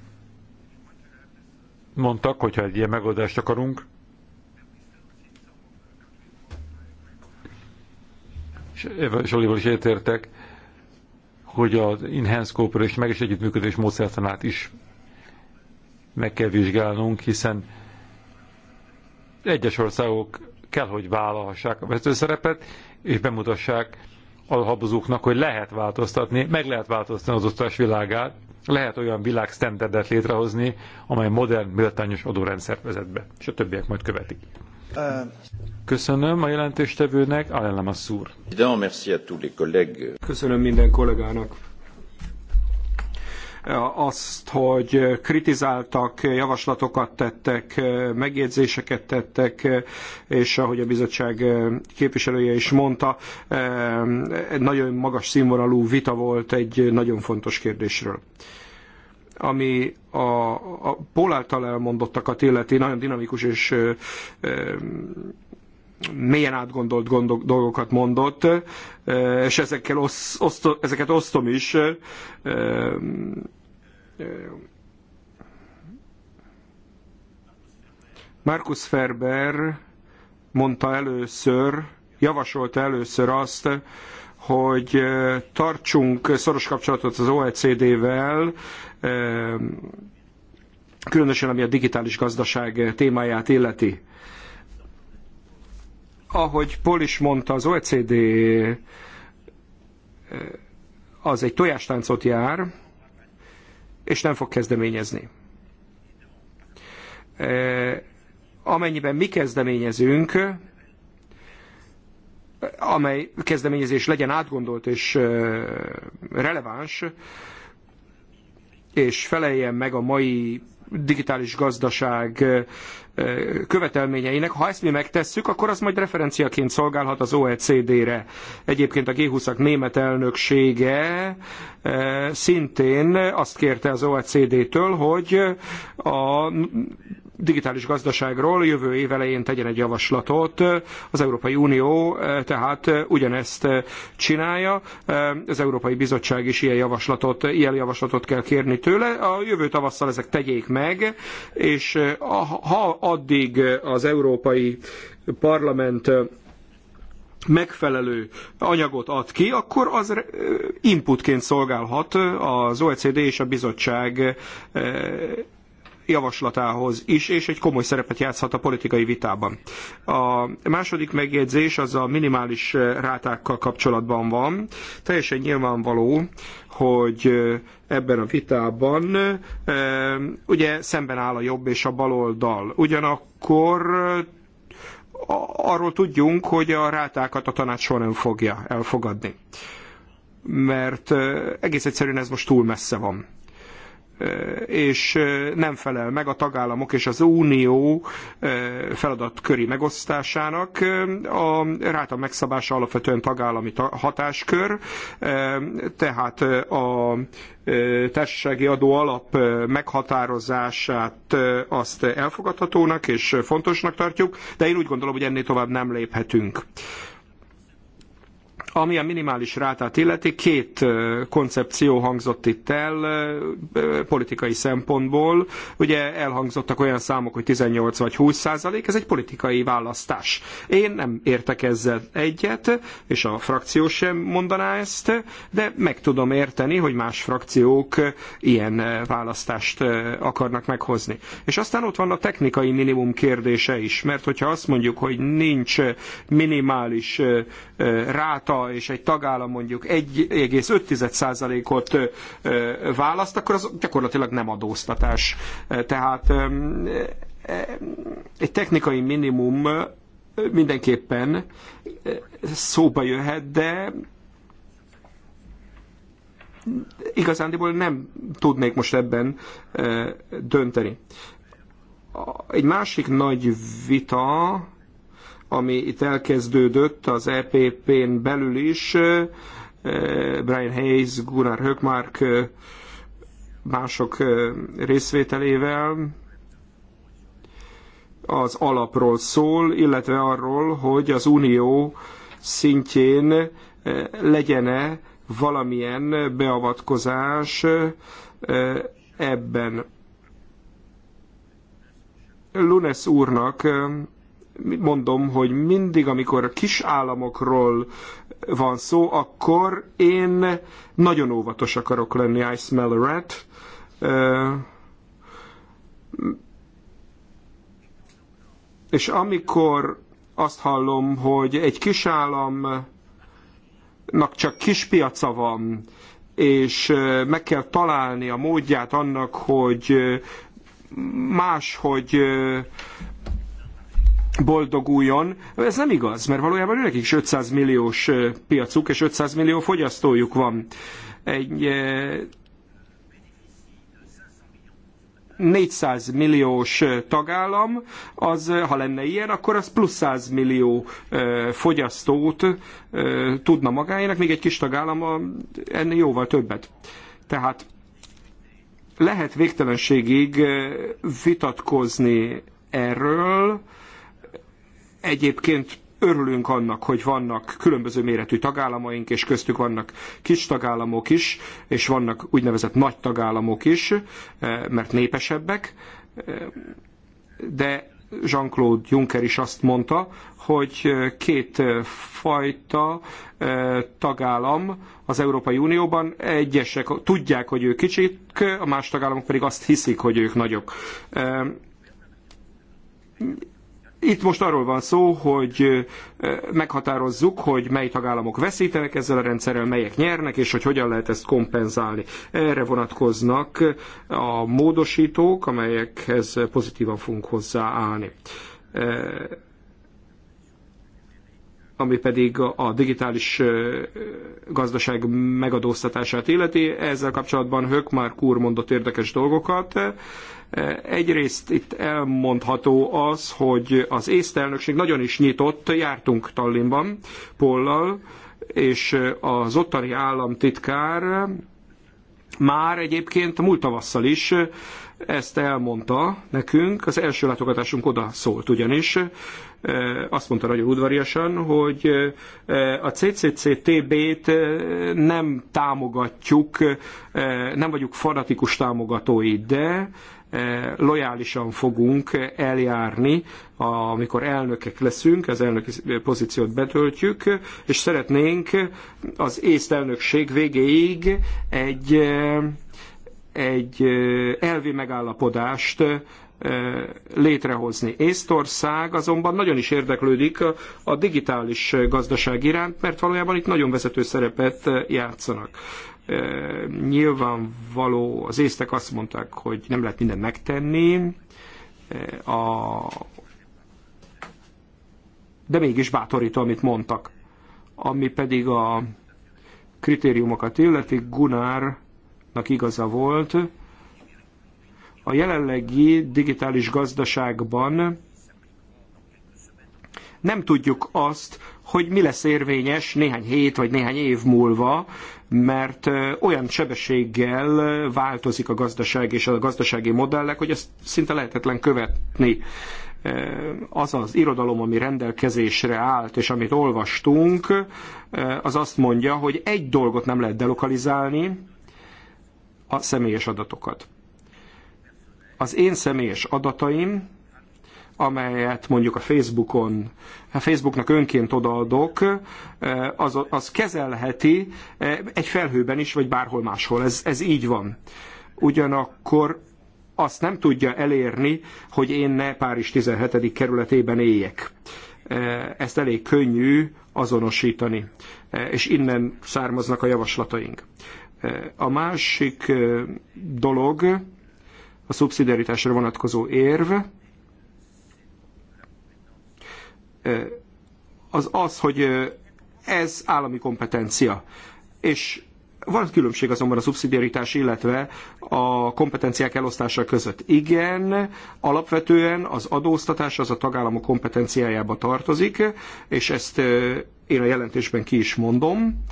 C: mondtak, hogyha egy ilyen megoldást akarunk, és Eva és Olival is egyetértek, hogy az Enhanced Cooperation meg is együttműködés módszertanát is meg kell vizsgálnunk, hiszen egyes országok kell, hogy vállalhassák a vezetőszerepet, és bemutassák a habozóknak, hogy lehet változtatni, meg lehet változtatni az osztás világát, lehet olyan világsztenderdet létrehozni, amely modern, méltányos adórendszert vezet be, és a többiek majd követik. Köszönöm a jelentéstevőnek, Alain Lamassur.
A: Köszönöm minden kollégának azt, hogy kritizáltak, javaslatokat tettek, megjegyzéseket tettek, és ahogy a bizottság képviselője is mondta, nagyon magas színvonalú vita volt egy nagyon fontos kérdésről ami a, a Pól által elmondottakat illeti, nagyon dinamikus és mélyen átgondolt gondok, dolgokat mondott, és ezekkel osz, ezeket osztom is. Markus Ferber mondta először, javasolta először azt, hogy tartsunk szoros kapcsolatot az OECD-vel, különösen ami a digitális gazdaság témáját illeti. Ahogy Paul is mondta, az OECD az egy tojástáncot jár, és nem fog kezdeményezni. E, amennyiben mi kezdeményezünk, amely kezdeményezés legyen átgondolt és e, releváns, és feleljen meg a mai digitális gazdaság követelményeinek. Ha ezt mi megtesszük, akkor az majd referenciaként szolgálhat az OECD-re. Egyébként a G20-ak német elnöksége szintén azt kérte az OECD-től, hogy a digitális gazdaságról jövő év elején tegyen egy javaslatot. Az Európai Unió eh, tehát eh, ugyanezt eh, csinálja. Az Európai Bizottság is ilyen javaslatot, ilyen javaslatot kell kérni tőle. A jövő tavasszal ezek tegyék meg, és ha addig az Európai Parlament megfelelő anyagot ad ki, akkor az inputként szolgálhat az OECD és a bizottság javaslatához is, és egy komoly szerepet játszhat a politikai vitában. A második megjegyzés az a minimális rátákkal kapcsolatban van. Teljesen nyilvánvaló, hogy ebben a vitában ugye szemben áll a jobb és a baloldal. Ugyanakkor arról tudjunk, hogy a rátákat a tanács soha nem fogja elfogadni. Mert egész egyszerűen ez most túl messze van és nem felel meg a tagállamok és az unió feladatköri megosztásának. A ráta megszabása alapvetően tagállami hatáskör, tehát a társasági adó alap meghatározását azt elfogadhatónak és fontosnak tartjuk, de én úgy gondolom, hogy ennél tovább nem léphetünk. Ami a minimális rátát illeti, két koncepció hangzott itt el politikai szempontból. Ugye elhangzottak olyan számok, hogy 18 vagy 20 százalék, ez egy politikai választás. Én nem értek ezzel egyet, és a frakció sem mondaná ezt, de meg tudom érteni, hogy más frakciók ilyen választást akarnak meghozni. És aztán ott van a technikai minimum kérdése is, mert hogyha azt mondjuk, hogy nincs minimális ráta és egy tagállam mondjuk 1,5%-ot választ, akkor az gyakorlatilag nem adóztatás. Tehát egy technikai minimum mindenképpen szóba jöhet, de igazándiból nem tudnék most ebben dönteni. Egy másik nagy vita ami itt elkezdődött az EPP-n belül is, Brian Hayes, Gunnar Höckmark, mások részvételével, az alapról szól, illetve arról, hogy az unió szintjén legyene valamilyen beavatkozás ebben. Lunes úrnak mondom, hogy mindig, amikor a kis államokról van szó, akkor én nagyon óvatos akarok lenni, I smell a rat. És amikor azt hallom, hogy egy kis államnak csak kis piaca van, és meg kell találni a módját annak, hogy máshogy boldoguljon. Ez nem igaz, mert valójában őnek is 500 milliós piacuk és 500 millió fogyasztójuk van. Egy 400 milliós tagállam, az ha lenne ilyen, akkor az plusz 100 millió fogyasztót tudna magáénak, még egy kis tagállam ennél jóval többet. Tehát lehet végtelenségig vitatkozni erről, Egyébként örülünk annak, hogy vannak különböző méretű tagállamaink, és köztük vannak kis tagállamok is, és vannak úgynevezett nagy tagállamok is, eh, mert népesebbek, eh, de Jean-Claude Juncker is azt mondta, hogy eh, két fajta tagállam az Európai Unióban, egyesek tudják, hogy ők kicsik, a más tagállamok pedig azt hiszik, hogy ők nagyok itt most arról van szó, hogy meghatározzuk, hogy mely tagállamok veszítenek ezzel a rendszerrel, melyek nyernek, és hogy hogyan lehet ezt kompenzálni. Erre vonatkoznak a módosítók, amelyekhez pozitívan fogunk hozzáállni ami pedig a digitális gazdaság megadóztatását illeti. Ezzel kapcsolatban hök már Kúr mondott érdekes dolgokat. Egyrészt itt elmondható az, hogy az észtelnökség nagyon is nyitott, jártunk Tallinnban Pollal, és az ottani államtitkár már egyébként múlt tavasszal is ezt elmondta nekünk, az első látogatásunk oda szólt ugyanis, azt mondta nagyon udvariasan, hogy a CCCTB-t nem támogatjuk, nem vagyunk fanatikus támogatói, de lojálisan fogunk eljárni, amikor elnökek leszünk, az elnöki pozíciót betöltjük, és szeretnénk az észt elnökség végéig egy, egy elvi megállapodást létrehozni. Észtország azonban nagyon is érdeklődik a digitális gazdaság iránt, mert valójában itt nagyon vezető szerepet játszanak. Nyilvánvaló, az észtek azt mondták, hogy nem lehet mindent megtenni, a... de mégis bátorító, amit mondtak. Ami pedig a kritériumokat illeti, Gunárnak igaza volt, a jelenlegi digitális gazdaságban nem tudjuk azt, hogy mi lesz érvényes néhány hét vagy néhány év múlva, mert olyan sebességgel változik a gazdaság és a gazdasági modellek, hogy ezt szinte lehetetlen követni. Az az irodalom, ami rendelkezésre állt, és amit olvastunk, az azt mondja, hogy egy dolgot nem lehet delokalizálni, a személyes adatokat az én személyes adataim, amelyet mondjuk a Facebookon, a Facebooknak önként odaadok, az, az kezelheti egy felhőben is, vagy bárhol máshol. Ez, ez így van. Ugyanakkor azt nem tudja elérni, hogy én ne Párizs 17. kerületében éljek. Ezt elég könnyű azonosítani, és innen származnak a javaslataink. A másik dolog, a szubszidiaritásra vonatkozó érv, az az, hogy ez állami kompetencia. És van különbség azonban a szubszidiaritás, illetve a kompetenciák elosztása között. Igen, alapvetően az adóztatás az a tagállamok kompetenciájába tartozik, és ezt én a jelentésben ki is mondom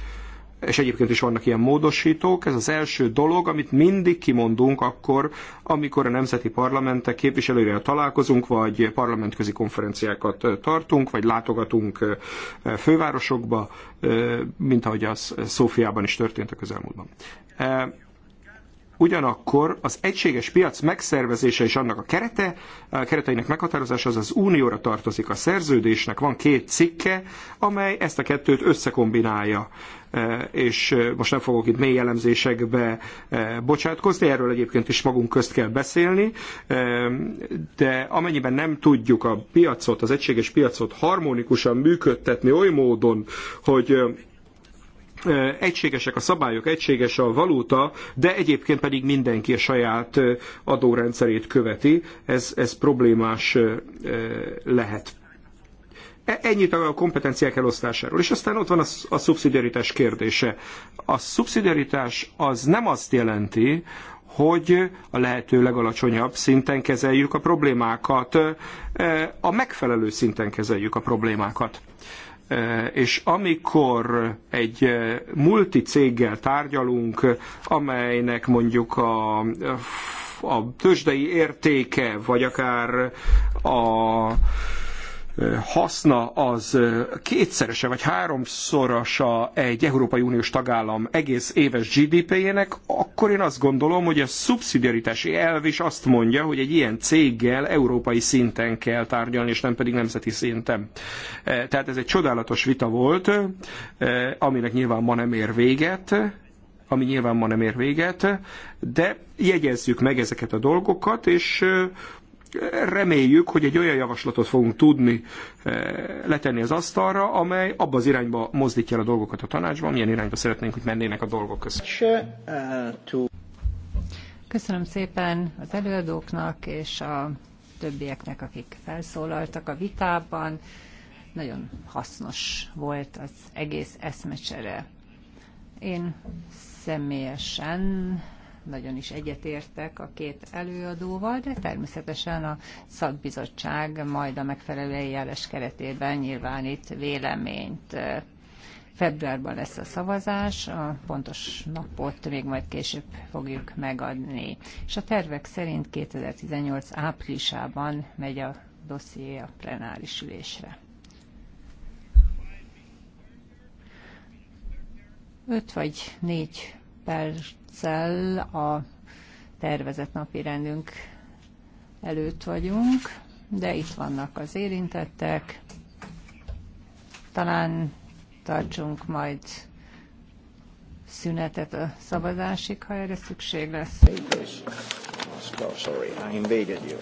A: és egyébként is vannak ilyen módosítók, ez az első dolog, amit mindig kimondunk akkor, amikor a nemzeti parlamentek képviselőivel találkozunk, vagy parlamentközi konferenciákat tartunk, vagy látogatunk fővárosokba, mint ahogy az Szófiában is történt a közelmúltban. Ugyanakkor az egységes piac megszervezése és annak a kerete, a kereteinek meghatározása az az unióra tartozik. A szerződésnek van két cikke, amely ezt a kettőt összekombinálja e, és e, most nem fogok itt mély elemzésekbe e, bocsátkozni, erről egyébként is magunk közt kell beszélni, de amennyiben nem tudjuk a piacot, az egységes piacot harmonikusan működtetni oly módon, hogy egységesek a szabályok, egységes a valuta, de egyébként pedig mindenki a saját adórendszerét követi, ez, ez problémás lehet. E, ennyit a kompetenciák elosztásáról. És aztán ott van a, a szubszidiaritás kérdése. A szubszidiaritás az nem azt jelenti, hogy a lehető legalacsonyabb szinten kezeljük a problémákat, a megfelelő szinten kezeljük a problémákat. Eh, és amikor egy eh, multicéggel tárgyalunk, amelynek mondjuk a, a tőzsdei értéke, vagy akár a haszna az kétszerese vagy háromszorosa egy Európai Uniós tagállam egész éves GDP-jének, akkor én azt gondolom, hogy a szubszidiaritási elv is azt mondja, hogy egy ilyen céggel európai szinten kell tárgyalni, és nem pedig nemzeti szinten. Tehát ez egy csodálatos vita volt, aminek nyilván ma nem ér véget, ami nyilván ma nem ér véget, de jegyezzük meg ezeket a dolgokat, és reméljük, hogy egy olyan javaslatot fogunk tudni eh, letenni az asztalra, amely abba az irányba mozdítja el a dolgokat a tanácsban, milyen irányba szeretnénk, hogy mennének a dolgok között.
E: Köszönöm szépen az előadóknak és a többieknek, akik felszólaltak a vitában. Nagyon hasznos volt az egész eszmecsere. Én személyesen nagyon is egyetértek a két előadóval, de természetesen a szakbizottság majd a megfelelő eljárás keretében nyilvánít véleményt. Februárban lesz a szavazás, a pontos napot még majd később fogjuk megadni. És a tervek szerint 2018 áprilisában megy a dosszié a plenáris ülésre. 5 vagy 4 perc perccel a tervezett napi rendünk előtt vagyunk, de itt vannak az érintettek. Talán tartsunk majd szünetet a szavazásig, ha erre szükség lesz.
B: Oh, sorry, I invaded you.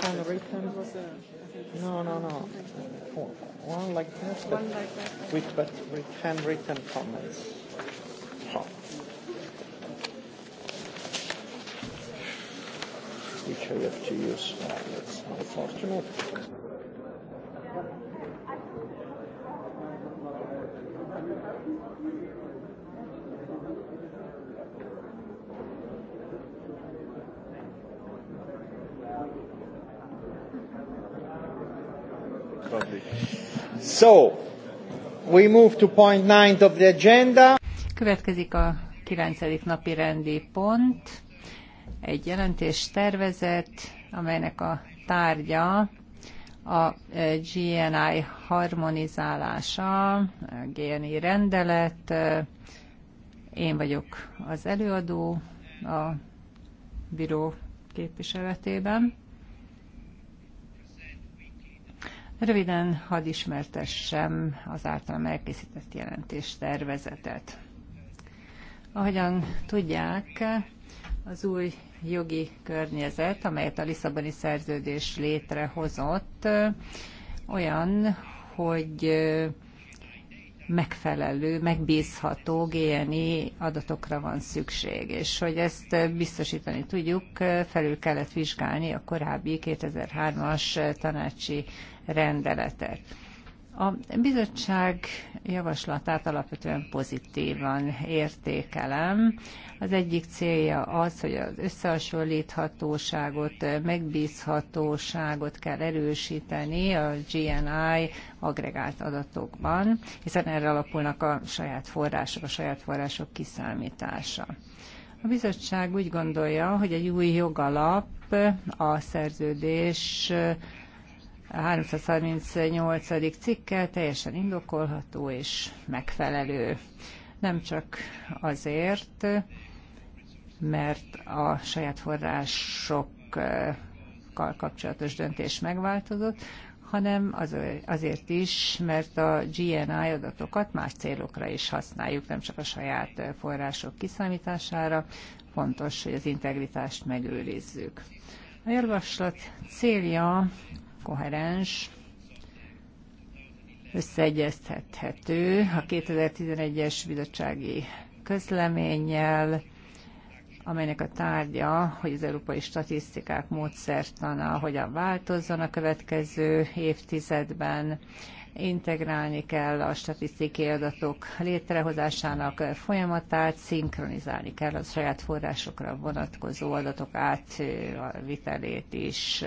B: kind of written.
A: No, no, no. One like this, but One like that. with but with handwritten comments. Oh.
E: Which I have to use. That's unfortunate. So, we move to point nine of the agenda. Következik a kilencedik napi rendi pont, egy jelentés tervezet, amelynek a tárgya a e, GNI harmonizálása, a GNI rendelet. E, én vagyok az előadó a bíró képviseletében. Röviden hadd ismertessem az általam elkészített jelentés tervezetet. Ahogyan tudják, az új jogi környezet, amelyet a Lisszaboni szerződés létrehozott, olyan, hogy megfelelő, megbízható GNI adatokra van szükség, és hogy ezt biztosítani tudjuk, felül kellett vizsgálni a korábbi 2003-as tanácsi rendeletet. A bizottság javaslatát alapvetően pozitívan értékelem. Az egyik célja az, hogy az összehasonlíthatóságot, megbízhatóságot kell erősíteni a GNI agregált adatokban, hiszen erre alapulnak a saját források, a saját források kiszámítása. A bizottság úgy gondolja, hogy egy új jogalap a szerződés a 338. cikkel teljesen indokolható és megfelelő. Nem csak azért, mert a saját forrásokkal kapcsolatos döntés megváltozott, hanem azért is, mert a GNI adatokat más célokra is használjuk, nem csak a saját források kiszámítására. Fontos, hogy az integritást megőrizzük. A javaslat célja koherens, összeegyeztethető a 2011-es bizottsági közleménnyel, amelynek a tárgya, hogy az európai statisztikák módszertana hogyan változzon a következő évtizedben, integrálni kell a statisztikai adatok létrehozásának folyamatát, szinkronizálni kell a saját forrásokra vonatkozó adatok átvitelét is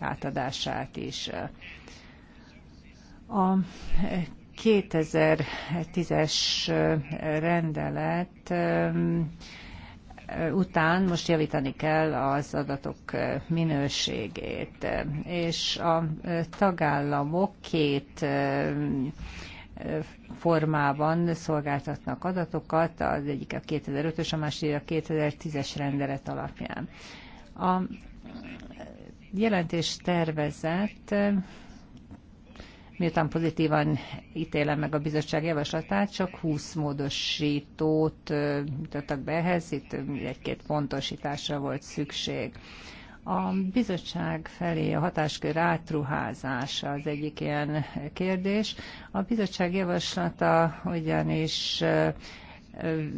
E: átadását is. A 2010-es rendelet um, után most javítani kell az adatok minőségét, és a tagállamok két um, formában szolgáltatnak adatokat, az egyik a 2005-ös, a másik a 2010-es rendelet alapján. A jelentés tervezett, miután pozitívan ítélem meg a bizottság javaslatát, csak 20 módosítót mutattak be ehhez, itt egy-két pontosításra volt szükség. A bizottság felé a hatáskör átruházása az egyik ilyen kérdés. A bizottság javaslata ugyanis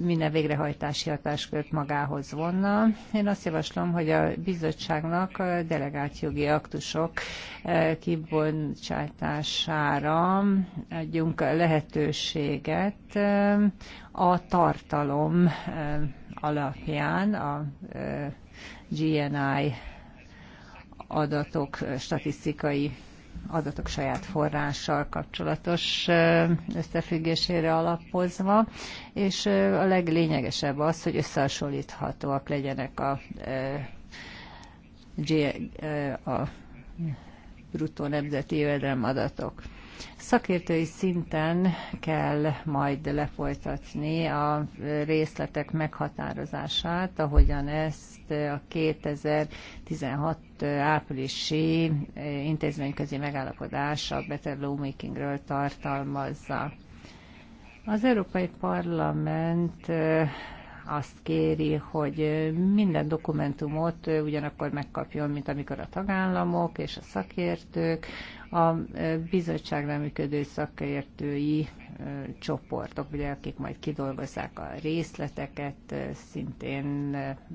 E: minden végrehajtási hatáskört magához vonna. Én azt javaslom, hogy a bizottságnak a delegált jogi aktusok kibontsátására adjunk lehetőséget a tartalom alapján a GNI adatok statisztikai adatok saját forrással kapcsolatos összefüggésére alapozva, és a leglényegesebb az, hogy összehasonlíthatóak legyenek a, a, a bruttó nemzeti jövedelem adatok. Szakértői szinten kell majd lefolytatni a részletek meghatározását, ahogyan ezt a 2016 áprilisi intézményközi megállapodás a Better Lawmakingről tartalmazza. Az Európai Parlament azt kéri, hogy minden dokumentumot ugyanakkor megkapjon, mint amikor a tagállamok és a szakértők, a e, bizottságra működő szakértői e, csoportok, ugye, akik majd kidolgozzák a részleteket, e, szintén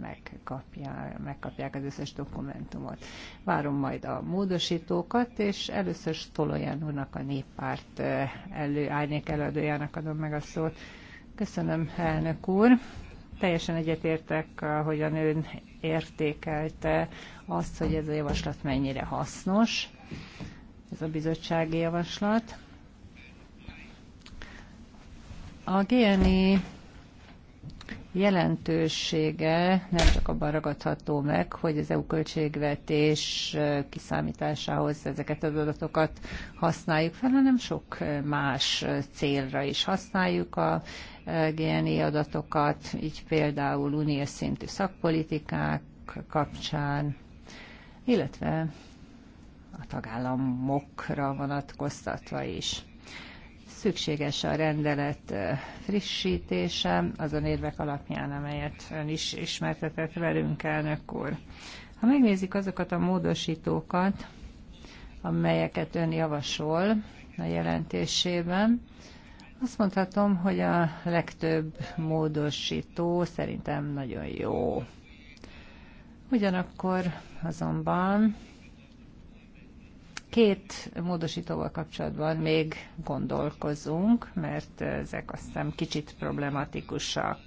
E: megkapják, megkapják az összes dokumentumot. Várom majd a módosítókat, és először Stolojan úrnak a néppárt elő, árnyék előadójának adom meg a szót. Köszönöm, elnök úr. Teljesen egyetértek, ahogyan ön értékelte azt, hogy ez a javaslat mennyire hasznos ez a bizottsági javaslat. A GNI jelentősége nem csak abban ragadható meg, hogy az EU költségvetés kiszámításához ezeket az adatokat használjuk fel, hanem sok más célra is használjuk a GNI adatokat, így például uniós szintű szakpolitikák kapcsán, illetve tagállamokra vonatkoztatva is. Szükséges a rendelet frissítése azon érvek alapján, amelyet ön is ismertetett velünk, elnök úr. Ha megnézik azokat a módosítókat, amelyeket ön javasol a jelentésében, azt mondhatom, hogy a legtöbb módosító szerintem nagyon jó. Ugyanakkor azonban Két módosítóval kapcsolatban még gondolkozunk, mert ezek azt hiszem kicsit problematikusak.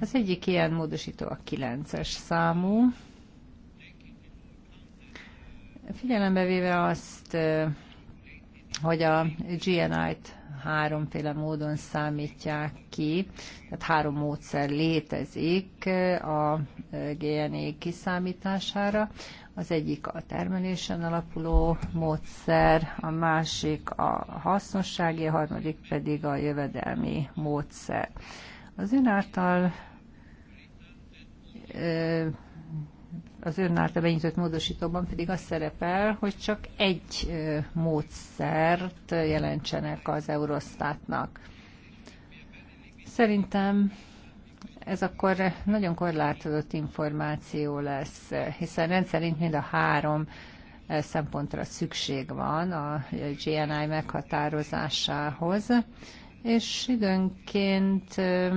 E: Az egyik ilyen módosító a 9-es számú. Figyelembe véve azt, hogy a GNI-t háromféle módon számítják ki, tehát három módszer létezik a GNI kiszámítására. Az egyik a termelésen alapuló módszer, a másik a hasznossági, a harmadik pedig a jövedelmi módszer. Az ön által az ön által benyitott módosítóban pedig az szerepel, hogy csak egy módszert jelentsenek az Eurostatnak. Szerintem ez akkor nagyon korlátozott információ lesz, hiszen rendszerint mind a három eh, szempontra szükség van a GNI meghatározásához, és időnként eh,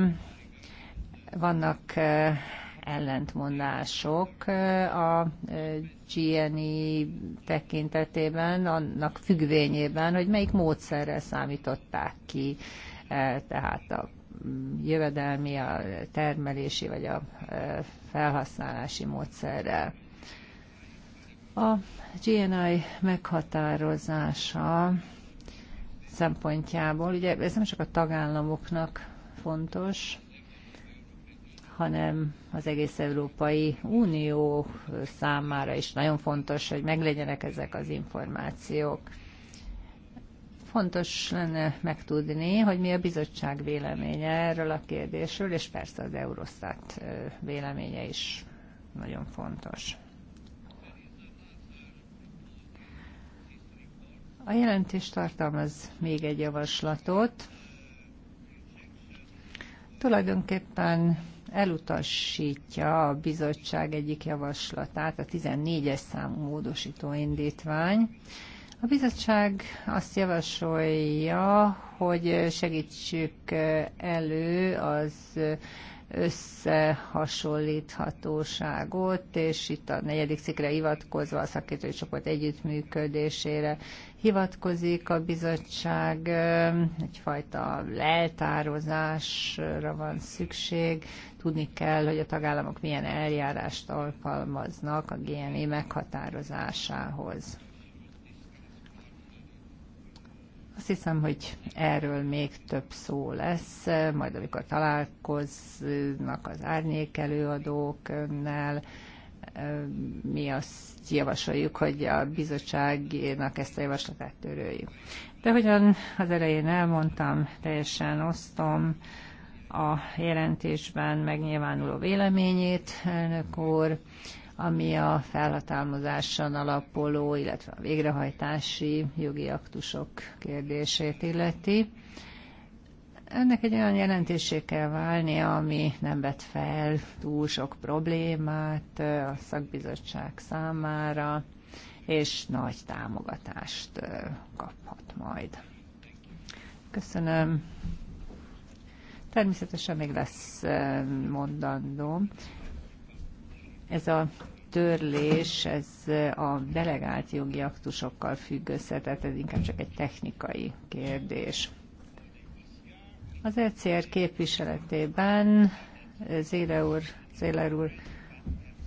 E: vannak eh, ellentmondások a GNI tekintetében, annak függvényében, hogy melyik módszerrel számították ki, tehát a jövedelmi, a termelési vagy a e, felhasználási módszerrel. A GNI meghatározása szempontjából, ugye ez nem csak a tagállamoknak fontos, hanem az egész Európai Unió számára is nagyon fontos, hogy meglegyenek ezek az információk. Fontos lenne megtudni, hogy mi a bizottság véleménye erről a kérdésről, és persze az Eurostat véleménye is nagyon fontos. A jelentés tartalmaz még egy javaslatot. Tulajdonképpen elutasítja a bizottság egyik javaslatát, a 14-es számú módosító indítvány, a bizottság azt javasolja, hogy segítsük elő az összehasonlíthatóságot, és itt a negyedik cikkre hivatkozva a szakértői csoport együttműködésére hivatkozik a bizottság, egyfajta leltározásra van szükség, tudni kell, hogy a tagállamok milyen eljárást alkalmaznak a GNI meghatározásához. Azt hiszem, hogy erről még több szó lesz, majd amikor találkoznak az árnyék előadók önnel, mi azt javasoljuk, hogy a bizottságnak ezt a javaslatát töröljük. De hogyan az elején elmondtam, teljesen osztom a jelentésben megnyilvánuló véleményét, elnök úr, ami a felhatalmazáson alapuló, illetve a végrehajtási jogi aktusok kérdését illeti. Ennek egy olyan jelentésé kell válnia, ami nem vett fel túl sok problémát a szakbizottság számára, és nagy támogatást kaphat majd. Köszönöm. Természetesen még lesz mondandóm ez a törlés, ez a delegált jogi aktusokkal függ össze, tehát ez inkább csak egy technikai kérdés. Az ECR képviseletében Zéle úr, Zéler úr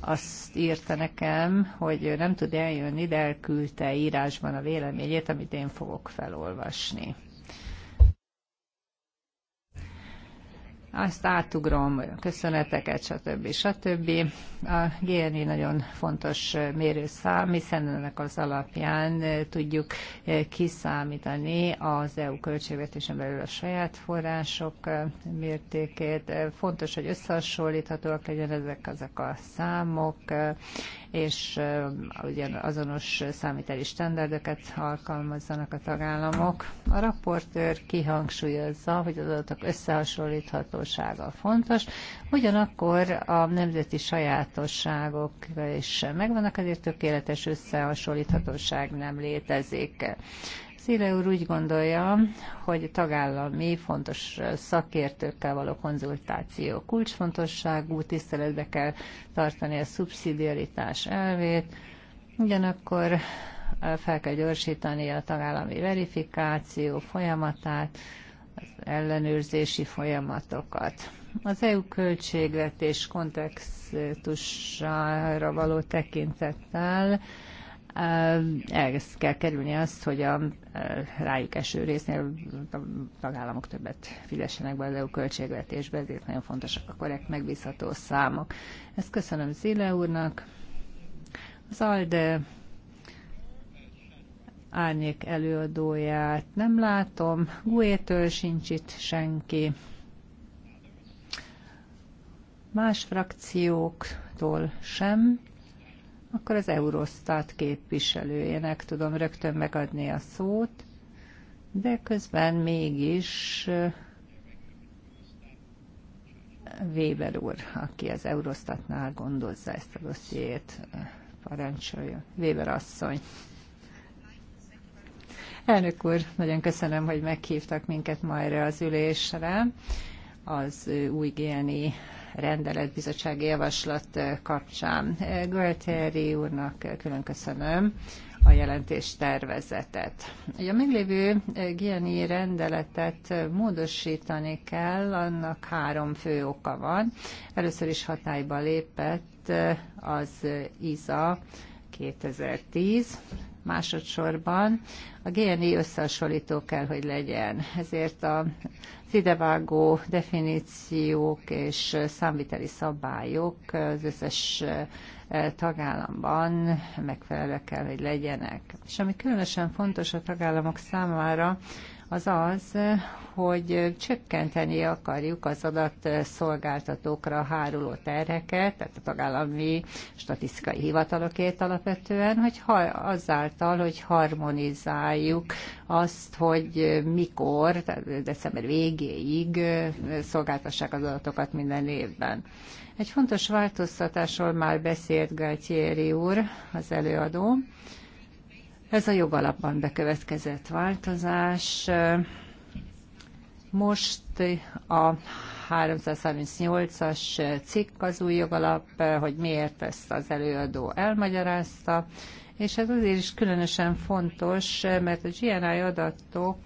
E: azt írta nekem, hogy nem tud eljönni, de elküldte írásban a véleményét, amit én fogok felolvasni. azt átugrom, köszöneteket, stb. stb. A GNI nagyon fontos mérőszám, hiszen ennek az alapján eh, tudjuk eh, kiszámítani az EU költségvetésen belül a saját források eh, mértékét. Fontos, hogy összehasonlíthatóak legyen ezek azok a számok, és ugyan azonos számíteli standardokat alkalmazzanak a tagállamok. A raportőr kihangsúlyozza, hogy az adatok összehasonlíthatók fontossága fontos, ugyanakkor a nemzeti sajátosságok is megvannak, ezért tökéletes összehasonlíthatóság nem létezik. Széle úr úgy gondolja, hogy a tagállami fontos szakértőkkel való konzultáció kulcsfontosságú, tiszteletbe kell tartani a szubszidiaritás elvét, ugyanakkor fel kell gyorsítani a tagállami verifikáció folyamatát, az ellenőrzési folyamatokat. Az EU költségvetés kontextusára való tekintettel el eh, kell kerülni azt, hogy a eh, rájuk eső résznél a tagállamok többet fizessenek be az EU költségvetésbe, ezért nagyon fontosak a korrekt, megbízható számok. Ezt köszönöm Zile úrnak. Az ALDE árnyék előadóját nem látom, Guétől sincs itt senki. Más frakcióktól sem, akkor az Eurostat képviselőjének tudom rögtön megadni a szót, de közben mégis eh, Weber úr, aki az Eurostatnál gondozza ezt a dossziét, eh, parancsoljon. Weber asszony. Elnök úr, nagyon köszönöm, hogy meghívtak minket ma erre az ülésre. Az új GNI rendeletbizottsági javaslat kapcsán. Gölteri úrnak külön köszönöm a jelentés tervezetet. a meglévő GNI rendeletet módosítani kell, annak három fő oka van. Először is hatályba lépett az ISA 2010. Másodszorban a GNI összehasonlító kell, hogy legyen. Ezért a idevágó definíciók és számviteli szabályok az összes eh, tagállamban megfelelőek kell, hogy legyenek. És ami különösen fontos a tagállamok számára, az az, hogy csökkenteni akarjuk az adatszolgáltatókra háruló terheket, tehát a tagállami statisztikai hivatalokért alapvetően, hogy azáltal, hogy harmonizáljuk azt, hogy mikor, tehát december végéig szolgáltassák az adatokat minden évben. Egy fontos változtatásról már beszélt Galtieri úr, az előadó, ez a jogalapban bekövetkezett változás. Most a 338-as cikk az új jogalap, hogy miért ezt az előadó elmagyarázta, és ez azért is különösen fontos, mert a GNI adatok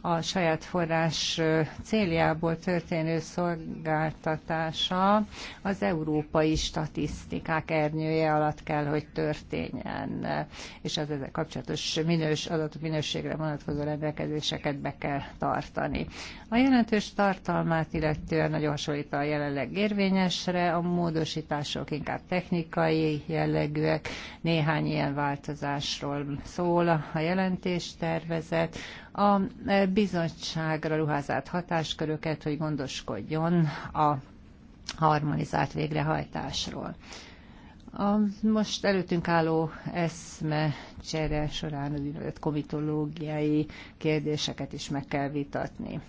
E: a saját forrás céljából történő szolgáltatása az európai statisztikák ernyője alatt kell, hogy történjen, és az ezzel kapcsolatos minős, adatok minőségre vonatkozó rendelkezéseket be kell tartani. A jelentős tartalmát illetően nagyon hasonlít a jelenleg érvényesre, a módosítások inkább technikai jellegűek, néhány ilyen változásról szól a jelentéstervezet, a e, bizottságra ruházált hatásköröket, hogy gondoskodjon a harmonizált végrehajtásról. A most előttünk álló eszme csere során az úgynevezett komitológiai kérdéseket is meg kell vitatni.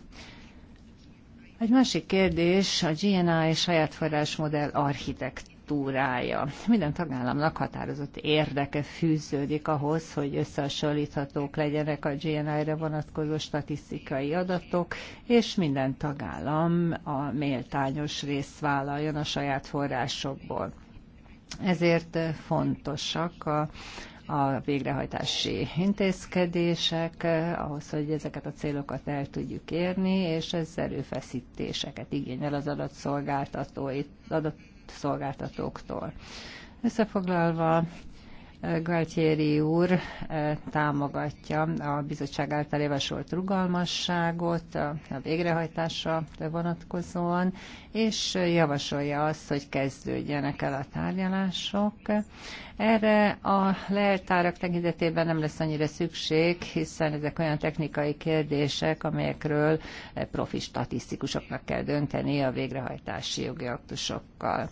E: Egy másik kérdés a GNI saját forrásmodell modell architekt struktúrája. Minden tagállamnak határozott érdeke fűződik ahhoz, hogy összehasonlíthatók legyenek a GNI-re vonatkozó statisztikai adatok, és minden tagállam a méltányos részt vállaljon a saját forrásokból. Ezért fontosak a, a végrehajtási intézkedések, ahhoz, hogy ezeket a célokat el tudjuk érni, és ez erőfeszítéseket igényel az adatszolgáltatói adat, szolgáltatóktól. Összefoglalva Galtieri úr eh, támogatja a bizottság által javasolt rugalmasságot a végrehajtásra vonatkozóan, és javasolja azt, hogy kezdődjenek el a tárgyalások. Erre a leltárak tekintetében nem lesz annyira szükség, hiszen ezek olyan technikai kérdések, amelyekről profi statisztikusoknak kell dönteni a végrehajtási jogi aktusokkal.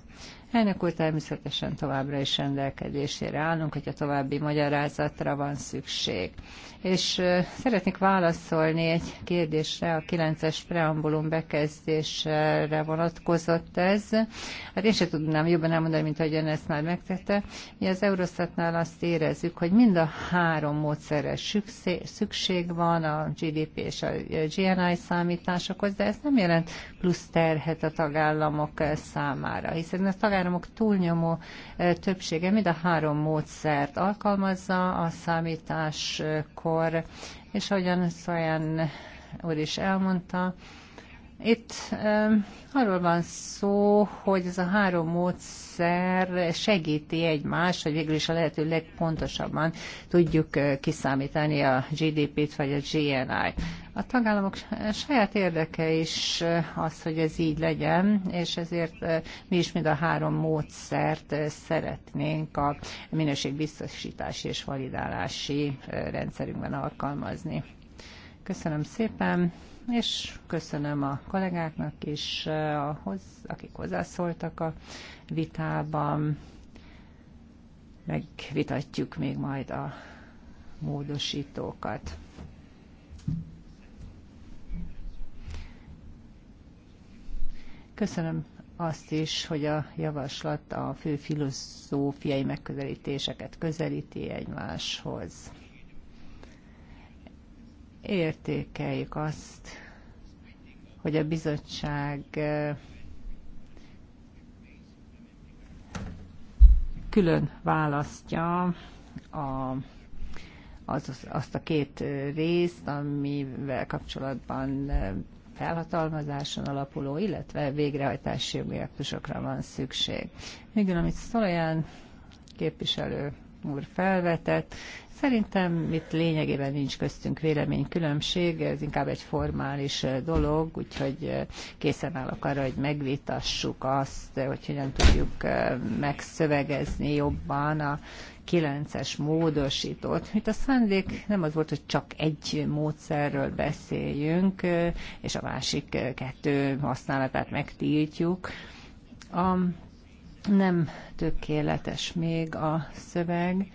E: Elnök úr, természetesen továbbra is rendelkezésére állunk, hogyha további magyarázatra van szükség. És szeretnék válaszolni egy kérdésre, a 9-es preambulum bekezdésre vonatkozott ez. Hát én sem tudnám jobban elmondani, mint ahogy ön ezt már megtette. Mi az Eurostatnál azt érezzük, hogy mind a három módszerre szükség van a GDP és a GNI számításokhoz, de ez nem jelent plusz terhet a tagállamok számára, hiszen a tagállamok tagállamok túlnyomó többsége mind a három módszert alkalmazza a számításkor, és ahogyan Szaján úr is elmondta, itt um, arról van szó, hogy ez a három módszer segíti egymást, hogy végül is a lehető legpontosabban tudjuk kiszámítani a GDP-t vagy a GNI. A tagállamok saját érdeke is az, hogy ez így legyen, és ezért mi is mind a három módszert szeretnénk a minőségbiztosítási és validálási rendszerünkben alkalmazni. Köszönöm szépen, és köszönöm a kollégáknak is, akik hozzászóltak a vitában. Megvitatjuk még majd a módosítókat. Köszönöm azt is, hogy a javaslat a fő filozófiai megközelítéseket közelíti egymáshoz. Értékeljük azt, hogy a bizottság eh, külön választja a, az, azt a két eh, részt, amivel kapcsolatban eh, felhatalmazáson alapuló, illetve végrehajtási jogi van szükség. Végül, amit Szolaján képviselő úr felvetett, Szerintem itt lényegében nincs köztünk véleménykülönbség, ez inkább egy formális dolog, úgyhogy készen állok arra, hogy megvitassuk azt, hogy hogyan tudjuk megszövegezni jobban a 9-es módosított. Itt a szándék nem az volt, hogy csak egy módszerről beszéljünk, és a másik kettő használatát megtiltjuk. A nem tökéletes még a szöveg,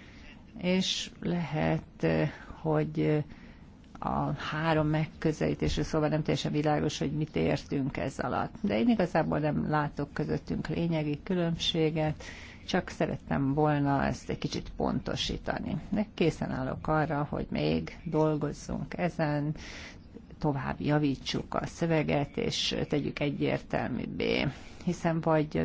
E: és lehet, hogy a három megközelítésű, szóval nem teljesen világos, hogy mit értünk ez alatt. De én igazából nem látok közöttünk lényegi különbséget, csak szerettem volna ezt egy kicsit pontosítani. De készen állok arra, hogy még dolgozzunk ezen, tovább javítsuk a szöveget, és tegyük egyértelműbbé. Hiszen vagy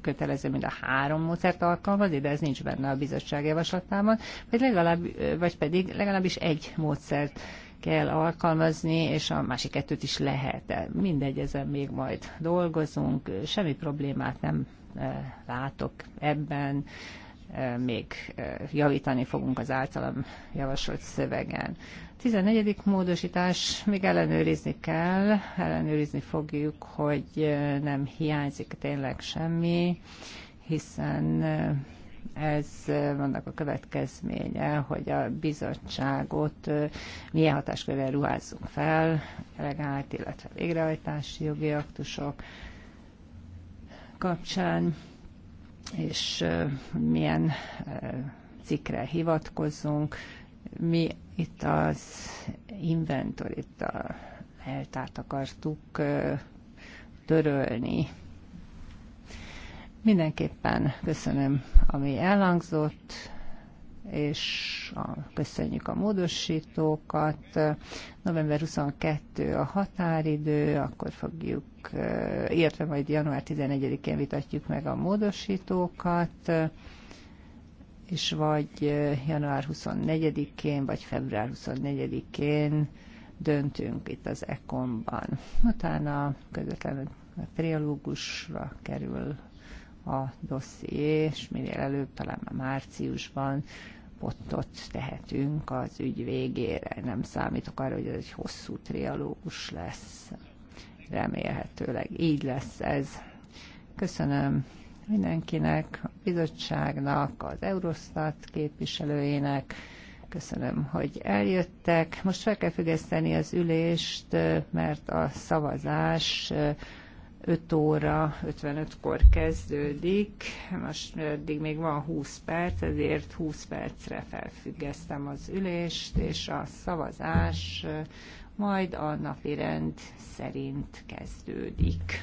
E: kötelező mind a három módszert alkalmazni, de ez nincs benne a bizottság javaslatában, vagy, legalább, vagy pedig legalábbis egy módszert kell alkalmazni, és a másik kettőt is lehet. Mindegy, ezen még majd dolgozunk, semmi problémát nem látok ebben, még javítani fogunk az általam javasolt szövegen. 14. módosítás, még ellenőrizni kell, ellenőrizni fogjuk, hogy nem hiányzik tényleg semmi, hiszen ez vannak a következménye, hogy a bizottságot milyen hatáskörrel ruházzunk fel, legált, illetve végrehajtási jogi aktusok, kapcsán, és milyen cikkre hivatkozzunk. Mi itt az inventor itt a eltárt akartuk törölni. Mindenképpen köszönöm, ami elhangzott, és a, köszönjük a módosítókat. November 22 a határidő, akkor fogjuk illetve majd január 11-én vitatjuk meg a módosítókat, és vagy január 24-én, vagy február 24-én döntünk itt az ECOM-ban. Utána közvetlenül a kerül a dosszié, és minél előbb, talán a márciusban pottot tehetünk az ügy végére. Nem számítok arra, hogy ez egy hosszú trialógus lesz remélhetőleg így lesz ez. Köszönöm mindenkinek, a bizottságnak, az Eurostat képviselőjének, köszönöm, hogy eljöttek. Most fel kell függeszteni az ülést, mert a szavazás 5 óra 55-kor kezdődik, most eddig még van 20 perc, ezért 20 percre felfüggesztem az ülést, és a szavazás majd a napirend szerint kezdődik.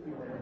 B: Thank you.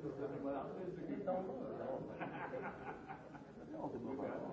B: Köszönöm, hogy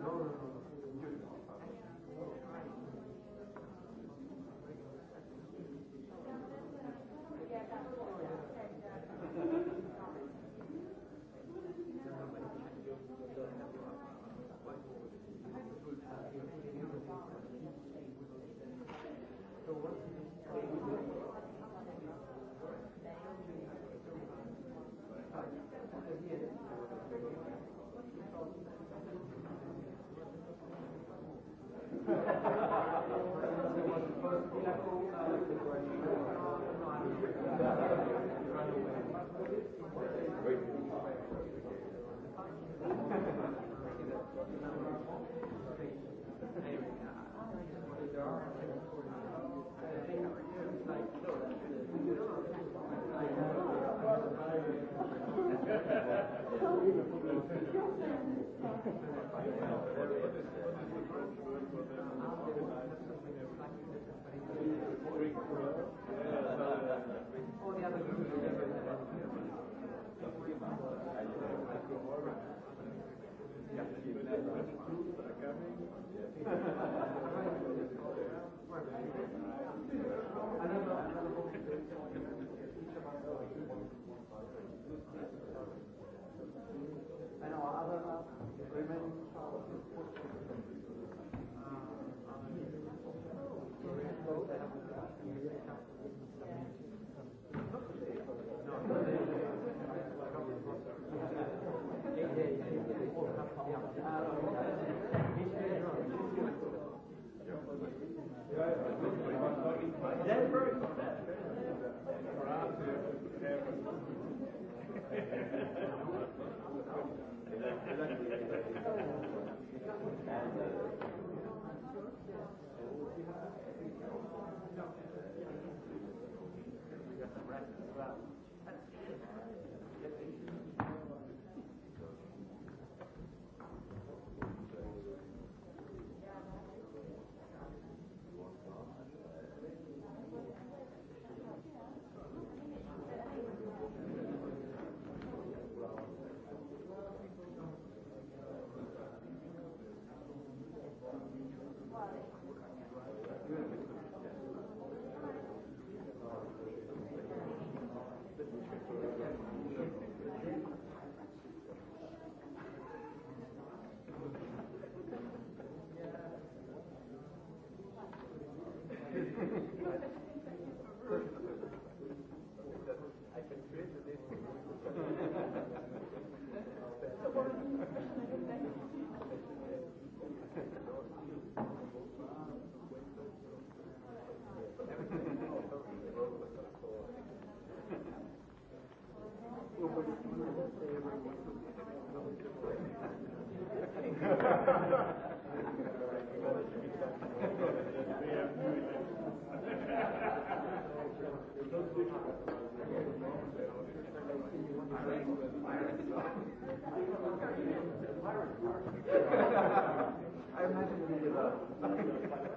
B: No, no, no. Remember I imagine you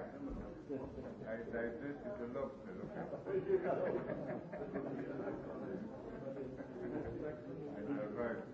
B: I digested the lobster. I survived.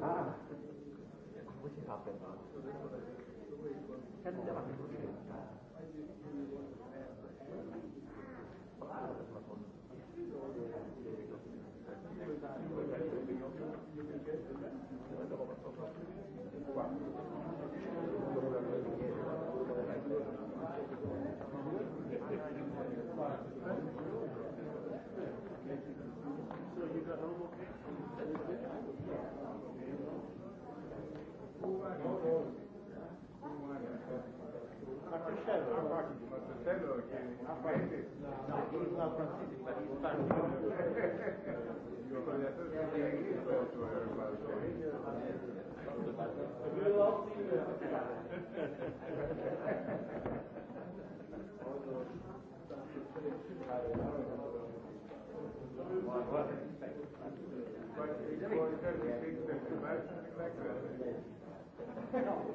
B: Ah.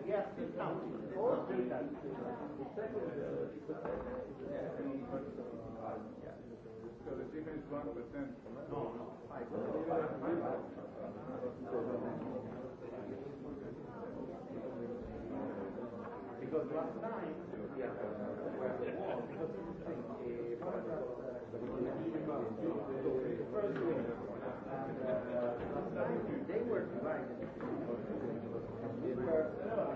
B: Yes, it counts. All three counts. The second is the So the difference is 1%. No, no. Five. Because last time, yeah, where it was, because the first thing, and uh, last time they were divided. They were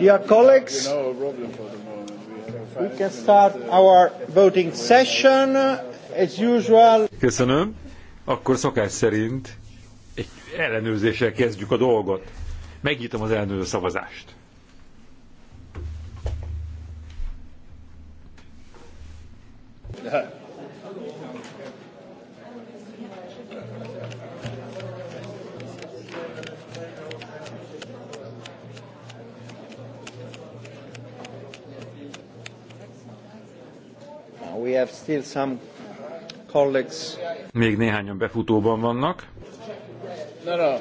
A: Dear colleagues, we can start our voting session as usual.
C: Köszönöm. Akkor szokás szerint egy ellenőrzéssel kezdjük a dolgot. Megnyitom az ellenőrző szavazást. Még néhányan befutóban vannak.
B: No, no. Uh,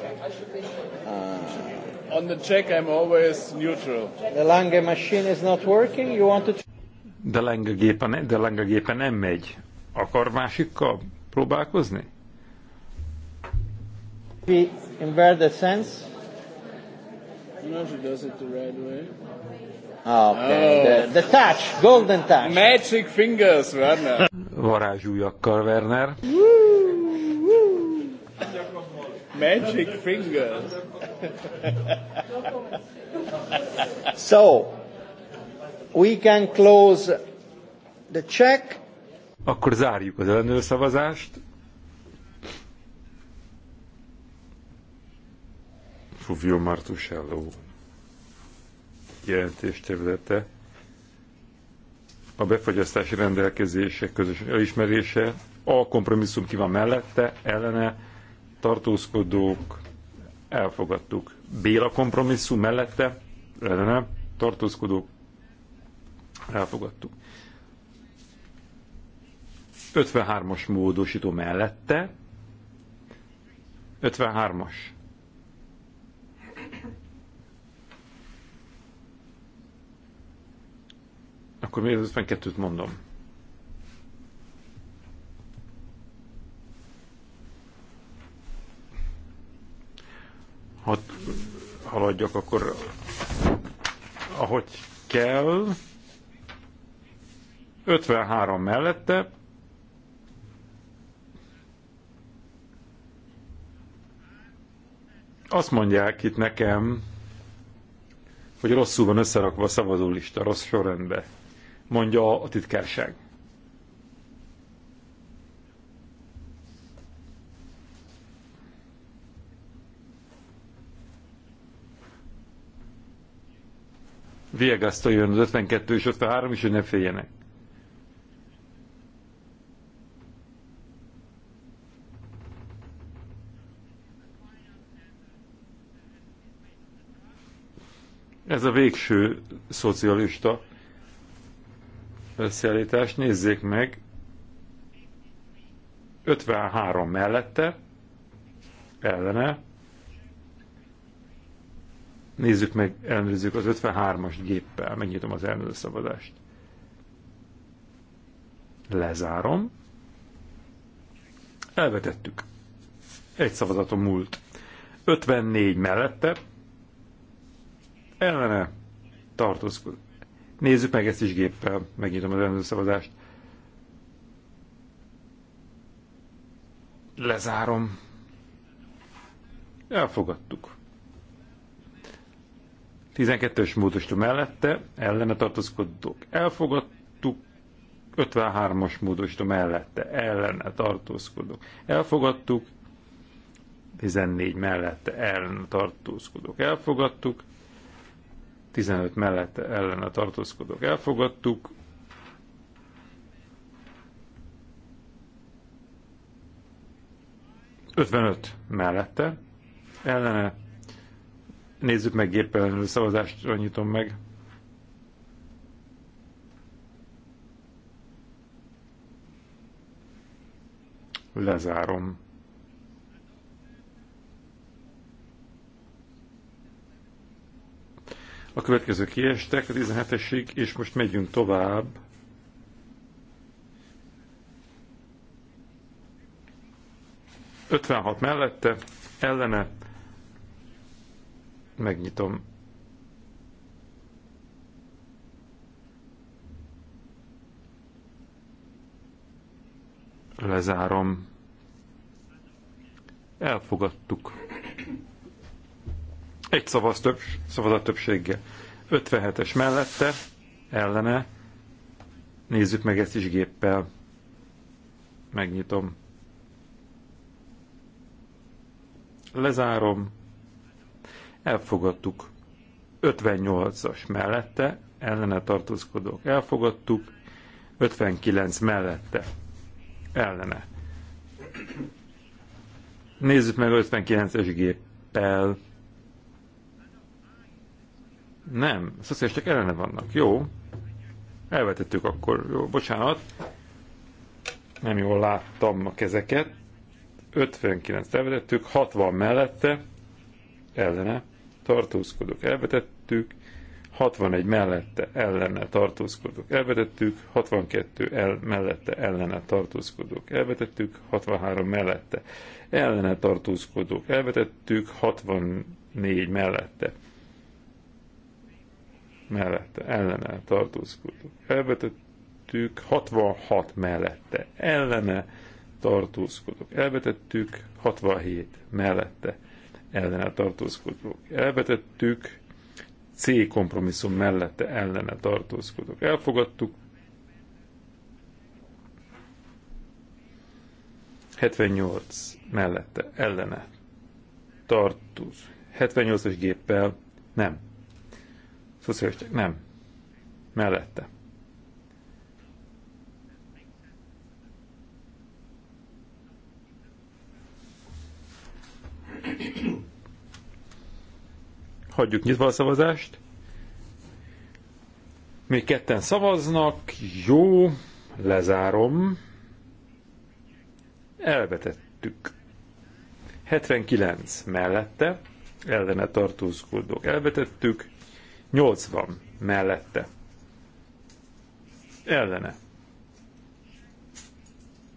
B: on the check I'm always neutral. The Lange machine is not working. You want to...
C: De Lange gépe, de Lange gépe nem megy. Akar másikkal próbálkozni?
B: We invert the sense. No, she does it the right way. Ah, okay. Oh. The, the touch, golden touch. Magic fingers, Werner
C: varázsújakkal, Werner.
B: Magic fingers.
A: <laughs> so, we can close the check. Akkor
C: zárjuk az ellenőrszavazást. Fulvio Martusello jelentésterülete a befagyasztási rendelkezések közös elismerése, a kompromisszum ki van mellette, ellene, tartózkodók, elfogadtuk. Béla kompromisszum mellette, ellene, tartózkodók, elfogadtuk. 53-as módosító mellette, 53-as Akkor miért az 52-t mondom? Ha haladjak akkor ahogy kell. 53 mellette. Azt mondják itt nekem, hogy rosszul van összerakva a szavazólista, rossz sorrendben mondja a titkárság. Viegasztal jön az 52 és 53 is, hogy ne féljenek. Ez a végső szocialista összeállítást, nézzék meg, 53 mellette, ellene, nézzük meg, ellenőrizzük az 53-as géppel, megnyitom az ellenőrző szavazást. Lezárom. Elvetettük. Egy szavazatom múlt. 54 mellette, ellene tartózkodik Nézzük meg ezt is géppel, megnyitom az előszavazást. Lezárom. Elfogadtuk. 12-es módosító mellette ellene tartózkodók elfogadtuk, 53-as módosító mellette ellene tartózkodók elfogadtuk, 14 mellette ellene tartózkodók elfogadtuk, 15 mellett ellen a tartózkodók elfogadtuk. Ötvenöt mellette ellene. Nézzük meg a szavazást nyitom meg. Lezárom. A következő kiestek, a 17-esig, és most megyünk tovább. Ötvenhat mellette, ellene, megnyitom. Lezárom. Elfogadtuk. Egy szavaz több, szavazat többséggel. 57-es mellette, ellene. Nézzük meg ezt is géppel. Megnyitom. Lezárom. Elfogadtuk. 58-as mellette, ellene tartózkodók elfogadtuk, 59 mellette ellene. Nézzük meg 59-es géppel. Nem, a szocialisták ellene vannak. Jó. Elvetettük akkor. Jó, bocsánat. Nem jól láttam a kezeket. 59 elvetettük, 60 mellette, ellene, tartózkodok, elvetettük, 61 mellette, ellene, tartózkodok, elvetettük, 62 el, mellette, ellene, tartózkodok, elvetettük, 63 mellette, ellene, tartózkodok, elvetettük, 64 mellette, mellette, ellene tartózkodtunk. Elvetettük 66 mellette, ellene tartózkodok. Elvetettük 67 mellette, ellene tartózkodok. Elvetettük C kompromisszum mellette, ellene tartózkodok. Elfogadtuk 78 mellette, ellene tartóz. 78-as géppel nem szocialisták, nem. Mellette. Hagyjuk nyitva a szavazást. Még ketten szavaznak. Jó, lezárom. Elvetettük. 79 mellette ellene tartózkodók elvetettük, 80 mellette. Ellene.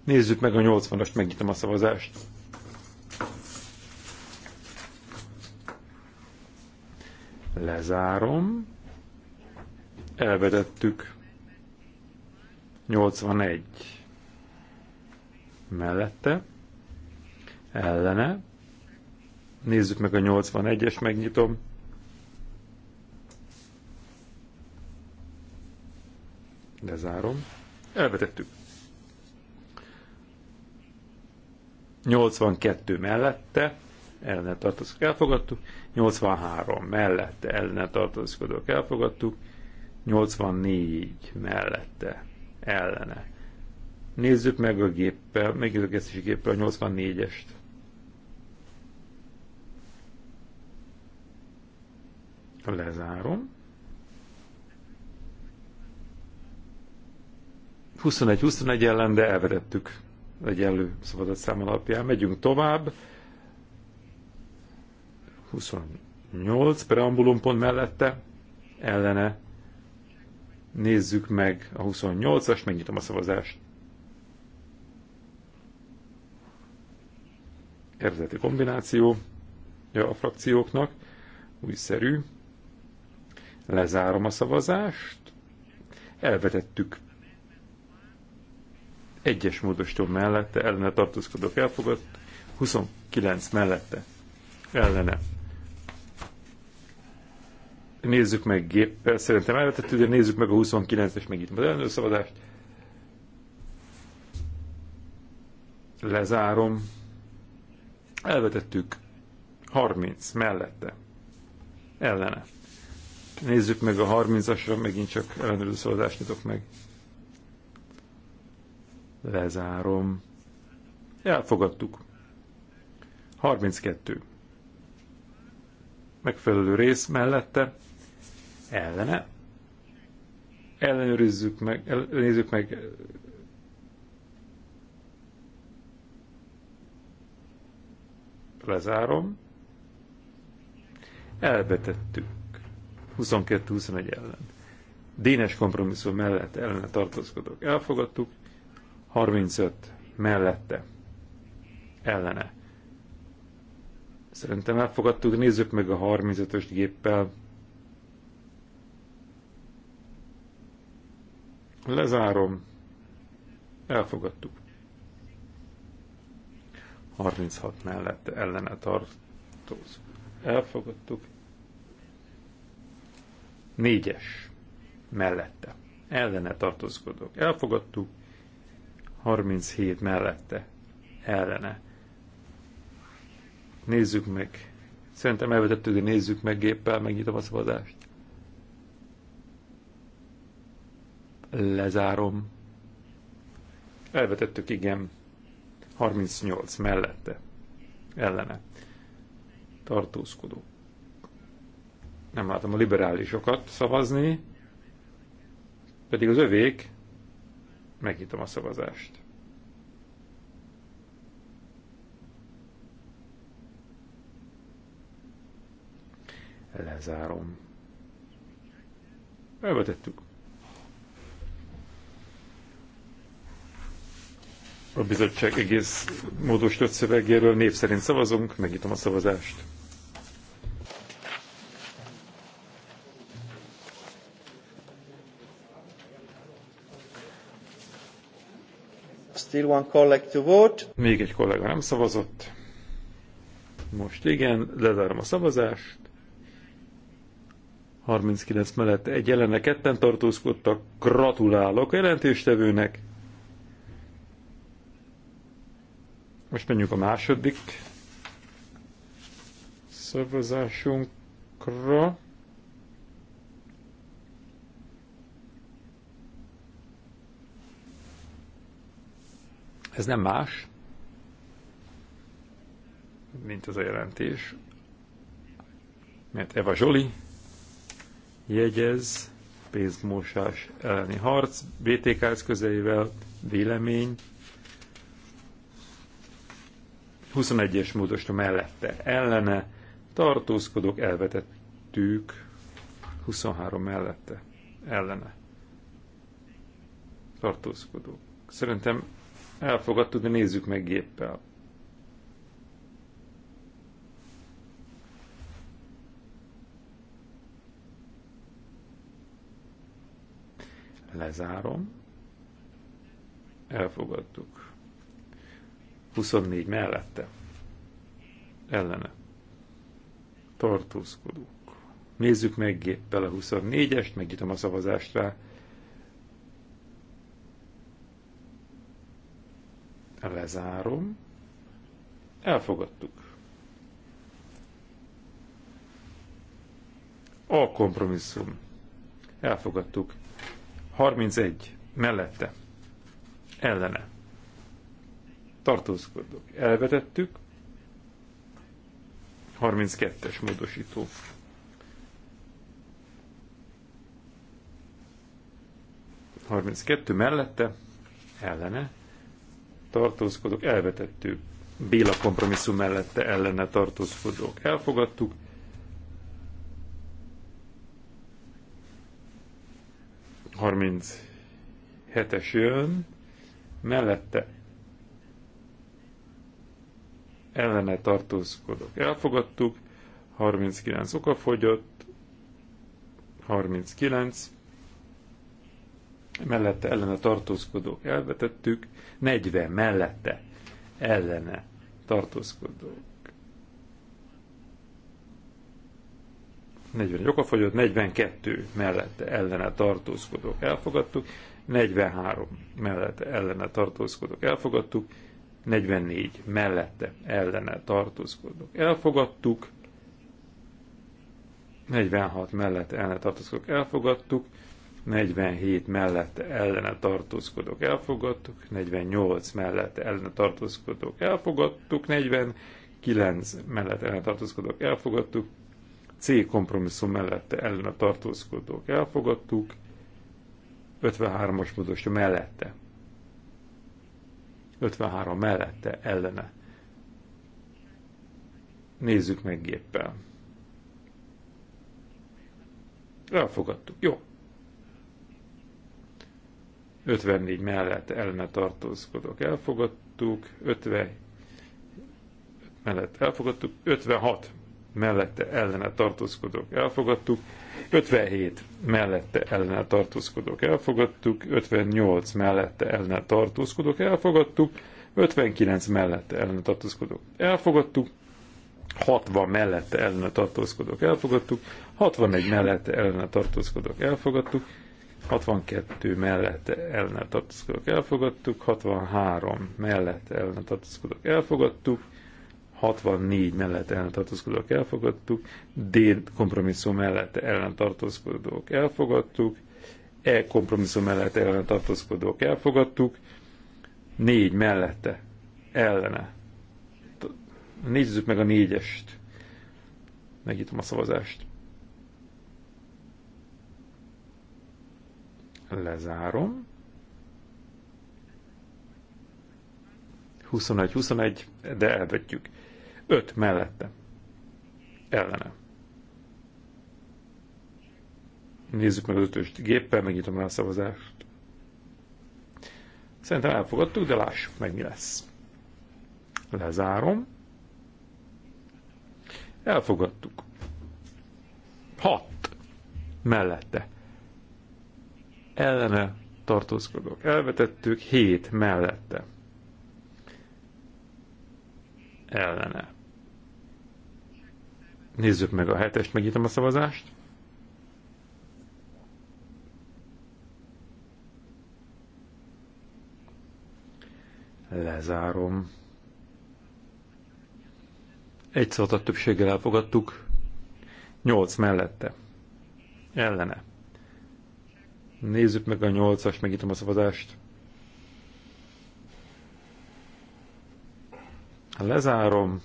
C: Nézzük meg a 80-ast, megnyitom a szavazást. Lezárom. Elvetettük. 81. Mellette. Ellene. Nézzük meg a 81-es, megnyitom. Lezárom. Elvetettük. 82 mellette ellene tartozik, elfogadtuk, 83 mellette ellene tartozkodók elfogadtuk, 84 mellette ellene. Nézzük meg a géppel, kezdési géppel a 84-est. Lezárom. 21-21 ellen, de elvedettük egyenlő szám alapján. Megyünk tovább. 28 preambulum pont mellette, ellene. Nézzük meg a 28-as, megnyitom a szavazást. Eredeti kombináció ja, a frakcióknak, újszerű. Lezárom a szavazást. Elvetettük egyes módosító mellette ellene tartózkodók elfogadt, 29 mellette ellene. Nézzük meg géppel, szerintem elvetettük, de nézzük meg a 29-es megint az ellenőrszavazást. Lezárom. Elvetettük 30 mellette ellene. Nézzük meg a 30-asra, megint csak ellenőrző szavazást nyitok meg. Lezárom. Elfogadtuk. 32. Megfelelő rész mellette. Ellene. Ellenőrizzük meg, nézzük meg lezárom. Elbetettük. 22-21 ellen. Dénes kompromisszum mellett ellene
B: tartózkodok.
C: Elfogadtuk. 35 mellette ellene. Szerintem elfogadtuk, nézzük meg a 35-ös géppel. Lezárom. Elfogadtuk. 36 mellett ellene tartóz. Elfogadtuk. Négyes mellette. Ellene tartózkodok. Elfogadtuk. 37 mellette, ellene. Nézzük meg. Szerintem elvetettük, hogy nézzük meg géppel, megnyitom a szavazást. Lezárom. Elvetettük, igen. 38 mellette, ellene. Tartózkodó. Nem látom a liberálisokat szavazni, pedig az övék Megnyitom a szavazást. Lezárom. Elvetettük. A bizottság egész módosított szövegéről név szerint szavazunk, megnyitom a szavazást.
A: Still one colleague to vote.
C: Még egy kollega nem szavazott. Most igen, lezárom a szavazást. 39 mellett egy jelenne ketten tartózkodtak. Gratulálok a jelentéstevőnek. Most menjünk a második szavazásunkra. Ez nem más, mint az a jelentés, mert Eva Zsoli jegyez pénzmosás elleni harc, BTK eszközeivel vélemény, 21-es módosra mellette ellene, tartózkodók elvetettük 23 mellette ellene. Tartózkodók. Szerintem Elfogadtuk, de nézzük meg géppel. Lezárom. Elfogadtuk. 24 mellette. Ellene. Tartózkodunk. Nézzük meg géppel a 24-est, megnyitom a szavazást rá. Lezárom. Elfogadtuk. A kompromisszum. Elfogadtuk. 31. Mellette. Ellene. Tartózkodok. Elvetettük. 32-es módosító. Harminckettő mellette, ellene, tartózkodók elvetettük. Béla kompromisszum mellette ellene tartózkodók elfogadtuk. Harminc hetes jön, mellette ellene tartózkodók elfogadtuk, 39 fogyott 39 mellette ellene tartózkodók elvetettük, 40 mellette ellene tartózkodók. 41 okafogyott, 42 mellette ellene tartózkodók elfogadtuk, 43 mellette ellene tartózkodók elfogadtuk, 44 mellette ellene tartózkodók elfogadtuk, 46 mellett ellene tartózkodók elfogadtuk, 47 mellett ellene tartózkodók elfogadtuk, 48 mellett ellene tartózkodók elfogadtuk, 49 mellett ellene tartózkodók elfogadtuk, C kompromisszum mellette ellene tartózkodók elfogadtuk, 53-as módosítja mellette. 53 mellette ellene. Nézzük meg géppel. Elfogadtuk. Jó. 54 mellett ellene tartózkodok, elfogadtuk, 50 mellett elfogadtuk, 56 mellette ellene tartózkodok, elfogadtuk, 57 mellette ellene tartózkodok, elfogadtuk, 58 mellette ellene tartózkodok, elfogadtuk, 59 mellette ellene tartózkodok, elfogadtuk, 60 mellette ellene tartózkodok, elfogadtuk, 61 mellette ellene tartózkodok, elfogadtuk, 62 mellett el ne tartózkodok, elfogadtuk, 63 mellett el ne tartózkodok, elfogadtuk, 64 mellett el ne tartózkodok, elfogadtuk, D kompromisszum mellett el ne tartózkodok, elfogadtuk, E kompromisszum mellett el ne tartózkodok, elfogadtuk, 4 mellette ellene. Nézzük meg a négyest. Megnyitom a szavazást. Lezárom. 21-21, de elvetjük. 5 mellette. Ellene. Nézzük meg az ötös géppel, megnyitom rá a szavazást. Szerintem elfogadtuk, de lássuk meg mi lesz. Lezárom. Elfogadtuk. 6 mellette ellene tartózkodok. Elvetettük hét mellette. Ellene. Nézzük meg a hetest, megnyitom a szavazást. Lezárom. Egy szót a többséggel elfogadtuk. Nyolc mellette. Ellene Nézzük meg a nyolcas, megnyitom a szavazást. Lezárom.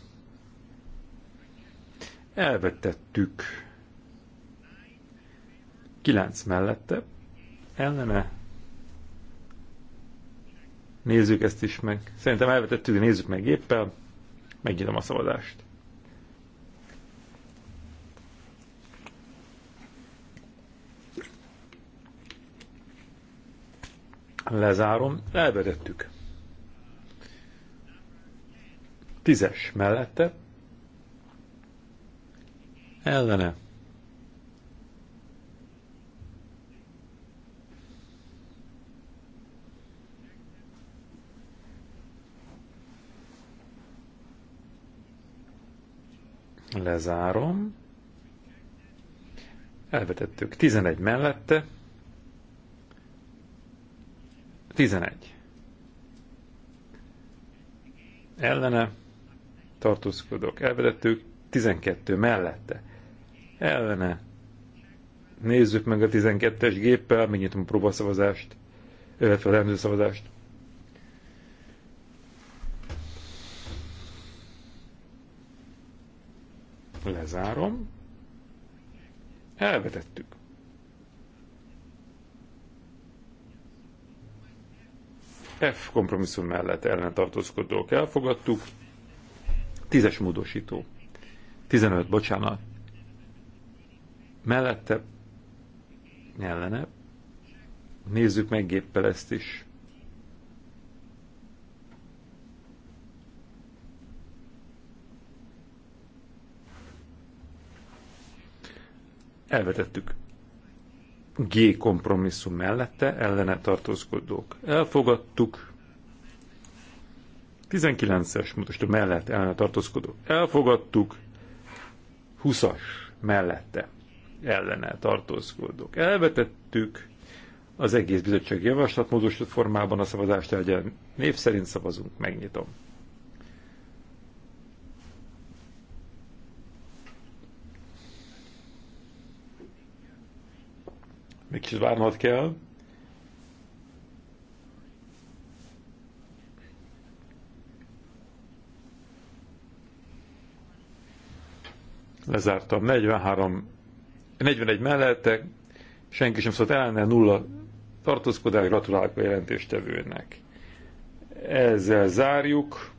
C: Elvetettük. Kilenc mellette. Ellene. Nézzük ezt is meg. Szerintem elvetettük, de nézzük meg éppen. Megnyitom a szavazást. Lezárom, elvedettük. Tízes mellette. Ellene. Lezárom. Elvetettük. 11 mellette. 11. Ellene tartózkodok. Elvedettük 12 mellette. Ellene. Nézzük meg a 12-es géppel, megnyitom a próbaszavazást, illetve a előzőszavazást. Lezárom. Elvetettük. F kompromisszum mellett tartózkodók elfogadtuk. Tízes módosító. 15, bocsánat. Mellette ellene. Nézzük meg géppel ezt is. Elvetettük. G kompromisszum mellette ellene tartózkodók. Elfogadtuk. 19-es a mellett ellene tartózkodók. Elfogadtuk. 20-as mellette ellene tartózkodók. Elvetettük az egész bizottság javaslat módosított formában a szavazást elgyen. Név szerint szavazunk, megnyitom. Még kicsit várnod kell. Lezártam. 43, 41 mellette, senki sem szólt ellene, nulla tartózkodás, gratulálok a jelentéstevőnek. Ezzel zárjuk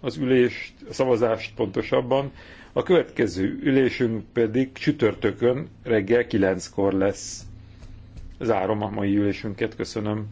C: az ülést, a szavazást pontosabban. A következő ülésünk pedig csütörtökön reggel 9-kor lesz. Zárom a mai ülésünket, köszönöm.